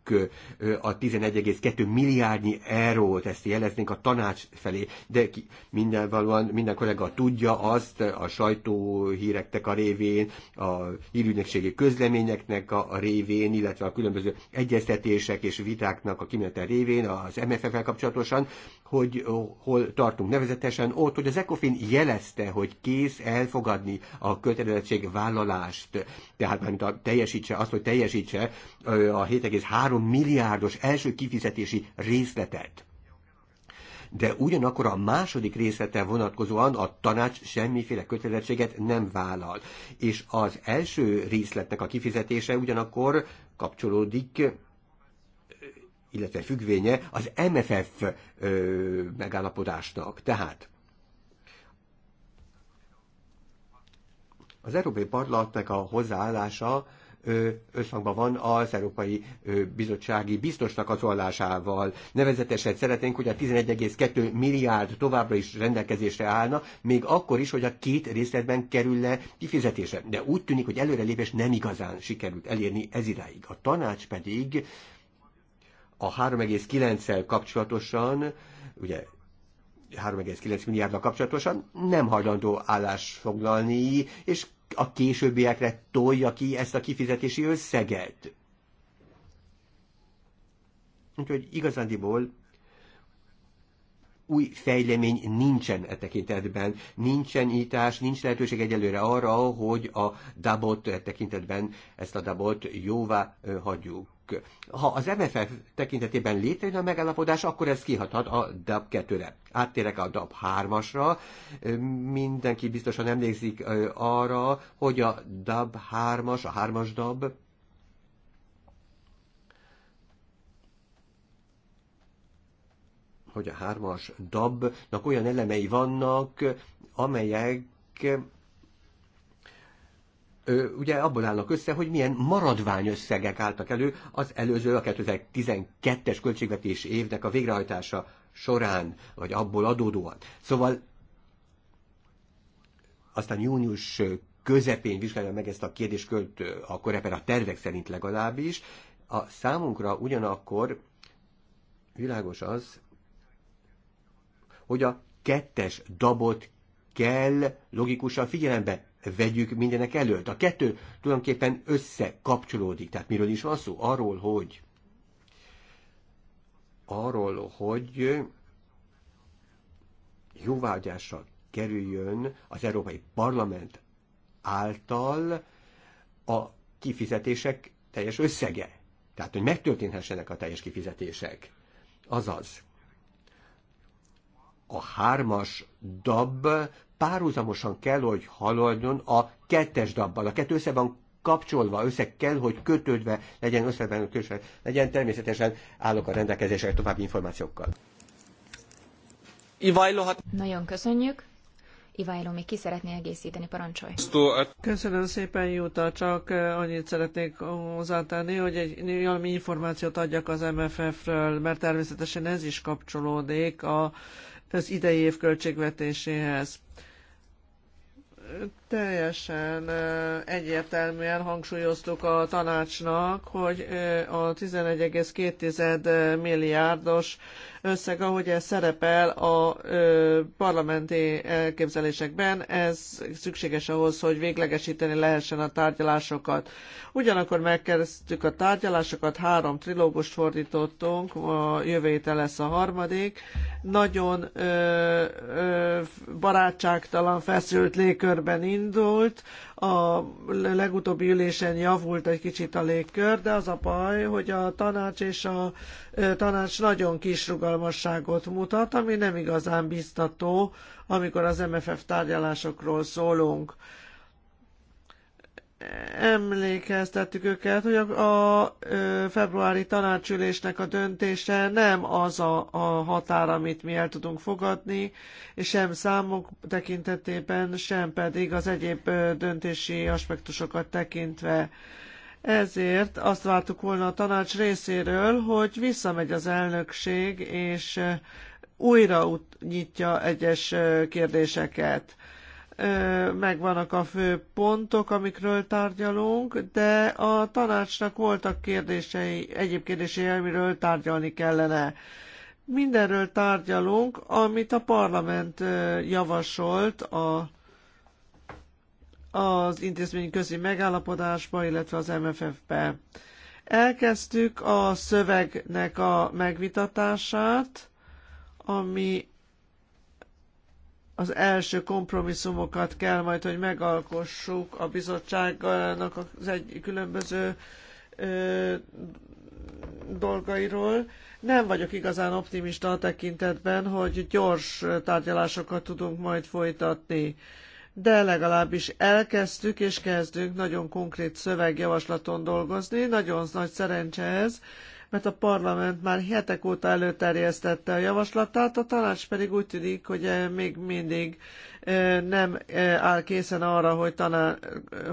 a 11,2 milliárdnyi eurót, ezt jeleznénk a tanács felé, de ki, mindenvalóan minden kollega tudja azt a sajtóhírektek a révén, a hírügynökségi közleményeknek a, a révén, illetve a különböző egyeztetések és vitáknak a kimenetel révén, az MFF-el kapcsolatosan, hogy hol tartunk. Nevezetesen ott, hogy az ECOFIN jelezte, hogy kész elfogadni a kötelezettség vállalást, tehát mármint a teljesítse, azt, hogy teljesítse a 7,3 milliárdos első kifizetési részletet de ugyanakkor a második részlete vonatkozóan a tanács semmiféle kötelezettséget nem vállal. És az első részletnek a kifizetése ugyanakkor kapcsolódik illetve függvénye az MFF ö, megállapodásnak. Tehát az Európai Parlamentnek a hozzáállása összhangban van az Európai Bizottsági Biztosnak az hallásával. Nevezetesen szeretnénk, hogy a 11,2 milliárd továbbra is rendelkezésre állna, még akkor is, hogy a két részletben kerül le kifizetése. De úgy tűnik, hogy előrelépés nem igazán sikerült elérni ez idáig. A tanács pedig a 3,9-el kapcsolatosan, ugye 3,9 milliárdra kapcsolatosan nem hajlandó állás foglalni, és a későbbiekre tolja ki ezt a kifizetési összeget. Úgyhogy igazándiból új fejlemény nincsen e tekintetben. Nincsen nyitás, nincs lehetőség egyelőre arra, hogy a dabot e tekintetben ezt a dabot jóvá hagyjuk. Ha az MFF tekintetében létrejön a megállapodás, akkor ez kihathat a DAB 2-re. Áttérek a DAB 3-asra. Mindenki biztosan emlékszik arra, hogy a DAB 3-as, a 3-as DAB, hogy a 3-as hármas nak olyan elemei vannak, amelyek ugye abból állnak össze, hogy milyen maradvány összegek álltak elő az előző, a 2012-es költségvetés évnek a végrehajtása során, vagy abból adódóan. Szóval aztán június közepén vizsgálja meg ezt a kérdéskört a koreper a tervek szerint legalábbis. A számunkra ugyanakkor világos az, hogy a kettes dabot kell logikusan figyelembe vegyük mindenek előtt. A kettő tulajdonképpen összekapcsolódik. Tehát miről is van szó? Arról, hogy arról, hogy jóvágyásra kerüljön az Európai Parlament által a kifizetések teljes összege. Tehát, hogy megtörténhessenek a teljes kifizetések. Azaz, a hármas DAB párhuzamosan kell, hogy haladjon a kettes dabbal. A kettő össze van kapcsolva, össze kell, hogy kötődve legyen, összeben kötődve legyen, természetesen állok a rendelkezésre további információkkal. Ivajlo, hat... Nagyon köszönjük. Iváló, még ki szeretné egészíteni, parancsolj. Köszönöm szépen, Júta, csak eh, annyit szeretnék hozzátenni, hogy egy valami információt adjak az MFF-ről, mert természetesen ez is kapcsolódik a, az idei év költségvetéséhez teljesen egyértelműen hangsúlyoztuk a tanácsnak, hogy a 11,2 milliárdos összeg, ahogy ez szerepel a parlamenti elképzelésekben, ez szükséges ahhoz, hogy véglegesíteni lehessen a tárgyalásokat. Ugyanakkor megkezdtük a tárgyalásokat, három trilógust fordítottunk, a jövő héten lesz a harmadik. Nagyon ö, ö, barátságtalan, feszült légkörben indult, a legutóbbi ülésen javult egy kicsit a légkör, de az a baj, hogy a tanács és a tanács nagyon kis rugalmasságot mutat, ami nem igazán biztató, amikor az MFF tárgyalásokról szólunk emlékeztettük őket, hogy a, a februári tanácsülésnek a döntése nem az a, a határ, amit mi el tudunk fogadni, és sem számok tekintetében, sem pedig az egyéb döntési aspektusokat tekintve. Ezért azt vártuk volna a tanács részéről, hogy visszamegy az elnökség, és újra nyitja egyes kérdéseket megvannak a fő pontok, amikről tárgyalunk, de a tanácsnak voltak kérdései, egyéb kérdései, amiről tárgyalni kellene. Mindenről tárgyalunk, amit a parlament javasolt a, az intézmény közi megállapodásba, illetve az MFF-be. Elkezdtük a szövegnek a megvitatását, ami az első kompromisszumokat kell majd, hogy megalkossuk a bizottságnak az egy különböző ö, dolgairól. Nem vagyok igazán optimista a tekintetben, hogy gyors tárgyalásokat tudunk majd folytatni. De legalábbis elkezdtük és kezdünk nagyon konkrét szövegjavaslaton dolgozni. Nagyon nagy szerencse ez, mert a parlament már hetek óta előterjesztette a javaslatát, a tanács pedig úgy tűnik, hogy eh, még mindig eh, nem eh, áll készen arra, hogy, tanár,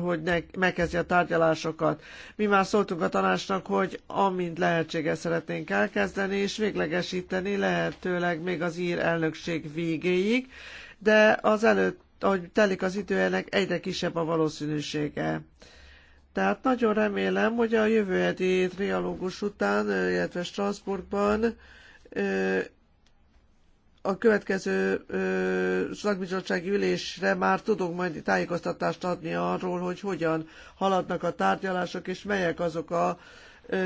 hogy ne, megkezdje a tárgyalásokat. Mi már szóltunk a tanácsnak, hogy amint lehetséges szeretnénk elkezdeni és véglegesíteni lehetőleg még az ír elnökség végéig, de az előtt, ahogy telik az idő, ennek egyre kisebb a valószínűsége. Tehát nagyon remélem, hogy a jövő heti trialógus után, illetve Strasbourgban a következő szakbizottsági ülésre már tudunk majd tájékoztatást adni arról, hogy hogyan haladnak a tárgyalások, és melyek azok a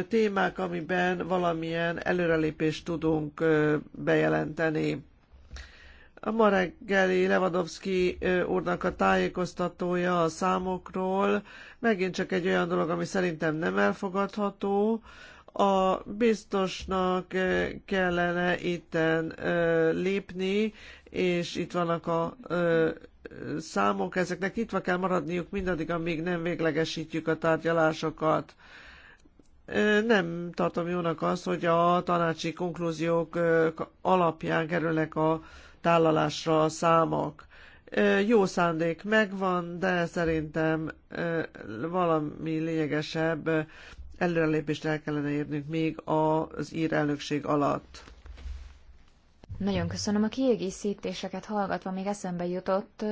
témák, amiben valamilyen előrelépést tudunk bejelenteni. A ma reggeli Lewandowski úrnak a tájékoztatója a számokról megint csak egy olyan dolog, ami szerintem nem elfogadható. A biztosnak kellene itten lépni, és itt vannak a számok, ezeknek nyitva kell maradniuk mindaddig, amíg nem véglegesítjük a tárgyalásokat. Nem tartom jónak azt, hogy a tanácsi konklúziók alapján kerülnek a tálalásra a számok. Jó szándék megvan, de szerintem valami lényegesebb előrelépést el kellene érnünk még az ír elnökség alatt. Nagyon köszönöm a kiegészítéseket hallgatva, még eszembe jutott,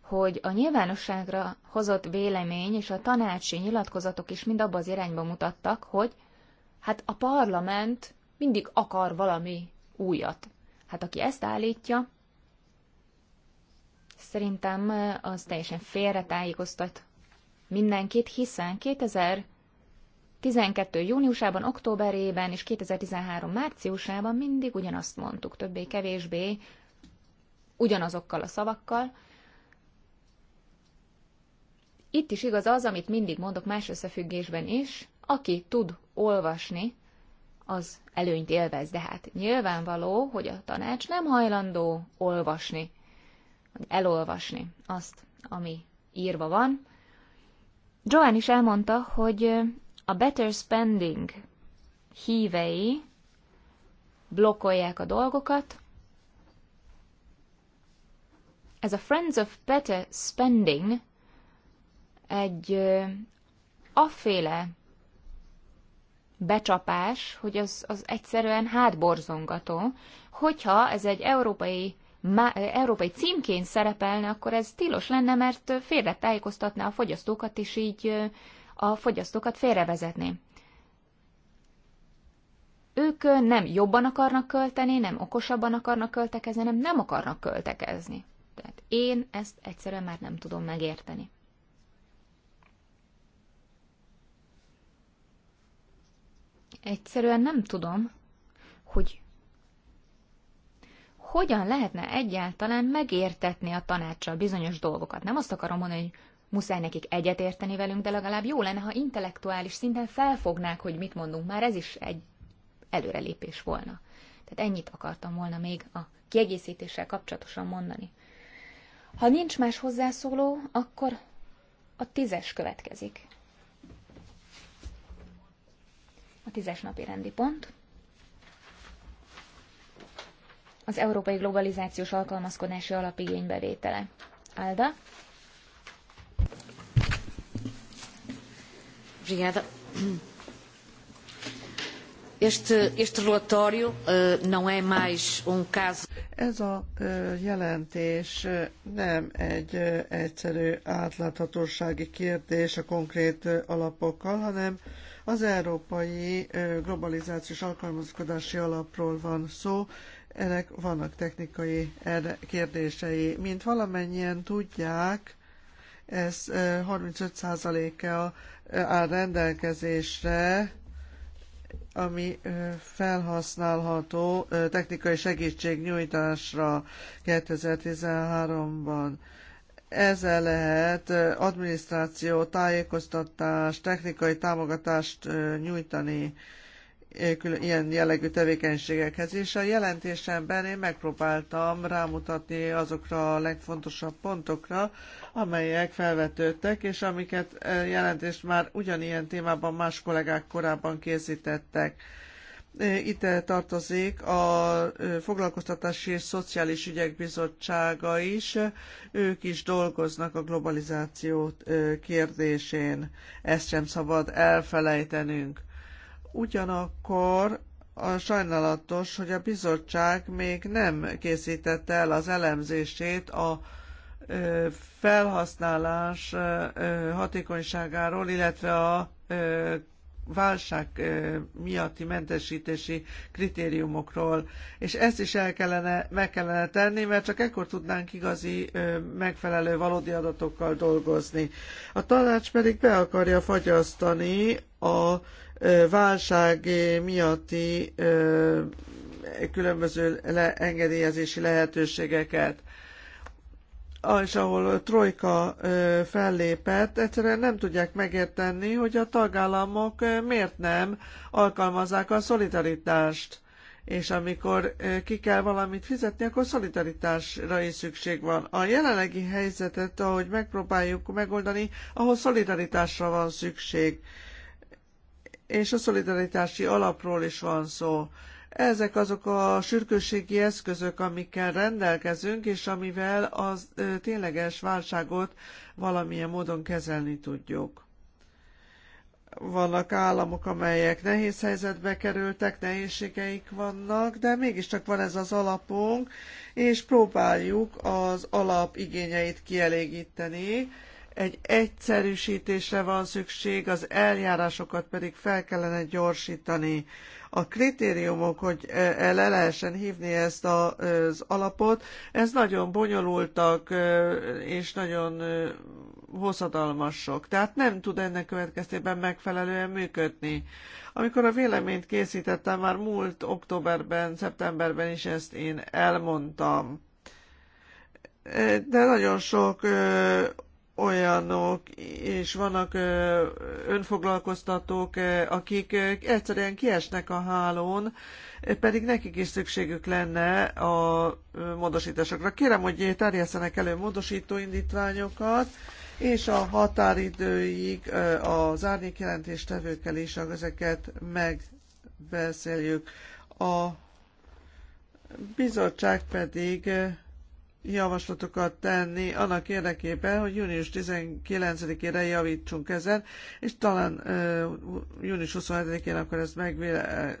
hogy a nyilvánosságra hozott vélemény és a tanácsi nyilatkozatok is mind abba az irányba mutattak, hogy hát a parlament mindig akar valami újat. Hát aki ezt állítja, szerintem az teljesen félretájékoztat mindenkit, hiszen 2012. júniusában, októberében és 2013. márciusában mindig ugyanazt mondtuk, többé-kevésbé ugyanazokkal a szavakkal. Itt is igaz az, amit mindig mondok más összefüggésben is, aki tud olvasni, az előnyt élvez. De hát nyilvánvaló, hogy a tanács nem hajlandó olvasni, elolvasni azt, ami írva van. Joan is elmondta, hogy a better spending hívei blokkolják a dolgokat. Ez a Friends of Better Spending egy aféle becsapás, hogy az, az egyszerűen hátborzongató. Hogyha ez egy európai Má, európai címként szerepelne, akkor ez tilos lenne, mert félre tájékoztatná a fogyasztókat, és így a fogyasztókat félrevezetné. Ők nem jobban akarnak költeni, nem okosabban akarnak költekezni, nem nem akarnak költekezni. Tehát én ezt egyszerűen már nem tudom megérteni. Egyszerűen nem tudom, hogy hogyan lehetne egyáltalán megértetni a tanácssal bizonyos dolgokat. Nem azt akarom mondani, hogy muszáj nekik egyetérteni velünk, de legalább jó lenne, ha intellektuális szinten felfognák, hogy mit mondunk. Már ez is egy előrelépés volna. Tehát ennyit akartam volna még a kiegészítéssel kapcsolatosan mondani. Ha nincs más hozzászóló, akkor a tízes következik. a tízes napi rendi pont. Az európai globalizációs alkalmazkodási alapigénybevétele. Alda? Obrigada. Este, este relatório uh, não é mais um caso. Ez a uh, jelentés eh, nem egy uh, egyszerű átláthatósági kérdés a konkrét uh, alapokkal, hanem az Európai Globalizációs Alkalmazkodási Alapról van szó, ennek vannak technikai kérdései. Mint valamennyien tudják, ez 35%-a áll rendelkezésre, ami felhasználható technikai segítségnyújtásra 2013-ban. Ezzel lehet adminisztráció, tájékoztatás, technikai támogatást nyújtani ilyen jellegű tevékenységekhez. És a jelentésemben én megpróbáltam rámutatni azokra a legfontosabb pontokra, amelyek felvetődtek, és amiket jelentést már ugyanilyen témában más kollégák korábban készítettek. Ide tartozik a e, Foglalkoztatási és Szociális Ügyek Bizottsága is. Ők is dolgoznak a globalizáció e, kérdésén. Ezt sem szabad elfelejtenünk. Ugyanakkor a sajnálatos, hogy a bizottság még nem készítette el az elemzését a e, felhasználás hatékonyságáról, illetve a válság miatti mentesítési kritériumokról, és ezt is el kellene, meg kellene tenni, mert csak ekkor tudnánk igazi, megfelelő valódi adatokkal dolgozni. A tanács pedig be akarja fagyasztani a válság miatti különböző engedélyezési lehetőségeket és ahol Trojka fellépett, egyszerűen nem tudják megérteni, hogy a tagállamok miért nem alkalmazzák a szolidaritást. És amikor ki kell valamit fizetni, akkor szolidaritásra is szükség van. A jelenlegi helyzetet, ahogy megpróbáljuk megoldani, ahhoz szolidaritásra van szükség. És a szolidaritási alapról is van szó ezek azok a sürgősségi eszközök, amikkel rendelkezünk, és amivel az tényleges válságot valamilyen módon kezelni tudjuk. Vannak államok, amelyek nehéz helyzetbe kerültek, nehézségeik vannak, de mégiscsak van ez az alapunk, és próbáljuk az alapigényeit kielégíteni egy egyszerűsítésre van szükség, az eljárásokat pedig fel kellene gyorsítani. A kritériumok, hogy e, e, le lehessen hívni ezt az alapot, ez nagyon bonyolultak e, és nagyon hosszadalmasok, tehát nem tud ennek következtében megfelelően működni. Amikor a véleményt készítettem, már múlt októberben, szeptemberben is ezt én elmondtam de nagyon sok olyanok és vannak önfoglalkoztatók, akik egyszerűen kiesnek a hálón, pedig nekik is szükségük lenne a módosításokra. Kérem, hogy terjesztenek elő módosító indítványokat, és a határidőig az árnyékjelentéstevőkkel is ezeket megbeszéljük. A bizottság pedig javaslatokat tenni annak érdekében, hogy június 19-ére javítsunk ezen, és talán június 27-én akkor ez megvéle,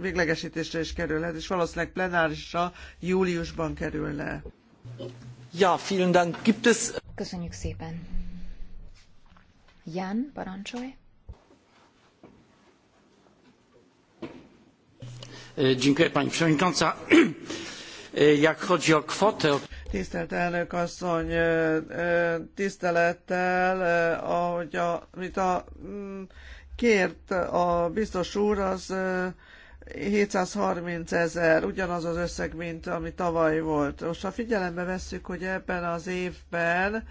véglegesítésre is kerülhet, és valószínűleg plenárisra júliusban kerül le. Ja, vielen Dank. Gibt es... Köszönjük szépen. Jan, parancsolj. Dziękuję Pani Przewodnicząca. E, jak chodzi o kwotę. Tisztelt elnök asszony, e, e, tisztelettel, ahogy a, mit a, mm, kért a biztos úr, az 730 ezer, ugyanaz az összeg, mint ami tavaly volt. Most ha figyelembe vesszük, hogy ebben az évben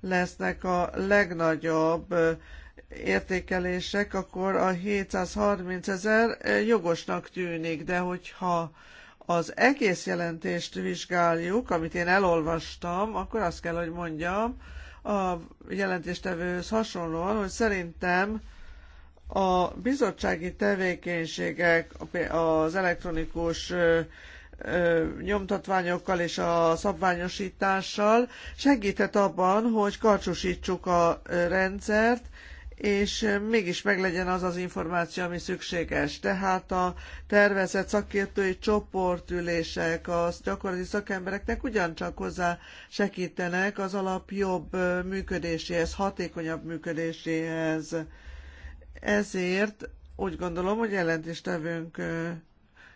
lesznek a legnagyobb értékelések, akkor a 730 ezer jogosnak tűnik, de hogyha az egész jelentést vizsgáljuk, amit én elolvastam, akkor azt kell, hogy mondjam, a jelentéstevőhöz hasonlóan, hogy szerintem a bizottsági tevékenységek az elektronikus nyomtatványokkal és a szabványosítással segített abban, hogy karcsúsítsuk a rendszert, és mégis meglegyen az az információ, ami szükséges. Tehát a tervezett szakértői csoportülések, a gyakorlati szakembereknek ugyancsak hozzá segítenek az alap jobb működéséhez, hatékonyabb működéséhez. Ezért úgy gondolom, hogy jelentéstevőnk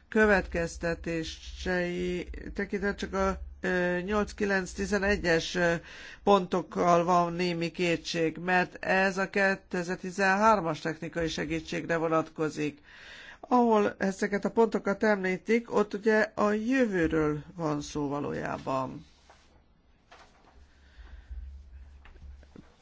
következtetései tekintet csak a 8-9-11-es pontokkal van némi kétség, mert ez a 2013-as technikai segítségre vonatkozik. Ahol ezeket a pontokat említik, ott ugye a jövőről van szó valójában.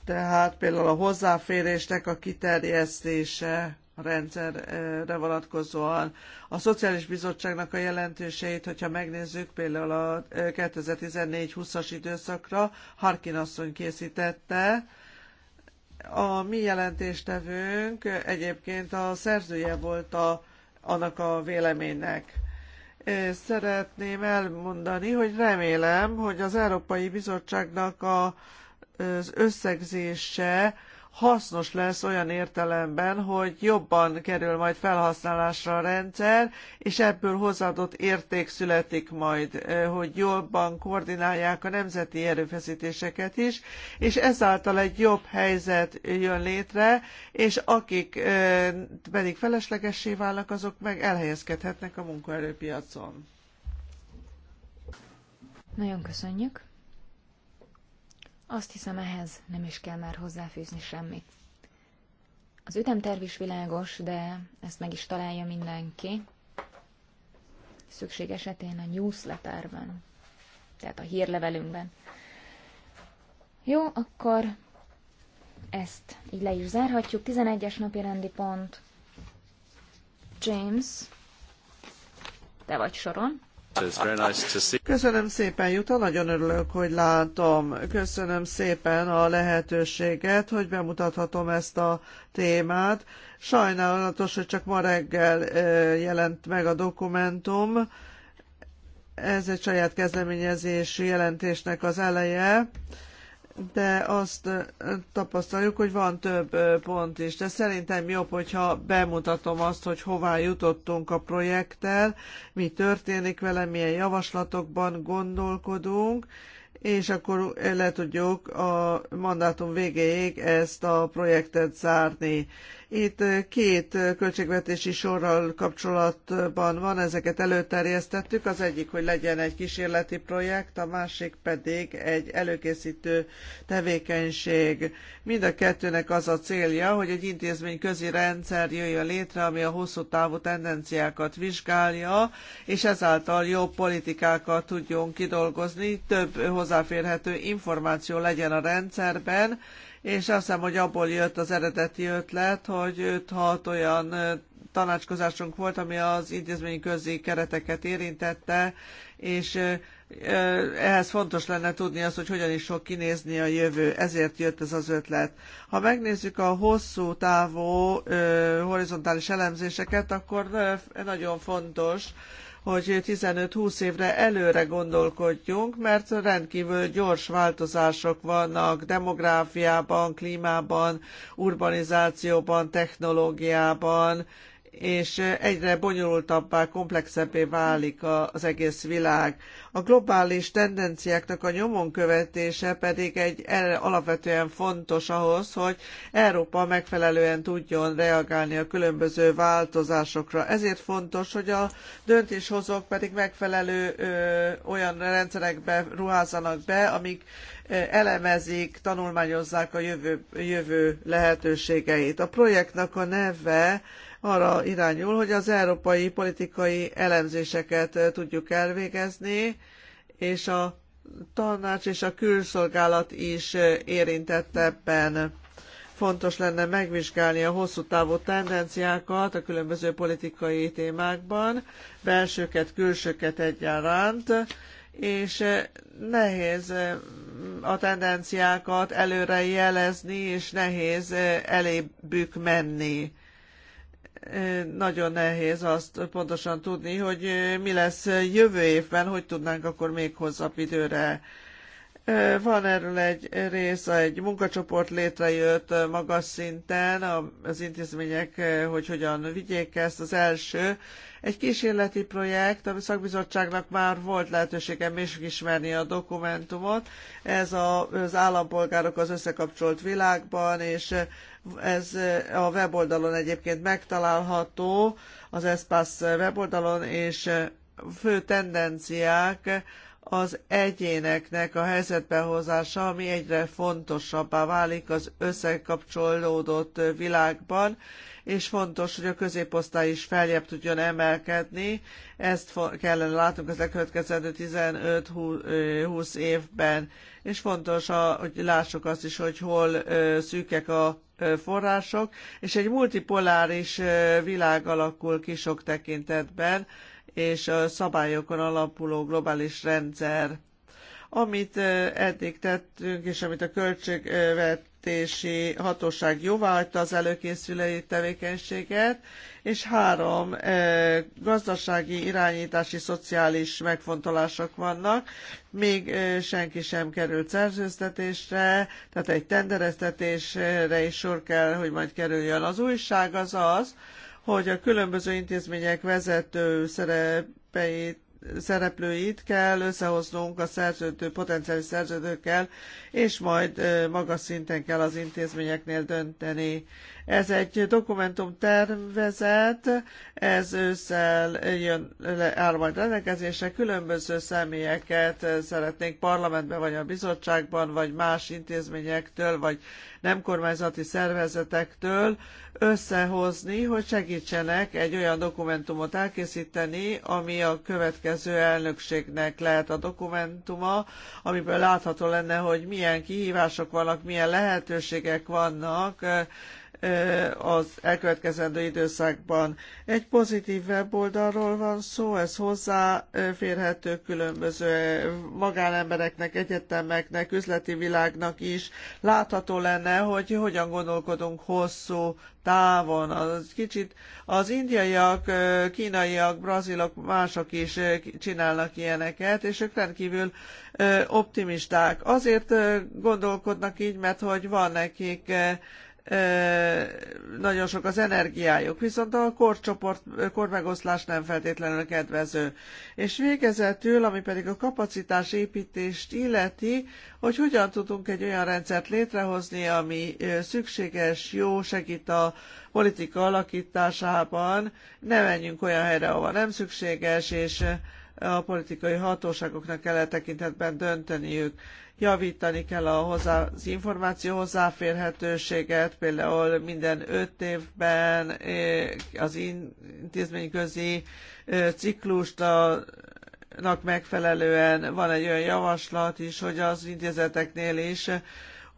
Tehát például a hozzáférésnek a kiterjesztése, rendszerre vonatkozóan. A Szociális Bizottságnak a jelentőseit, hogyha megnézzük például a 2014-20-as időszakra, Harkin asszony készítette, a mi jelentéstevőnk egyébként a szerzője volt a, annak a véleménynek. Szeretném elmondani, hogy remélem, hogy az Európai Bizottságnak a, az összegzése hasznos lesz olyan értelemben, hogy jobban kerül majd felhasználásra a rendszer, és ebből hozadott érték születik majd, hogy jobban koordinálják a nemzeti erőfeszítéseket is, és ezáltal egy jobb helyzet jön létre, és akik pedig feleslegessé válnak, azok meg elhelyezkedhetnek a munkaerőpiacon. Nagyon köszönjük. Azt hiszem, ehhez nem is kell már hozzáfűzni semmit. Az ütemterv is világos, de ezt meg is találja mindenki. Szükség esetén a newsletterben, tehát a hírlevelünkben. Jó, akkor ezt így le is zárhatjuk. 11-es napi rendi pont. James, te vagy soron. Köszönöm szépen, Juta, nagyon örülök, hogy látom. Köszönöm szépen a lehetőséget, hogy bemutathatom ezt a témát. Sajnálatos, hogy csak ma reggel jelent meg a dokumentum. Ez egy saját kezdeményezésű jelentésnek az eleje de azt tapasztaljuk, hogy van több pont is, de szerintem jobb, hogyha bemutatom azt, hogy hová jutottunk a projekttel, mi történik vele, milyen javaslatokban gondolkodunk, és akkor le tudjuk a mandátum végéig ezt a projektet zárni. Itt két költségvetési sorral kapcsolatban van, ezeket előterjesztettük. Az egyik, hogy legyen egy kísérleti projekt, a másik pedig egy előkészítő tevékenység. Mind a kettőnek az a célja, hogy egy intézmény közi rendszer jöjjön létre, ami a hosszú távú tendenciákat vizsgálja, és ezáltal jobb politikákat tudjon kidolgozni, több hozzáférhető információ legyen a rendszerben, és azt hiszem, hogy abból jött az eredeti ötlet, hogy 5-6 olyan tanácskozásunk volt, ami az intézményi közi kereteket érintette, és ehhez fontos lenne tudni azt, hogy hogyan is fog kinézni a jövő, ezért jött ez az ötlet. Ha megnézzük a hosszú távú horizontális elemzéseket, akkor nagyon fontos, hogy 15-20 évre előre gondolkodjunk, mert rendkívül gyors változások vannak demográfiában, klímában, urbanizációban, technológiában, és egyre bonyolultabbá, komplexebbé válik az egész világ. A globális tendenciáknak a nyomon követése pedig egy alapvetően fontos ahhoz, hogy Európa megfelelően tudjon reagálni a különböző változásokra. Ezért fontos, hogy a döntéshozók pedig megfelelő ö, olyan rendszerekbe ruházanak be, amik elemezik, tanulmányozzák a jövő, jövő lehetőségeit. A projektnak a neve arra irányul, hogy az európai politikai elemzéseket tudjuk elvégezni, és a tanács és a külszolgálat is érintett ebben. Fontos lenne megvizsgálni a hosszú távú tendenciákat a különböző politikai témákban, belsőket, külsőket egyaránt, és nehéz a tendenciákat előre jelezni, és nehéz elébük menni nagyon nehéz azt pontosan tudni, hogy mi lesz jövő évben, hogy tudnánk akkor még hosszabb időre van erről egy rész, egy munkacsoport létrejött magas szinten az intézmények, hogy hogyan vigyék ezt. Az első egy kísérleti projekt, ami szakbizottságnak már volt lehetősége ismerni a dokumentumot. Ez a, az állampolgárok az összekapcsolt világban, és ez a weboldalon egyébként megtalálható, az ESPASZ weboldalon, és fő tendenciák az egyéneknek a hozása, ami egyre fontosabbá válik az összekapcsolódott világban, és fontos, hogy a középosztály is feljebb tudjon emelkedni. Ezt kellene látnunk az elkövetkezendő 15-20 eh, évben, és fontos, hogy lássuk azt is, hogy hol eh, szűkek a eh, források, és egy multipoláris világ alakul ki sok tekintetben, és a szabályokon alapuló globális rendszer. Amit eddig tettünk, és amit a költségvetési hatóság jóváhagyta az előkészülői tevékenységet, és három gazdasági, irányítási, szociális megfontolások vannak. Még senki sem került szerzőztetésre, tehát egy tendereztetésre is sor kell, hogy majd kerüljön. Az újság az az, hogy a különböző intézmények vezető szerepeit szereplőit kell összehoznunk a szerződő, potenciális szerződőkkel, és majd magas szinten kell az intézményeknél dönteni. Ez egy dokumentum tervezet, ez ősszel jön, áll majd rendelkezésre, különböző személyeket eh, szeretnénk parlamentben, vagy a bizottságban, vagy más intézményektől, vagy nem kormányzati szervezetektől összehozni, hogy segítsenek egy olyan dokumentumot elkészíteni, ami a következő elnökségnek lehet a dokumentuma, amiből látható lenne, hogy milyen kihívások vannak, milyen lehetőségek vannak, eh, az elkövetkezendő időszakban. Egy pozitív weboldalról van szó, ez hozzáférhető különböző magánembereknek, egyetemeknek, üzleti világnak is. Látható lenne, hogy hogyan gondolkodunk hosszú távon. Az kicsit az indiaiak, kínaiak, brazilok, mások is csinálnak ilyeneket, és ők rendkívül optimisták. Azért gondolkodnak így, mert hogy van nekik nagyon sok az energiájuk, viszont a korcsoport, kormegoszlás nem feltétlenül kedvező. És végezetül, ami pedig a kapacitás építést illeti, hogy hogyan tudunk egy olyan rendszert létrehozni, ami szükséges, jó, segít a politika alakításában, ne menjünk olyan helyre, ahova nem szükséges, és a politikai hatóságoknak kell e tekintetben dönteniük javítani kell a hozzá, az információ hozzáférhetőséget, például minden öt évben eh, az intézményközi eh, ciklust megfelelően van egy olyan javaslat is, hogy az intézeteknél is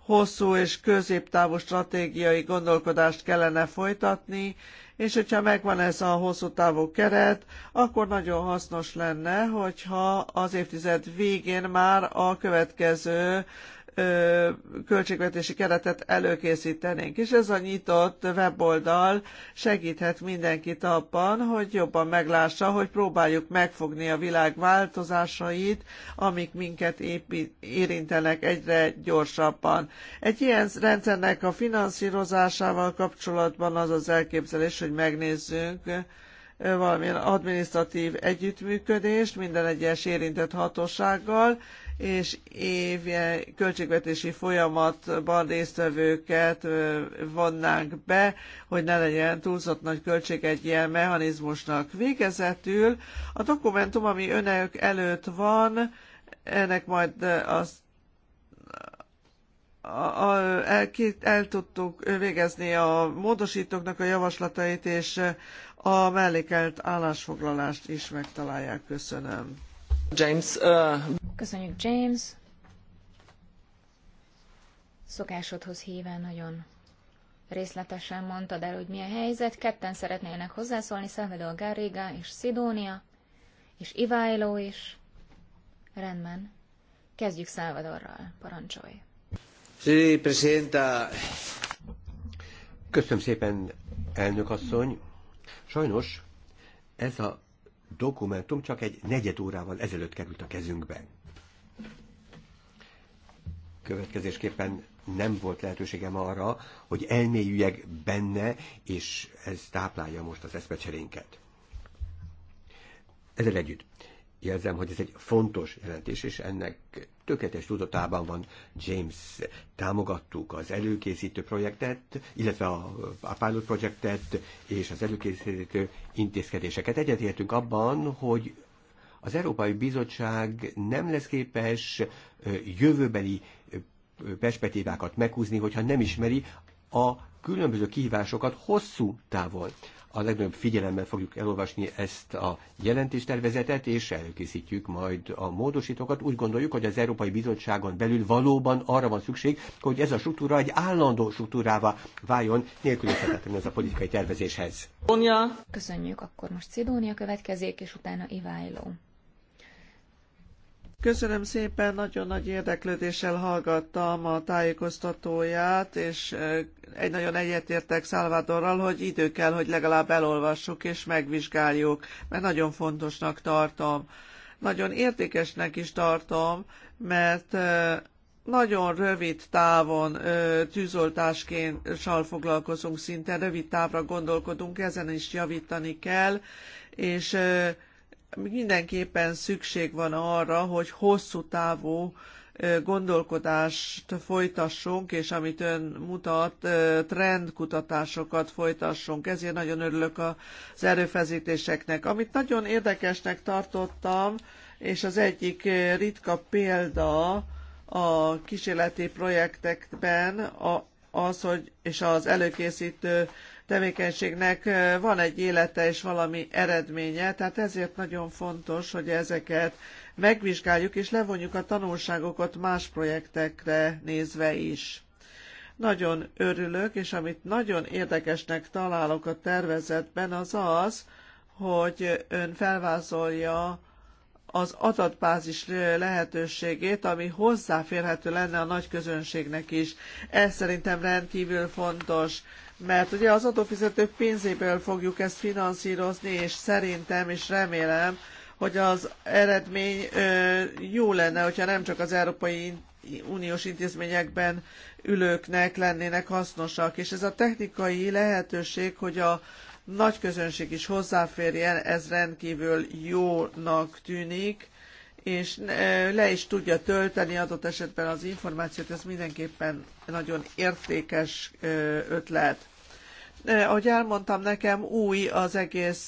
hosszú és középtávú stratégiai gondolkodást kellene folytatni, és hogyha megvan ez a hosszú távú keret, akkor nagyon hasznos lenne, hogyha az évtized végén már a következő költségvetési keretet előkészítenénk. És ez a nyitott weboldal segíthet mindenkit abban, hogy jobban meglássa, hogy próbáljuk megfogni a világ változásait, amik minket érintenek egyre gyorsabban. Egy ilyen rendszernek a finanszírozásával kapcsolatban az az elképzelés, hogy megnézzünk, valamilyen adminisztratív együttműködést minden egyes érintett hatósággal, és évje költségvetési folyamatban résztvevőket vonnánk be, hogy ne legyen túlzott nagy költség egy ilyen mechanizmusnak. Végezetül a dokumentum, ami önök előtt van, ennek majd a, el, el tudtuk végezni a módosítóknak a javaslatait, és a mellékelt állásfoglalást is megtalálják. Köszönöm. James, uh... Köszönjük, James. Szokásodhoz híven nagyon részletesen mondtad el, hogy mi a helyzet. Ketten szeretnének hozzászólni, Salvador Garriga és Szidónia, és Iváiló is. Rendben. Kezdjük Salvadorral. Parancsolj. Sí, presidenta. Köszönöm szépen, elnök asszony. Sajnos ez a dokumentum csak egy negyed órával ezelőtt került a kezünkbe következésképpen nem volt lehetőségem arra, hogy elmélyüljek benne, és ez táplálja most az eszmecserénket. Ezzel együtt érzem, hogy ez egy fontos jelentés, és ennek tökéletes tudatában van James. Támogattuk az előkészítő projektet, illetve a, a pilot projektet és az előkészítő intézkedéseket. Egyetértünk abban, hogy az Európai Bizottság nem lesz képes jövőbeli perspektívákat meghúzni, hogyha nem ismeri a különböző kihívásokat hosszú távon. A legnagyobb figyelemmel fogjuk elolvasni ezt a jelentéstervezetet, és előkészítjük majd a módosítókat. Úgy gondoljuk, hogy az Európai Bizottságon belül valóban arra van szükség, hogy ez a struktúra egy állandó struktúrává váljon, nélkülözhetetlen ez a politikai tervezéshez. Köszönjük, akkor most Szidónia következik, és utána Iváiló. Köszönöm szépen, nagyon nagy érdeklődéssel hallgattam a tájékoztatóját, és egy nagyon egyetértek Szálvádorral, hogy idő kell, hogy legalább elolvassuk és megvizsgáljuk, mert nagyon fontosnak tartom. Nagyon értékesnek is tartom, mert nagyon rövid távon tűzoltásként foglalkozunk, szinte rövid távra gondolkodunk, ezen is javítani kell, és mindenképpen szükség van arra, hogy hosszú távú gondolkodást folytassunk, és amit ön mutat, trendkutatásokat folytassunk. Ezért nagyon örülök az erőfezítéseknek. Amit nagyon érdekesnek tartottam, és az egyik ritka példa a kísérleti projektekben az, hogy, és az előkészítő tevékenységnek van egy élete és valami eredménye, tehát ezért nagyon fontos, hogy ezeket megvizsgáljuk és levonjuk a tanulságokat más projektekre nézve is. Nagyon örülök, és amit nagyon érdekesnek találok a tervezetben, az az, hogy ön felvázolja az adatbázis lehetőségét, ami hozzáférhető lenne a nagy közönségnek is. Ez szerintem rendkívül fontos mert ugye az adófizetők pénzéből fogjuk ezt finanszírozni, és szerintem és remélem, hogy az eredmény jó lenne, hogyha nem csak az Európai Uniós intézményekben ülőknek lennének hasznosak, és ez a technikai lehetőség, hogy a nagy közönség is hozzáférjen, ez rendkívül jónak tűnik, és le is tudja tölteni adott esetben az információt, ez mindenképpen nagyon értékes ötlet. Ahogy elmondtam, nekem új az egész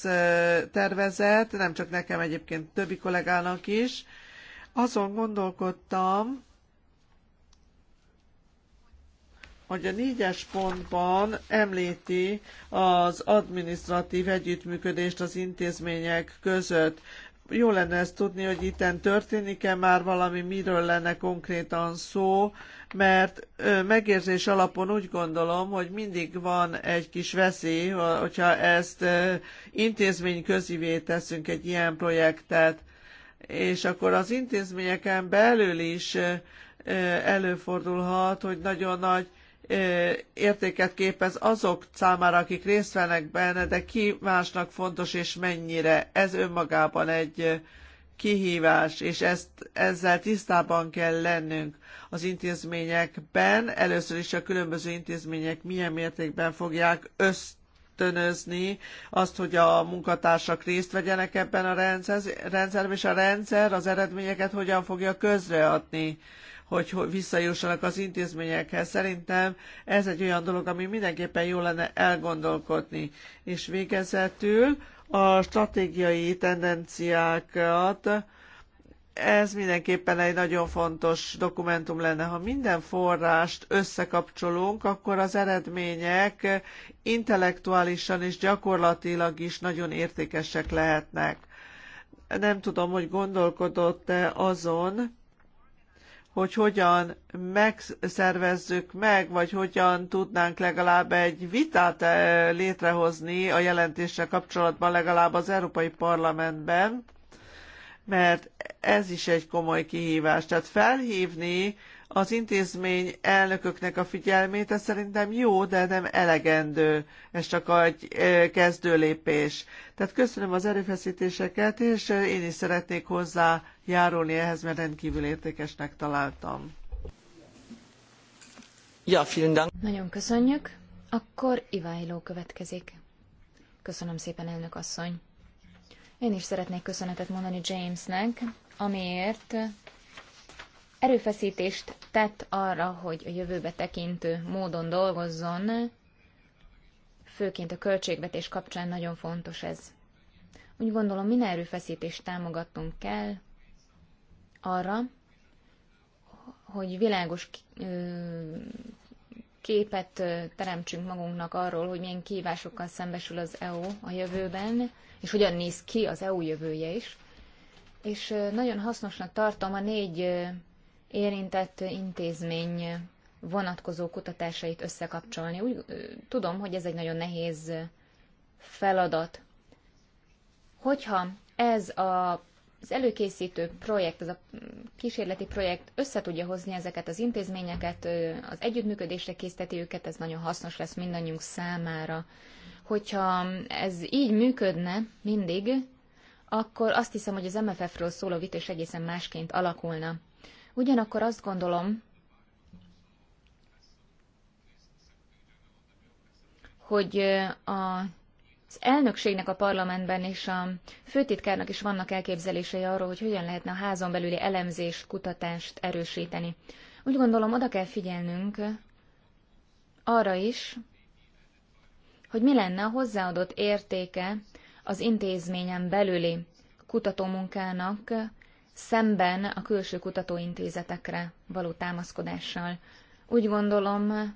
tervezet, nem csak nekem egyébként többi kollégának is. Azon gondolkodtam, hogy a négyes pontban említi az adminisztratív együttműködést az intézmények között jó lenne ezt tudni, hogy itten történik-e már valami, miről lenne konkrétan szó, mert megérzés alapon úgy gondolom, hogy mindig van egy kis veszély, hogyha ezt intézményközivé teszünk egy ilyen projektet, és akkor az intézményeken belül is előfordulhat, hogy nagyon nagy értéket képez azok számára, akik részt vennek benne, de ki másnak fontos és mennyire. Ez önmagában egy kihívás, és ezt, ezzel tisztában kell lennünk az intézményekben. Először is a különböző intézmények milyen mértékben fogják ösztönözni azt, hogy a munkatársak részt vegyenek ebben a rendszerben, és a rendszer az eredményeket hogyan fogja közreadni hogy visszajussanak az intézményekhez. Szerintem ez egy olyan dolog, ami mindenképpen jó lenne elgondolkodni. És végezetül a stratégiai tendenciákat ez mindenképpen egy nagyon fontos dokumentum lenne. Ha minden forrást összekapcsolunk, akkor az eredmények intellektuálisan és gyakorlatilag is nagyon értékesek lehetnek. Nem tudom, hogy gondolkodott-e azon, hogy hogyan megszervezzük meg, vagy hogyan tudnánk legalább egy vitát eh, létrehozni a jelentéssel kapcsolatban, legalább az Európai Parlamentben, mert ez is egy komoly kihívás. Tehát felhívni az intézmény elnököknek a figyelmét, ez szerintem jó, de nem elegendő. Ez csak egy kezdő lépés. Tehát köszönöm az erőfeszítéseket, és én is szeretnék hozzá járulni ehhez, mert rendkívül értékesnek találtam. Ja, vielen Dank. Nagyon köszönjük. Akkor Iváiló következik. Köszönöm szépen, elnök asszony. Én is szeretnék köszönetet mondani Jamesnek, amiért erőfeszítést tett arra, hogy a jövőbe tekintő módon dolgozzon, főként a költségvetés kapcsán nagyon fontos ez. Úgy gondolom, minden erőfeszítést támogatnunk kell arra, hogy világos képet teremtsünk magunknak arról, hogy milyen kívásokkal szembesül az EU a jövőben, és hogyan néz ki az EU jövője is. És nagyon hasznosnak tartom a négy érintett intézmény vonatkozó kutatásait összekapcsolni. Úgy tudom, hogy ez egy nagyon nehéz feladat. Hogyha ez a az előkészítő projekt, ez a kísérleti projekt össze tudja hozni ezeket az intézményeket, az együttműködésre készíteti őket, ez nagyon hasznos lesz mindannyiunk számára. Hogyha ez így működne mindig, akkor azt hiszem, hogy az MFF-ről szóló vita is egészen másként alakulna. Ugyanakkor azt gondolom, hogy a az elnökségnek a parlamentben és a főtitkárnak is vannak elképzelései arról, hogy hogyan lehetne a házon belüli elemzést, kutatást erősíteni. Úgy gondolom, oda kell figyelnünk arra is, hogy mi lenne a hozzáadott értéke az intézményen belüli kutatómunkának szemben a külső kutatóintézetekre való támaszkodással. Úgy gondolom,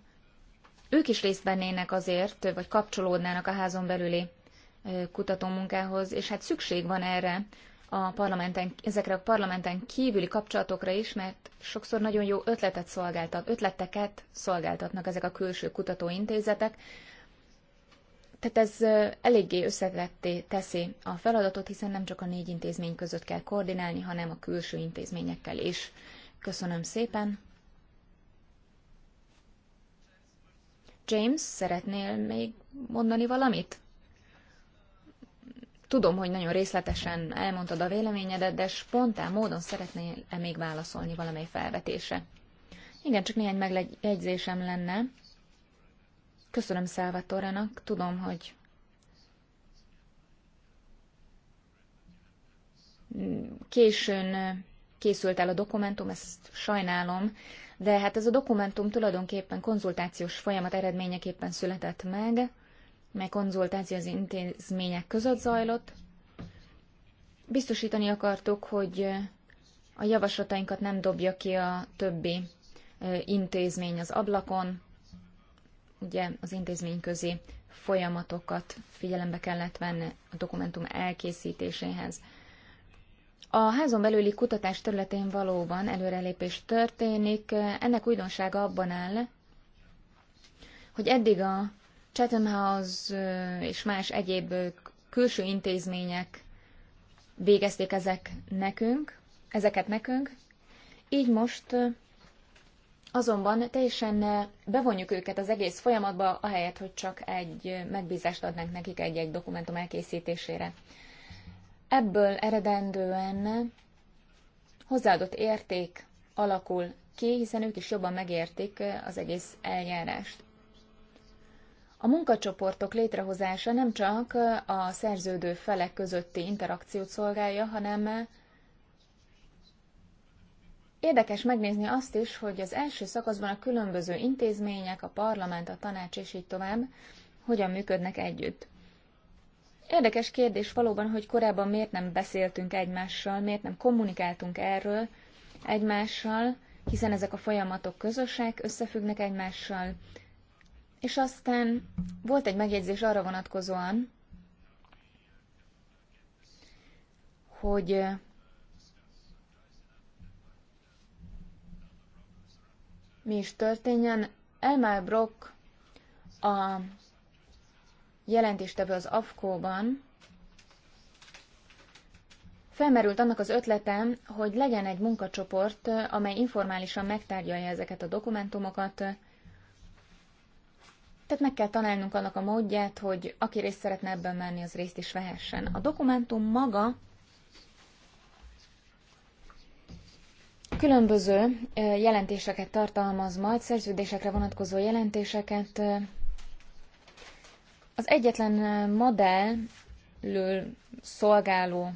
ők is részt vennének azért, vagy kapcsolódnának a házon belüli kutatómunkához, és hát szükség van erre, a parlamenten, ezekre a parlamenten kívüli kapcsolatokra is, mert sokszor nagyon jó ötletet szolgáltat, ötleteket szolgáltatnak ezek a külső kutatóintézetek, tehát ez eléggé összetetté teszi a feladatot, hiszen nem csak a négy intézmény között kell koordinálni, hanem a külső intézményekkel is. Köszönöm szépen. James, szeretnél még mondani valamit? Tudom, hogy nagyon részletesen elmondtad a véleményedet, de spontán módon szeretnél-e még válaszolni valamely felvetése? Igen, csak néhány megjegyzésem lenne. Köszönöm Szálvatorának, tudom, hogy későn készült el a dokumentum, ezt sajnálom, de hát ez a dokumentum tulajdonképpen konzultációs folyamat eredményeképpen született meg, mely konzultáció az intézmények között zajlott. Biztosítani akartuk, hogy a javaslatainkat nem dobja ki a többi intézmény az ablakon, ugye az intézményközi folyamatokat figyelembe kellett venni a dokumentum elkészítéséhez. A házon belüli kutatás területén valóban előrelépés történik. Ennek újdonsága abban áll, hogy eddig a Chatham House és más egyéb külső intézmények végezték ezek nekünk, ezeket nekünk, így most Azonban teljesen eh, bevonjuk őket az egész folyamatba, ahelyett, hogy csak egy eh, megbízást adnánk nekik egy-egy dokumentum elkészítésére. Ebből eredendően eh, hozzáadott érték alakul ki, hiszen ők is jobban megértik az egész eljárást. A munkacsoportok létrehozása nem csak a szerződő felek közötti interakciót szolgálja, hanem Érdekes megnézni azt is, hogy az első szakaszban a különböző intézmények, a parlament, a tanács és így tovább hogyan működnek együtt. Érdekes kérdés valóban, hogy korábban miért nem beszéltünk egymással, miért nem kommunikáltunk erről egymással, hiszen ezek a folyamatok közösek, összefüggnek egymással. És aztán volt egy megjegyzés arra vonatkozóan, hogy mi is történjen. Elmar Brock a jelentéstevő az AFKO-ban, Felmerült annak az ötletem, hogy legyen egy munkacsoport, amely informálisan megtárgyalja ezeket a dokumentumokat. Tehát meg kell találnunk annak a módját, hogy aki részt szeretne ebben menni, az részt is vehessen. A dokumentum maga különböző jelentéseket tartalmaz majd, szerződésekre vonatkozó jelentéseket. Az egyetlen modellről szolgáló,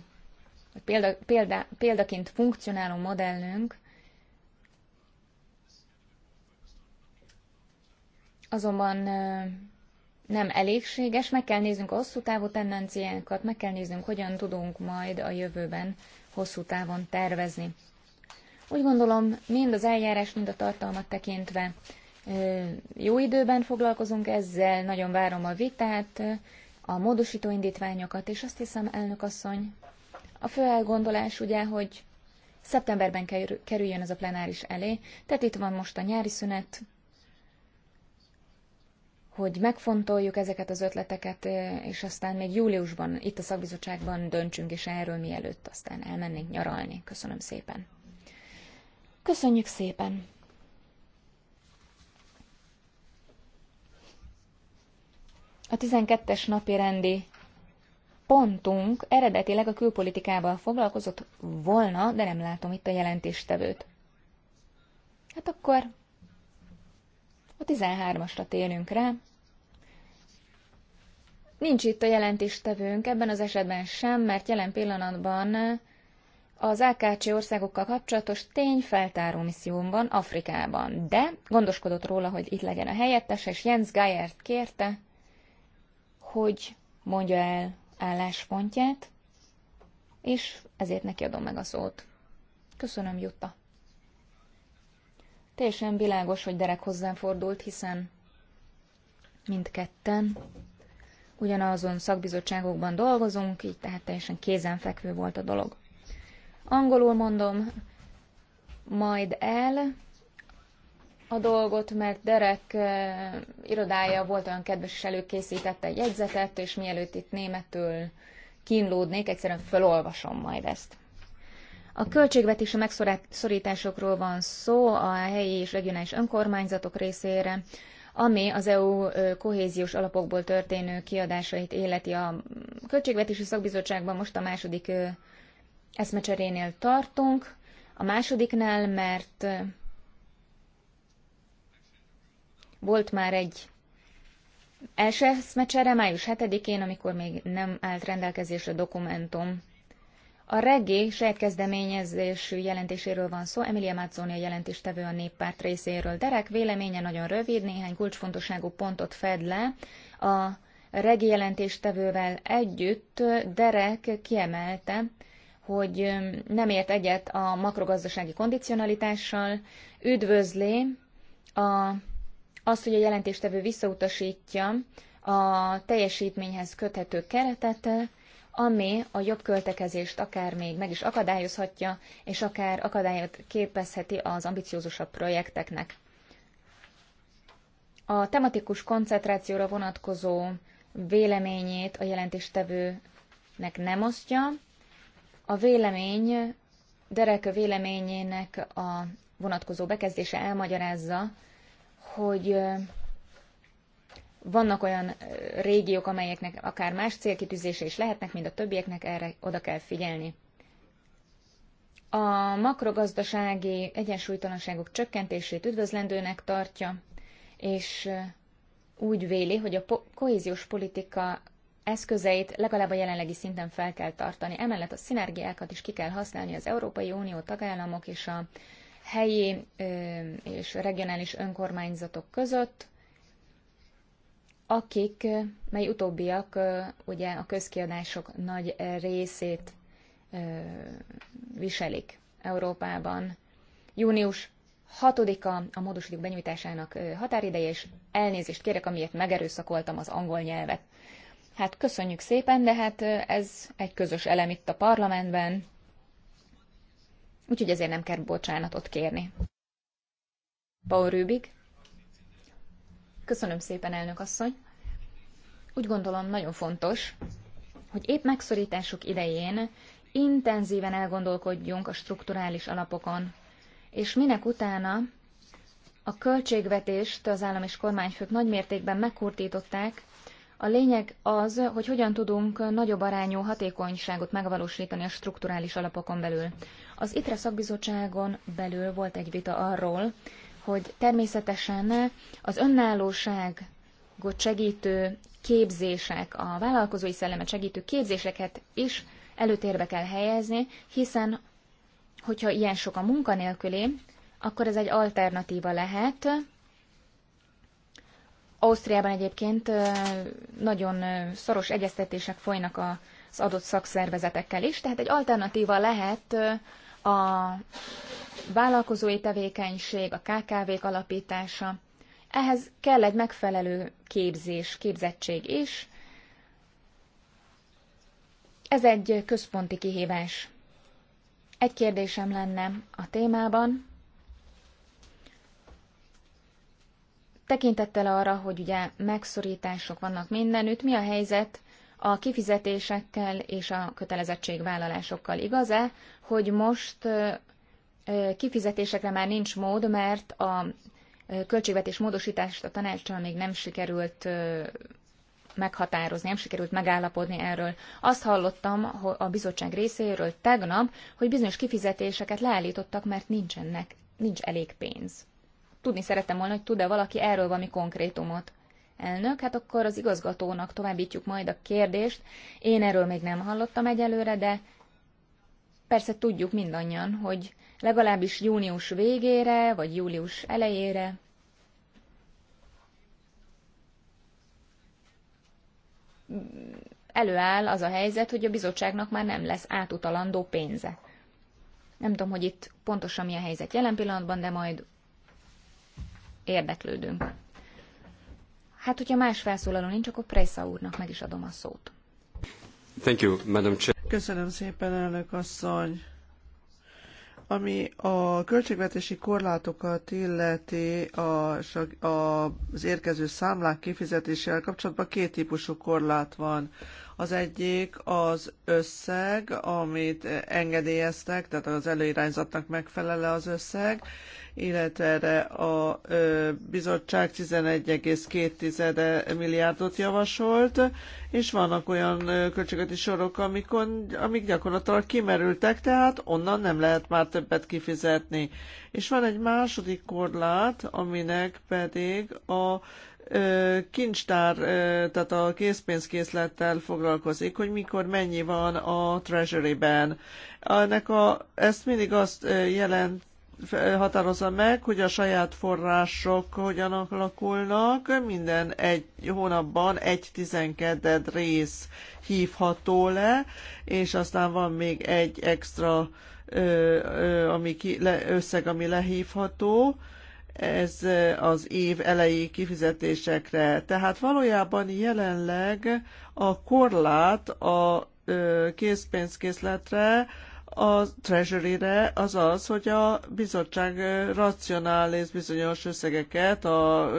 vagy példa, példa, példaként funkcionáló modellünk azonban nem elégséges, meg kell néznünk a hosszú távú tendenciákat, meg kell néznünk, hogyan tudunk majd a jövőben hosszú távon tervezni. Úgy gondolom, mind az eljárás, mind a tartalmat tekintve jó időben foglalkozunk ezzel, nagyon várom a vitát, a módosító indítványokat, és azt hiszem, elnök asszony, a fő elgondolás ugye, hogy szeptemberben kerüljön ez a plenáris elé, tehát itt van most a nyári szünet, hogy megfontoljuk ezeket az ötleteket, és aztán még júliusban itt a szakbizottságban döntsünk és erről, mielőtt aztán elmennénk nyaralni. Köszönöm szépen. Köszönjük szépen! A 12-es napi rendi pontunk eredetileg a külpolitikával foglalkozott volna, de nem látom itt a jelentéstevőt. Hát akkor a 13-asra térünk rá. Nincs itt a jelentéstevőnk ebben az esetben sem, mert jelen pillanatban az AKC országokkal kapcsolatos tényfeltáró van Afrikában, de gondoskodott róla, hogy itt legyen a helyettes, és Jens Geiert kérte, hogy mondja el álláspontját, és ezért neki adom meg a szót. Köszönöm, Jutta. Teljesen világos, hogy Derek hozzám fordult, hiszen mindketten ugyanazon szakbizottságokban dolgozunk, így tehát teljesen kézenfekvő volt a dolog. Angolul mondom majd el a dolgot, mert Derek eh, irodája volt olyan kedves, és előkészítette egy jegyzetet, és mielőtt itt németül kínlódnék, egyszerűen felolvasom majd ezt. A költségvetés a megszorításokról van szó a helyi és regionális önkormányzatok részére, ami az EU eh, kohéziós alapokból történő kiadásait életi a költségvetési szakbizottságban most a második eh, eszmecserénél tartunk, a másodiknál, mert volt már egy első eszmecsere május 7-én, amikor még nem állt rendelkezésre dokumentum. A reggé saját kezdeményezésű jelentéséről van szó, Emilia Mazzoni a jelentéstevő a néppárt részéről. Derek véleménye nagyon rövid, néhány kulcsfontosságú pontot fed le. A regi jelentéstevővel együtt Derek kiemelte, hogy nem ért egyet a makrogazdasági kondicionalitással, üdvözli a, azt, hogy a jelentéstevő visszautasítja a teljesítményhez köthető keretet, ami a jobb költekezést akár még meg is akadályozhatja, és akár akadályot képezheti az ambiciózusabb projekteknek. A tematikus koncentrációra vonatkozó véleményét a jelentéstevőnek nem osztja, a vélemény, Derek véleményének a vonatkozó bekezdése elmagyarázza, hogy vannak olyan régiók, amelyeknek akár más célkitűzése is lehetnek, mint a többieknek, erre oda kell figyelni. A makrogazdasági egyensúlytalanságok csökkentését üdvözlendőnek tartja, és úgy véli, hogy a kohéziós politika eszközeit legalább a jelenlegi szinten fel kell tartani. Emellett a szinergiákat is ki kell használni az Európai Unió tagállamok és a helyi és regionális önkormányzatok között, akik, mely utóbbiak ugye a közkiadások nagy részét viselik Európában. Június 6-a a módosítók benyújtásának határideje, és elnézést kérek, amiért megerőszakoltam az angol nyelvet. Hát köszönjük szépen, de hát ez egy közös elem itt a parlamentben, úgyhogy ezért nem kell bocsánatot kérni. Paul Rübig. Köszönöm szépen, elnök asszony. Úgy gondolom, nagyon fontos, hogy épp megszorítások idején intenzíven elgondolkodjunk a strukturális alapokon, és minek utána a költségvetést az állam és kormányfők nagymértékben megkurtították, a lényeg az, hogy hogyan tudunk nagyobb arányú hatékonyságot megvalósítani a strukturális alapokon belül. Az ITRE szakbizottságon belül volt egy vita arról, hogy természetesen az önállóságot segítő képzések, a vállalkozói szellemet segítő képzéseket is előtérbe kell helyezni, hiszen hogyha ilyen sok a munkanélküli, akkor ez egy alternatíva lehet Ausztriában egyébként nagyon szoros egyeztetések folynak az adott szakszervezetekkel is, tehát egy alternatíva lehet a vállalkozói tevékenység, a KKV-k alapítása. Ehhez kell egy megfelelő képzés, képzettség is. Ez egy központi kihívás. Egy kérdésem lenne a témában. Tekintettel arra, hogy ugye megszorítások vannak mindenütt, mi a helyzet a kifizetésekkel és a kötelezettségvállalásokkal? Igaz-e, hogy most kifizetésekre már nincs mód, mert a költségvetés módosítást a tanácssal még nem sikerült meghatározni, nem sikerült megállapodni erről. Azt hallottam a bizottság részéről tegnap, hogy bizonyos kifizetéseket leállítottak, mert nincsenek, nincs elég pénz. Tudni szerettem volna, hogy tud-e valaki erről valami konkrétumot. Elnök, hát akkor az igazgatónak továbbítjuk majd a kérdést. Én erről még nem hallottam egyelőre, de persze tudjuk mindannyian, hogy legalábbis június végére, vagy július elejére előáll az a helyzet, hogy a bizottságnak már nem lesz átutalandó pénze. Nem tudom, hogy itt pontosan mi a helyzet jelen pillanatban, de majd érdeklődünk. Hát, hogyha más felszólaló nincs, akkor Prejsza úrnak meg is adom a szót. Thank you, Madam Chair. Köszönöm szépen, elnök asszony. Ami a költségvetési korlátokat illeti a, a, az érkező számlák kifizetésével kapcsolatban két típusú korlát van. Az egyik az összeg, amit engedélyeztek, tehát az előirányzatnak megfelele az összeg, illetve erre a bizottság 11,2 milliárdot javasolt, és vannak olyan költségeti sorok, amikon, amik gyakorlatilag kimerültek, tehát onnan nem lehet már többet kifizetni. És van egy második korlát, aminek pedig a kincstár, tehát a készpénzkészlettel foglalkozik, hogy mikor mennyi van a treasury-ben. Ennek a, ezt mindig azt jelent, határozza meg, hogy a saját források hogyan alakulnak. Minden egy hónapban egy tizenked rész hívható le, és aztán van még egy extra ö, ö, ami ki, le, összeg, ami lehívható ez az év elejé kifizetésekre. Tehát valójában jelenleg a korlát a készpénzkészletre, a treasury-re az az, hogy a bizottság racionális bizonyos összegeket a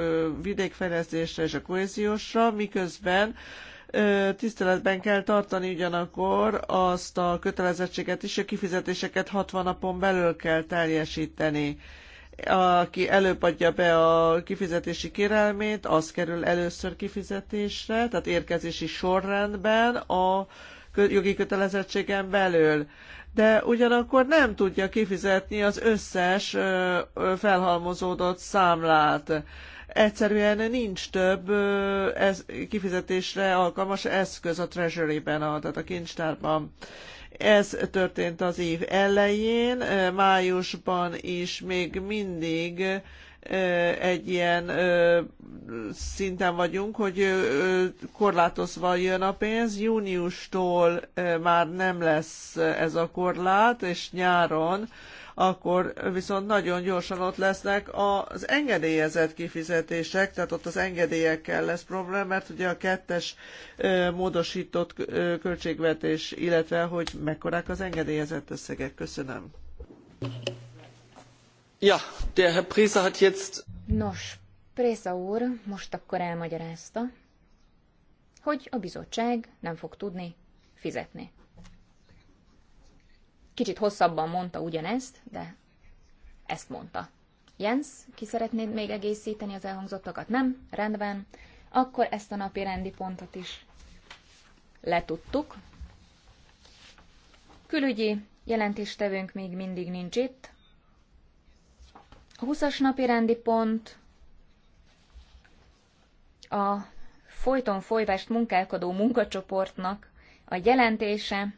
vidékfejlesztésre és a kohéziósra, miközben tiszteletben kell tartani ugyanakkor azt a kötelezettséget is, a kifizetéseket 60 napon belül kell teljesíteni aki előbb adja be a kifizetési kérelmét, az kerül először kifizetésre, tehát érkezési sorrendben a jogi kötelezettségen belül, de ugyanakkor nem tudja kifizetni az összes felhalmozódott számlát. Egyszerűen nincs több ez, kifizetésre alkalmas eszköz a treasury-ben, tehát a kincstárban. Ez történt az év elején, májusban is még mindig egy ilyen szinten vagyunk, hogy korlátozva jön a pénz. Júniustól már nem lesz ez a korlát, és nyáron akkor viszont nagyon gyorsan ott lesznek az engedélyezett kifizetések, tehát ott az engedélyekkel lesz probléma, mert ugye a kettes módosított költségvetés, illetve hogy mekkorák az engedélyezett összegek. Köszönöm. Ja, der Herr Prisa hat jetzt... Nos, Prisa úr most akkor elmagyarázta, hogy a bizottság nem fog tudni fizetni. Kicsit hosszabban mondta ugyanezt, de ezt mondta. Jens, ki szeretnéd még egészíteni az elhangzottakat? Nem? Rendben. Akkor ezt a napi rendi pontot is letudtuk. Külügyi jelentéstevőnk még mindig nincs itt. A 20-as napi rendi pont a folyton folyvást munkálkodó munkacsoportnak a jelentése,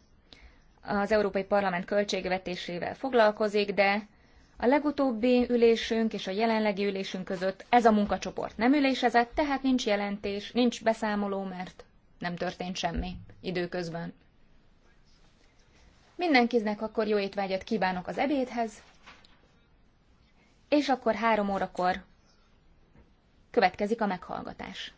az Európai Parlament költségvetésével foglalkozik, de a legutóbbi ülésünk és a jelenlegi ülésünk között ez a munkacsoport nem ülésezett, tehát nincs jelentés, nincs beszámoló, mert nem történt semmi időközben. Mindenkinek akkor jó étvágyat kívánok az ebédhez, és akkor három órakor következik a meghallgatás.